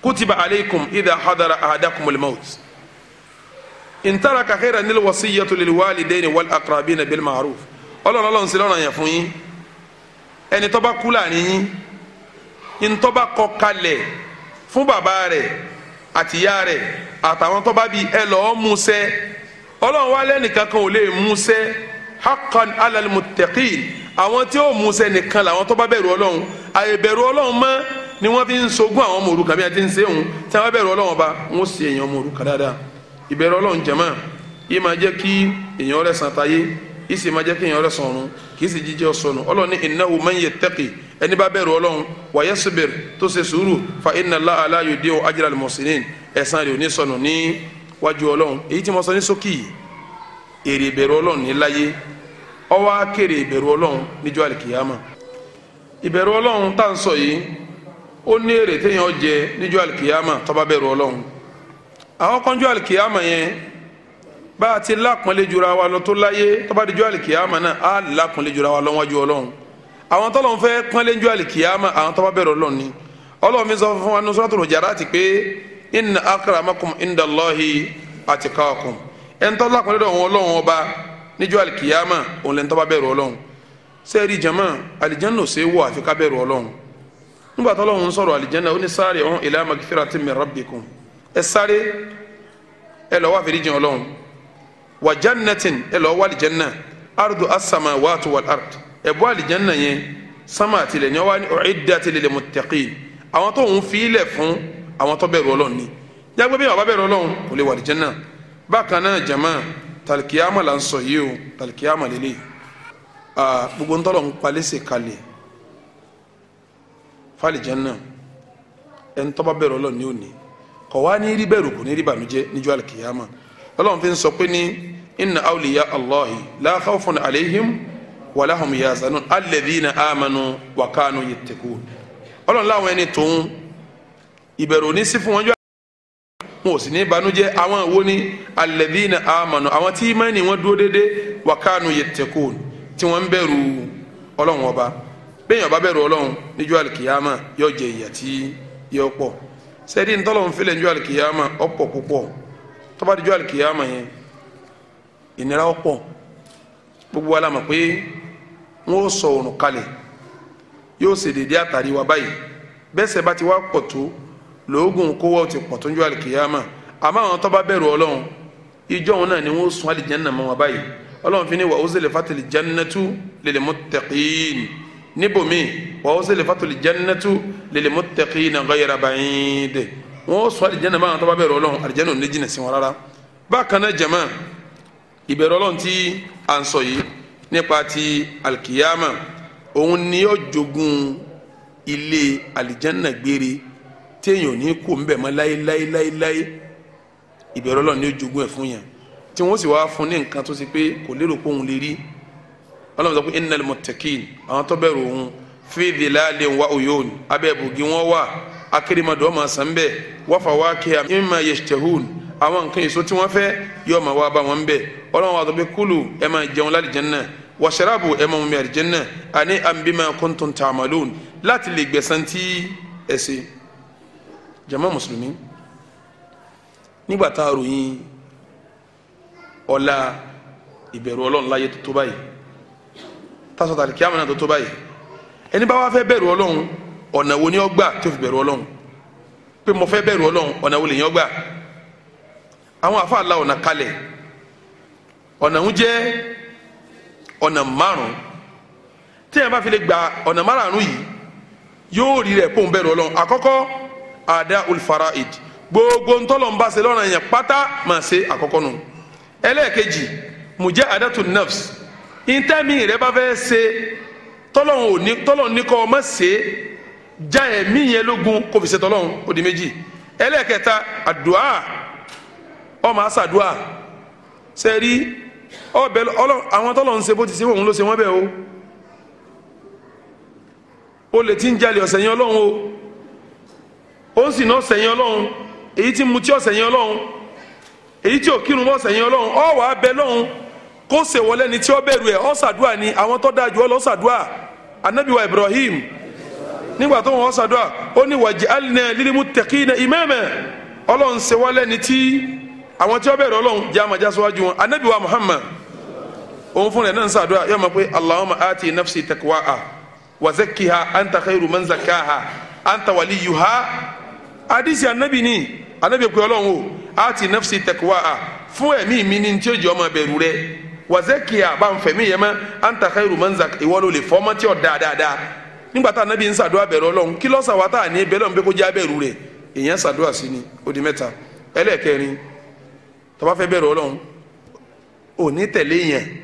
kutiba aleikum idha hadara ahadakum al-maut ntaraka khayran nil wasiyyatu lil walidayni wal aqrabina bil ma'ruf ọlọ́run ọlọ́run sílẹ̀ ọ̀ràn yẹn fún yín ẹni tó kú láàrin yín ntọ́ba kọ kalẹ̀ fún bàbá rẹ̀ àtìyá rẹ̀ àtàwọn tọ́ba bíi ẹ lọ́ọ́ musẹ́ ọlọ́run wa lẹ́nìkan kan ò lè musẹ́ haqqan alal àwọn tí ó musẹ́ nìkan làwọn tọ́ba bẹ̀rù ọlọ́run àìbẹ̀rù ọlọ́run mọ́ ni wọ́n fi ń sogún àwọn ọmọ òrukàn bí a ti ń sehun tí wọ́n bẹ̀rù ọlọ́run ọba wọ́n sì èèyàn ọmọ òrukàn dáadáa ìbẹ̀rù ọlọ́run jẹ̀mọ́ yìí máa jẹ́ kí èèyàn rẹ̀ sàn táyé yìí sì máa jẹ́ kí èèyàn rẹ̀ sàn ọ̀run kì í sì jíjẹ́ ọ̀sọ̀nù ọlọ́run ní innahu man yattaqi ẹni bá bẹ̀rù ọlọ́run wa yasbir tó ṣe sùúrù fa inna Allaha la yudi'u ajra al-muhsinin ẹ̀san rẹ̀ ò ní sọnù ní wájú ọlọ́run èyí tí mo sọ ní sókì èrè ìbẹ̀rù ọlọ́run ní láyé ó wá kéré ìbẹ̀rù ọlọ́run níjọ́ àlìkìyàmà ìbẹ̀rù ọlọ́run tá à ń sọ yìí ó ní èrè téèyàn jẹ níjọ́ àlìkìyàmà tó bá bẹ̀rù ọlọ́run àwọn kọjú àlìkìyàmà yẹn bá a ti lápọ̀nlé jura wa lọ tó láyé tó bá dijọ́ àlìkìyàmà náà á lápọ̀nlé jura wa lọ́wọ́jú ọlọ́run àwọn tọ́lọ̀ ń fẹ́ pọ́nlẹ́njú àlìkìyàmà àwọn tọ́ba bẹ̀rù ọlọ́run ni ọlọ́run fi sọ fún wa ní suratul Hujurat pé inna akramakum indallahi atqakum ẹni tọ́lá kan lọ́dọ̀ wọn ọlọ́run ọba níjọ́ àlìkìyàmà òun lẹ́ni tọ́ba bẹ̀rù ọlọ́run sẹ́ẹ̀rì jama àlìjánnà ò ṣeé wọ̀ àfi ká bẹ̀rù ọlọ́run nígbà tọ́lọ́run sọ̀rọ̀ àlìjánnà ó ní sari'u ila magfiratin min rabbikum ẹ sáré ẹ lọ wá àforíjì ọlọ́run wa jannatin ẹ lọ wá ardu as-samawati wal ẹ̀bọ́ àlìjánná yẹn sánmà àtìlẹ̀ ni wọ́n wá ní u'iddat lil muttaqin àwọn tó ń fi ilẹ̀ fún àwọn tó bẹ̀rù ọlọ́run ni yàgbé bí bàbá bẹ̀rù ọlọ́run kò lè wà àlìjánná bákan náà jama talikiyama la ń sọ yìí o talikiyama lele gbogbo ntọ́lọ̀ ń palẹ́sẹ̀ kalẹ̀ fàlìjánná ẹni tó bá bẹ̀rù ọlọ́run ni ò ní kọ̀ wá ní rí bẹ̀rù walahum yazanun alladhina amanu wa kanu yattaqun ọlọ́run láwọn ẹni tòun ìbẹ̀rù ní sí fún wọn yọ wọn ò sì ní banújẹ́ àwọn wo ni alladhina amanu àwọn tí ìmánì wọn dúró dédé wa kanu yattaqun tí wọ́n ń bẹ̀rù ọlọ́run ọba bẹ́ẹ̀yàn bá bẹ̀rù ọlọ́run níjọ́ àlìkìyàmà yóò jẹ ìyà tí yóò pọ̀ sẹ́ẹ̀dì ntọ́lọ́run fílẹ̀ níjọ́ àlìkìyàmà ọ̀pọ̀ púpọ̀ tó bá dijọ́ yẹn ìnira ọ̀pọ̀ gbogbo wa la mọ̀ pé wọn ó sọ òrùn kalẹ̀ yóò ṣe dédé àtàrí wa báyìí bẹ́sẹ̀ bá ti wá pọ̀ tó lóògùn kówó ti pọ̀ tó ń jọ àlìkìyàmà àmọ́ àwọn tó bá bẹ̀rù ọlọ́run ìjọ òun náà ni wọ́n sun àlìjẹ́nà mọ́ wọn báyìí ọlọ́run fi ní wàá ozele fatali jannatu lil muttaqin níbòmí wàá ozele fatali jannatu lil muttaqin ghayra ba'id wọ́n sun àlìjẹ́nà mọ́ àwọn tó bá bẹ̀rù ọlọ́run àlìjẹ́nà ò ní jìnnà sí wọn rárá nípa ti alikiyama òun ni yóò jogun ilé alijanna gbére téèyàn ò ní kó nbẹ mọ́ láéláéláéláé ìbẹ̀rù Ọlọ́run ni yóò jogun ẹ̀ fún yẹn tí wọ́n sì wáá fún ní nǹkan tó ṣe pé kò lérò pé òun lè rí Ọlọ́run sọ pé innal muttaqin àwọn tó bẹ̀rù òun fi dhilalin wa uyun abẹ́ ibògi wọn wà akérèmọdò ọmọ sàn bẹ wàfà wà kíá mimma yashtahun àwọn nǹkan èso tí wọ́n fẹ́ yóò máa wá bá wọn bẹ Ọlọ́run wà tó bẹ kúlù ẹ máa jẹun lálìjẹ náà wa sharabu ẹ máa mu mi àlìjẹ́nà àní àmbímà kuntum ta'malun láti lè gbẹ̀san tí ẹ ṣe jama mùsùlùmí nígbà tá a ròyìn ọlá ìbẹ̀rù ọlọ́run láyé tó tó báyìí tásọ̀ tàbí kíámà náà tó tó báyìí ẹni bá ni ó tó fi bẹ̀rù ọlọ́run pé mo fẹ́ bẹ̀rù ọlọ́run ọ̀nà wo lèyàn gbà àwọn àfa àlà ọ̀nà kalẹ̀ ọ̀nà ń ọ̀nà márùn-ún tí yẹn bá fi lè gba ọ̀nà márùn-ún yìí yóò rí rẹ̀ pòun bẹ̀rù ọlọ́run àkọ́kọ́ àdá olùfara id gbogbo ntọ́lọ́nba ṣe lọ́rùn yẹn pátá máa ṣe àkọ́kọ́ nù ẹlẹ́ẹ̀kejì mùjẹ́ àdàtú nafs ìtẹ́mi rẹ bá fẹ́ ṣe tọ́lọ́run ní kọ́ ọ má ṣe já ẹ̀mí yẹn lógun kó fi ṣe tọ́lọ́run ó méjì ẹlẹ́ẹ̀kẹta àdúà ó máa sẹ́rí ọbẹ̀ àwọn tọ́lọ̀ ń ṣe bó ti ṣe òun ló ṣe wọ́n bẹ́ẹ̀ o o lè ti ń jalè ọ̀sẹ̀yìn ọlọ́run o ó ń sì ná ọ̀sẹ̀yìn ọlọ́run èyí tí mutí ọ̀sẹ̀yìn ọlọ́run èyí tí ò kírun ọ̀sẹ̀yìn ọlọ́run ọ wàá bẹ lọ́run kó ṣe wọlé ni tí ó bẹ̀rù ẹ̀ ọ́ ṣàdúà ni àwọn tó dáa jù ọ́ lọ́ ṣàdúà anabiwa Ibrahim nígbà tó wọn ṣàdúà ó ní waj'alna lilmuttaqina imama ọlọ́run ṣe wọlé ni tí àwọn tí ó bẹ̀rù ọlọ́run jẹ́ àmàjá síwájú wọn anabiwa Muhammad òun fúnra ẹ̀ náà ń sàdúrà yóò máa pé allahumma ati nafsi takwaha wa zakkiha anta khairu man zakkaha anta waliyuha hadisi anabi ni anabi pé ọlọ́run o ati nafsi takwaha fún ẹ̀mí mi ní tí ó jẹ́ ọmọ bẹ̀rù rẹ wa zakkiha bá ń fẹ̀mí yẹn mọ́ anta khairu man zakkaha ìwọ ló lè fọ́mọ́ tí ọ̀ dáadáa nígbà tá anabi ń sàdúrà bẹ̀rù ọlọ́run kí lọ́sàn wa tá à ní bẹ́lọ̀ ń bẹ́ kó jẹ́ abẹ́rù rẹ̀ èèyàn sàdúrà sí ni ó di ẹlẹ́ẹ̀kẹrin tó fẹ́ bẹ̀rù ọlọ́run ò ní tẹ̀lé yẹn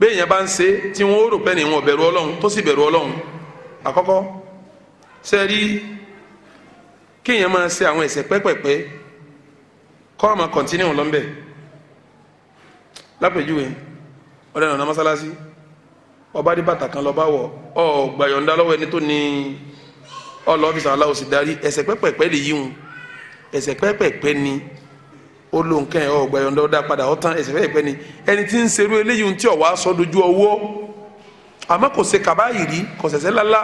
béèyàn bá ń ṣe tí wọn ó rò pé ni wọn ò bẹ̀rù ọlọ́run tó sì bẹ̀rù ọlọ́run àkọ́kọ́ sẹ́ẹ̀rí kéèyàn máa ṣe àwọn ẹ̀ṣẹ̀ pẹ́pẹ̀pẹ́ kọ́ ọmọ kọ̀ntínú lọ́nbẹ̀ lápèjúwe ọ̀dẹ̀ nàná mọ́sálásí ọba dé bàtà kan lọ́ba wọ̀ ọ gbàyọ̀ǹda lọ́wọ́ ẹni tó ní ọlọ́ọ̀fíìsì aláwọ̀ sì darí ẹ̀ṣẹ̀ pẹ́pẹ̀pẹ́ lè yí wọn ẹ̀ṣẹ̀ pẹ́pẹ̀pẹ́ ni ó lo nǹkan yẹn ọgbà padà ó tán ẹsẹ̀ fẹ́ẹ́ pẹ́ ni ẹni tí ń serú eléyìí sọ dojú ọwọ́ àmọ́ kò kaba kàbáyìrí kò ṣẹ̀ṣẹ̀ lálá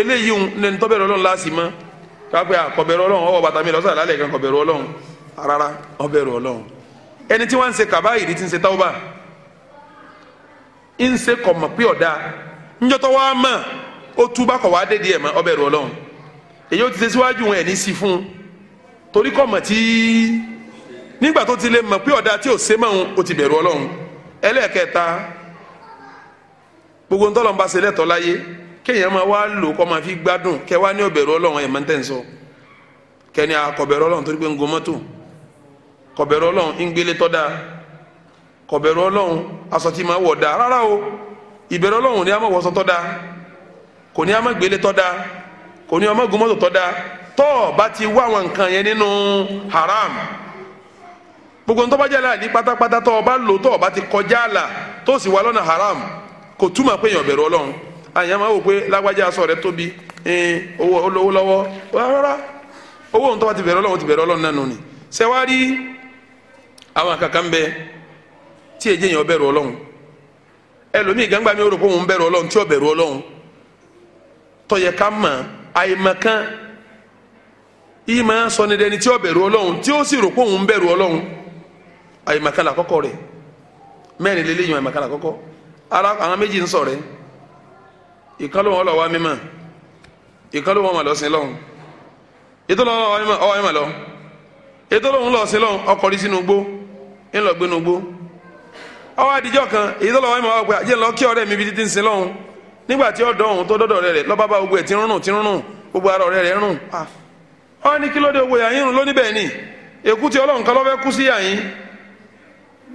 eléyìí lẹni tó bẹ̀rẹ̀ laasi ma mọ́ kápẹ́ àkọ́bẹ̀rẹ̀ ọlọ́run bàtà mi kan kọ́bẹ̀rẹ̀ ọlọ́run rárá ọbẹ̀rẹ̀ ọlọ́run ẹni wá nígbà tó ti lè mọ̀ pé ọ̀dà tí ò sé mọ́ òun ó ti bẹ̀rù ọlọ́run ẹlẹ́ẹ̀kẹta gbogbo ntọ́lọ́n bá ṣe lẹ́tọ̀ọ́ láyé kéèyàn máa wá lò kọ́ máa fi gbádùn kẹ wá ní ọ̀bẹ̀rù ọlọ́run ẹ̀ máa ń tẹ̀ ń sọ kẹni akọ̀bẹ̀rù ọlọ́run torí pé ń gun mọ́tò kọ̀bẹ̀rù ọlọ́run ń gbélé tọ́da kọ̀bẹ̀rù ọlọ́run aṣọ tí máa wọ̀ da rárá o ìbẹ̀rù ọlọ́run ni a máa wọṣọ tọ́da haram gbogbo ń tó bá jẹ́ láàlí pátápátá tó o bá lò tó o bá ti kọjá àlà tó sì wà lọ́nà haram kò túmọ̀ pé èèyàn bẹ̀rù ọlọ́run àyàn máa wò pé lágbájá aṣọ rẹ tóbi owó olówó lọ́wọ́ rárá owó ohun tó bá ti bẹ̀rù ọlọ́run ti bẹ̀rù ọlọ́run náà ni ṣẹ́wárí àwọn kankan bẹ tí èjì èèyàn bẹ̀rù ọlọ́run ẹlòmíì gangba mi rò pé òun bẹ̀rù bẹ̀rù ọlọ́run tí ó bẹ̀rù ọlọ́run tí àyèmàkàlà àkọ́kọ́ rẹ̀ mẹ́rin lélẹ́yìn àyèmàkàlà àkọ́kọ́ ara àwọn méjì ń sọ̀rẹ́ ìkálò wọn lọ́wọ́ mímọ́ ìkálò wọn lọ lọ lọ rí sínú gbó ń lọ gbó kan kí mi títí ń nígbà tí tó rẹ̀ lọ́ba bá gbogbo ti rún ti rún gbogbo ara rún ọ ah. ní kí lóde owó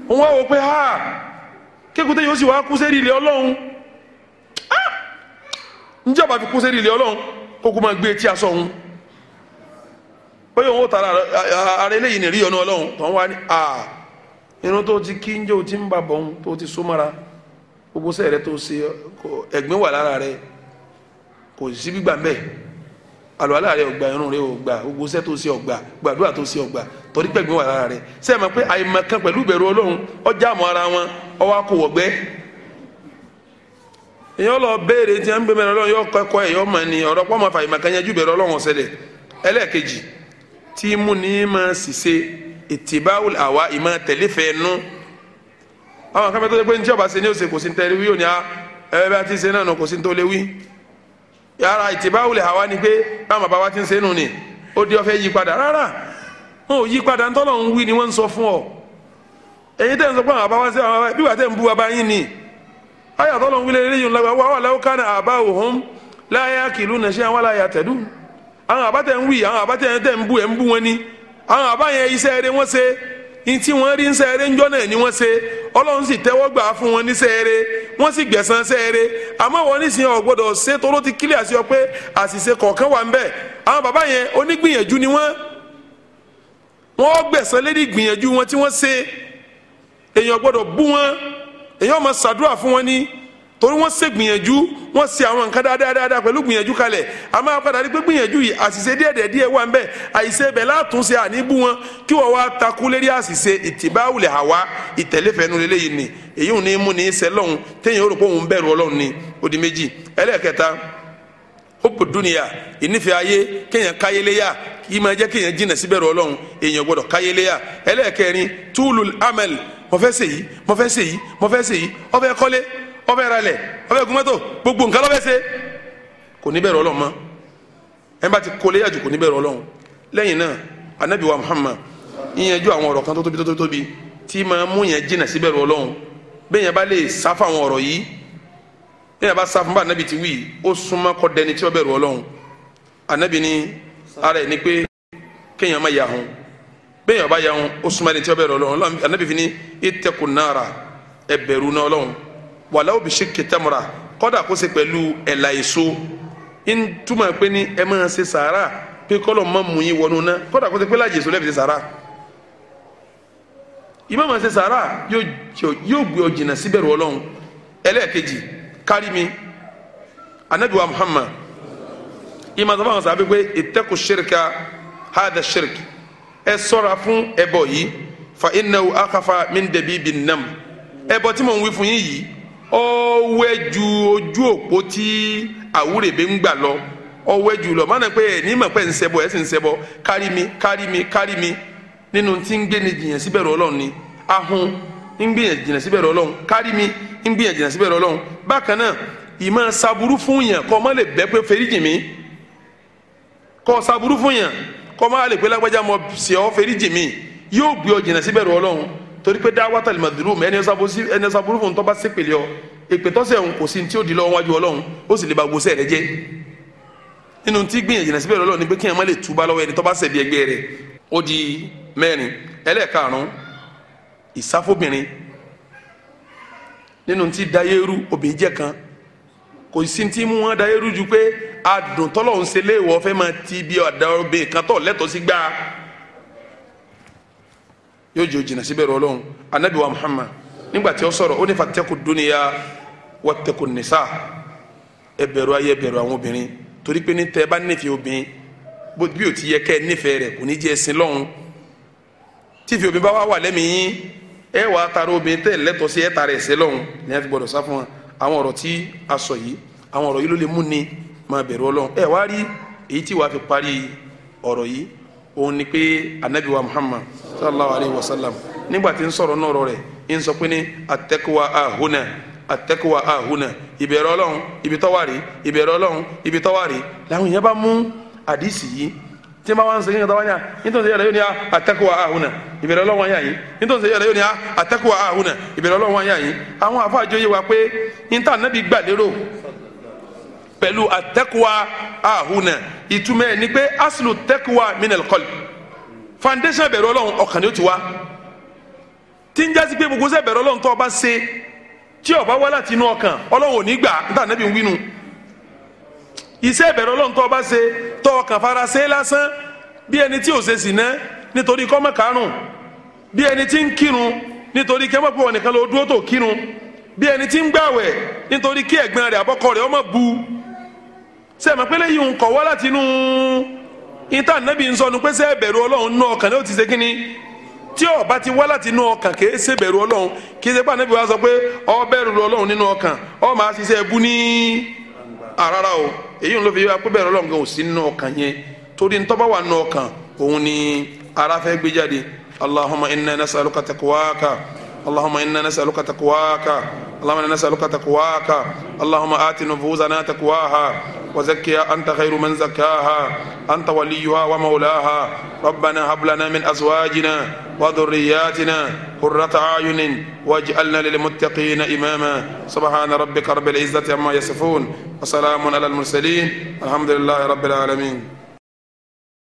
òun wá pe pé ha kékuté yóò sì wá kú sẹ́rí ilé ọlọ́run njẹ́ ọba fi kú sẹ́rí ilé ọlọ́run kó kú máa gbé etí aṣọ òun bóyá òun ó tara ara eléyìí nìrí ọ̀nà ọlọ́run tó ń wá ní a irun tó ti kí njẹ́ o ti ń bà bọ̀ tó ti súnmọ́ra gbogbo sẹ́rẹ̀ tó ṣe wà lára kò sí gbígbà àlùwàlá rẹ ọgba irun re ọgbà gbogbo to tó ṣe ọgbà gbàdúrà to ṣe ọgbà torí pẹ̀gbẹ́ wà lára rẹ ṣe é mọ̀ pé àìmọ̀kan pẹlú ìbẹ̀rù ọlọ́run ọjà àmọ́ ara wọn ọwọ́ akó wọ̀gbẹ́ èèyàn lọ béèrè tí wọn ń bẹ̀rẹ̀ ọlọ́run yóò kọ́kọ́ yóò fà yẹn tí ni ma ìtìbáwò àwa àwọn tó yàrá ìtìbáwulẹ̀ àwa ni pé báwọn bàbá wa ti ń sẹ́nu ni ó di ọ̀fẹ́ yí padà rárá wọn ò yí padà ń wí ni wọ́n ń sọ fún ọ ẹ̀yin tẹ̀ ń sọ pé àwọn bàbá wa sí àwọn bàbá bí wàá tẹ̀ ń bu bàbá yín ni ayọ̀ tọ́lọ̀ ń wí lẹ́yìn lẹ́yìn lọ́wọ́ wa wà láwọ́ kánà àbá òhún kìlú nàṣẹ́ àwọn aláya tẹ̀dú àwọn àbá ń wí àwọn àbá ń bu ẹ̀ ń bu wọn ni àwọn àbá ní tí wọ́n rí ń sẹ́ẹ̀rẹ́ ńjọ́ náà ni wọ́n ṣe ọlọ́run sì tẹ́wọ́ gbà fún wọn ní sẹ́ẹ̀rẹ́ wọ́n sì gbẹ̀san sẹ́ẹ̀rẹ́ àmọ́ wọn nísìnyí ò gbọ́dọ̀ ṣe tó ló ti kílẹ̀ àṣẹ ọ pé àṣìṣe kọ̀ọ̀kan wà ń bẹ̀ àwọn bàbá yẹn onígbìyànjú ni wọ́n wọ́n gbẹ̀san lédi gbìyànjú wọn tí wọ́n ṣe èèyàn gbọ́dọ̀ bú wọn èèyàn máa ṣàdúrà fún wọn ni torí wọ́n ṣe gbìyànjú wọ́n ṣe àwọn nǹkan dáadáa dáadáa pẹ̀lú gbìyànjú kalẹ̀ a máa padà rí pé gbìyànjú yìí àṣìṣe díẹ̀ díẹ̀ díẹ̀ wà ń bẹ̀ àṣìṣe bẹ̀ látúnṣe àníbù wọn kí wọ́n wá takú lérí àṣìṣe ìtìbáwulẹ̀ àwa ìtẹ̀lẹ́fẹ̀ẹ́nu lélẹ́yìí ni èyí ò ní mú ní sẹ́ lọ́hùn téèyàn ó rò pé òun bẹ̀rù ọlọ́run ni ó di méjì ẹlẹ́ẹ̀kẹta hopu dunia ìnífẹ̀ ayé kéèyàn káyéléyà kí máa jẹ́ kéèyàn jìnnà síbẹ̀rù ọlọ́run èèyàn gbọ́dọ̀ káyéléyà ẹlẹ́ẹ̀kẹrin túlù amẹ́l mọ̀fẹ́sẹ̀ yìí mọ̀fẹ́sẹ̀ yìí kọ́lé Ọ fẹ́ ra ilẹ̀ ó fẹ́ gbogbo nǹkan bɛ se. kò ní bẹ̀rù Ọlọ́run mọ́ ẹ bá ti kó léyà jù kò ní bẹ̀rù Ọlọ́run lẹ́yìn náà anabi wa Muhammad ìyẹnjú àwọn ọ̀rọ̀ kan tó tóbi tóbi tí máa mú yẹn jìnnà sí bẹ́ẹ̀ yẹn bá lè fún àwọn yìí bẹ́ẹ̀ yẹn bá fún bá anabi ni ara ni pé kéèyàn má hun bẹ́ẹ̀ yẹn bá ya wàláwò bí ṣe kẹtẹmúra kọ́dà kó ṣe pẹ̀lú ẹ̀là èso ń túmọ̀ pé ní ẹ máa ṣe sàárà pé kọ́lọ̀ máa mú yín wọnú ná kọ́dà kó ṣe pé láàyè èso lẹ́bi ṣe sàárà ìmọ̀ máa ṣe sàárà yóò gbé ọ jìnnà síbẹ̀rù ọlọ́run ẹlẹ́ẹ̀kejì kárí mi anabiwa muhammad ìmọ̀ sọ́fà àwọn sàbí pé ìtẹ́kù ṣìrìkà hàdà ṣìrìkì ẹ sọ́ra fún ẹbọ yìí fa innahu akhafa min dabibi nnam ẹbọ tí mò ń wí fún yín yìí ọwẹ́ ju ojú òpó tí àwúrèbé ń gbà lọ ọwẹ́ jù lọ mọ́nà pé ẹ̀ní mọ̀ pé ń ṣẹbọ ẹ̀ sì ń kárí mi kárí mi kárí mi nínú tí ń gbé ni jìyàn síbẹ̀rù ọlọ́run ni ahun ń gbìyàn jìyàn síbẹ̀rù ọlọ́run kárí mi ń ọlọ́run bákan náà ìmọ̀ fún yàn kọ́ lè bẹ́ pé feríjì mi kọ́ saburú fún yàn kọ́ mọ́ lè pé lágbájá mọ́ sí ọ́ feríjì mi yóò gbé ọ ọlọ́run torí pé dáwọ́tà lè màdúró mẹ ẹni ẹsàbúrú fún tọ́ba sépèlè ọ èpè tọ́sẹ̀ ń kò sí tí ó di lọ́wọ́ wájú ọlọ́run ó sì lè ba gbòsẹ̀ rẹ jẹ́ nínú tí gbìyànjú náà síbẹ̀ lọ́lọ́ ni pé kí ẹ má lè túbá lọ́wọ́ ẹni tọ́ba sẹ̀bi ẹgbẹ́ rẹ ó di mẹ́rin ẹlẹ́ẹ̀karùn-ún ìsáfóbìnrin nínú tí dayéru obìnrin jẹ́ kan kò sí tí mú wọn dayéru ju pé adùn yóò jẹ́ òjìnà síbẹ̀ rọ lọ́hùn anabi wa muhammad nígbà tí ó sọ̀rọ̀ ó ní fatẹ́kù dúnìyà wọ́tẹ́kù nìsà ẹ bẹ̀rù ayé ẹ bẹ̀rù àwọn obìnrin torí pé ní tẹ́ ẹ bá nífẹ̀ẹ́ obìnrin bí o ti yẹ kẹ́ ẹ nífẹ̀ẹ́ rẹ̀ kò ní jẹ́ ẹsìn lọ́hùn tífẹ̀ẹ́ obìnrin bá wà wà lẹ́mìí ẹ wà á tara obìnrin tẹ́ ẹ lẹ́tọ̀ọ́ sí ẹ tara ẹ̀sẹ̀ lọ́hùn ní ẹ fi gbọ́dọ̀ sá fún wa àwọn ọ̀rọ̀ tí a sọ yìí àwọn ọ̀rọ̀ yìí ló lè mú ni máa bẹ̀rù ọlọ́hùn ẹ wá rí èyí tí wàá fi parí ọ̀rọ̀ yìí òun ni pé anabi wa muhammad sallallahu alayhi wa sallam nígbà tí ń sọ̀rọ̀ náà rọ̀ rẹ̀ sọ pé ní atẹ́kùwà ahuna atẹ́kùwà ahuna ìbẹ̀rẹ̀ ọlọ́run ibi tọ́wárí ìbẹ̀rẹ̀ ọlọ́run ibi tọ́wárí làwọn èèyàn bá mú àdìsí yìí tí wọ́n bá ń sèyí nígbà wọ́n nítorí sèyí yóò ní atẹ́kùwà ahuna ìbẹ̀rẹ̀ ọlọ́run yà yìí nítorí sèyí yóò ní atẹ́kùwà ahuna ìbẹ̀rẹ̀ ọlọ́run yà yìí àwọn àfáàjọ yìí wá pé pẹ̀lú atẹ́kùwá ahùnà ìtumọ̀ ẹ̀ ni pé aslu tẹ́kùwá minel kọ́lì foundation bẹ̀rù ọlọ́run ọkàn ni ó ti wá tí ń jásí pé gbogbo sẹ́ bẹ̀rù ọlọ́run tó o bá ṣe tí o bá wá láti inú ọkàn ọlọ́run ò ní gbà níta nẹ́bí ń wínu iṣẹ́ bẹ̀rù ọlọ́run tó o bá ṣe tó ọkàn fara ṣe lásán bí ẹni tí ò ṣe sì ná nítorí kọ́mọ karùn bí ẹni tí ń kírun nítorí kẹ́mọ́pọ̀ nìkan ló dúró tó kírun bí ẹni tí ń gbàwẹ̀ nítorí kí ẹ̀gbọ́n rẹ̀ àbọ́kọ rẹ̀ ọmọ bu sẹ́mi pé lẹ́yìn ń kọ̀ wá láti inú ìta nẹ́bí ń sọnu pé sẹ́ bẹ̀rù ọlọ́run nú ọkàn ní ti ṣe kínní tí ó bá ti wá láti inú ọkàn kì í ṣe bẹ̀rù ọlọ́run kì í ṣe pé nẹ́bí wa sọ pé ọ bẹ̀rù ọlọ́run nínú ọkàn ọ máa ṣiṣẹ́ ẹbú ní o èyí ń lọ fi wá allahumma inna nas'aluka اللهم إنا نسألك تقواك اللهم إنا نسألك تقواك اللهم آت نفوسنا تقواها وزكها أنت خير من زكاها أنت وليها ومولاها ربنا هب لنا من أزواجنا وذرياتنا قرة أعين واجعلنا للمتقين إماما سبحان ربك رب العزة عما يصفون وسلام على المرسلين الحمد لله رب العالمين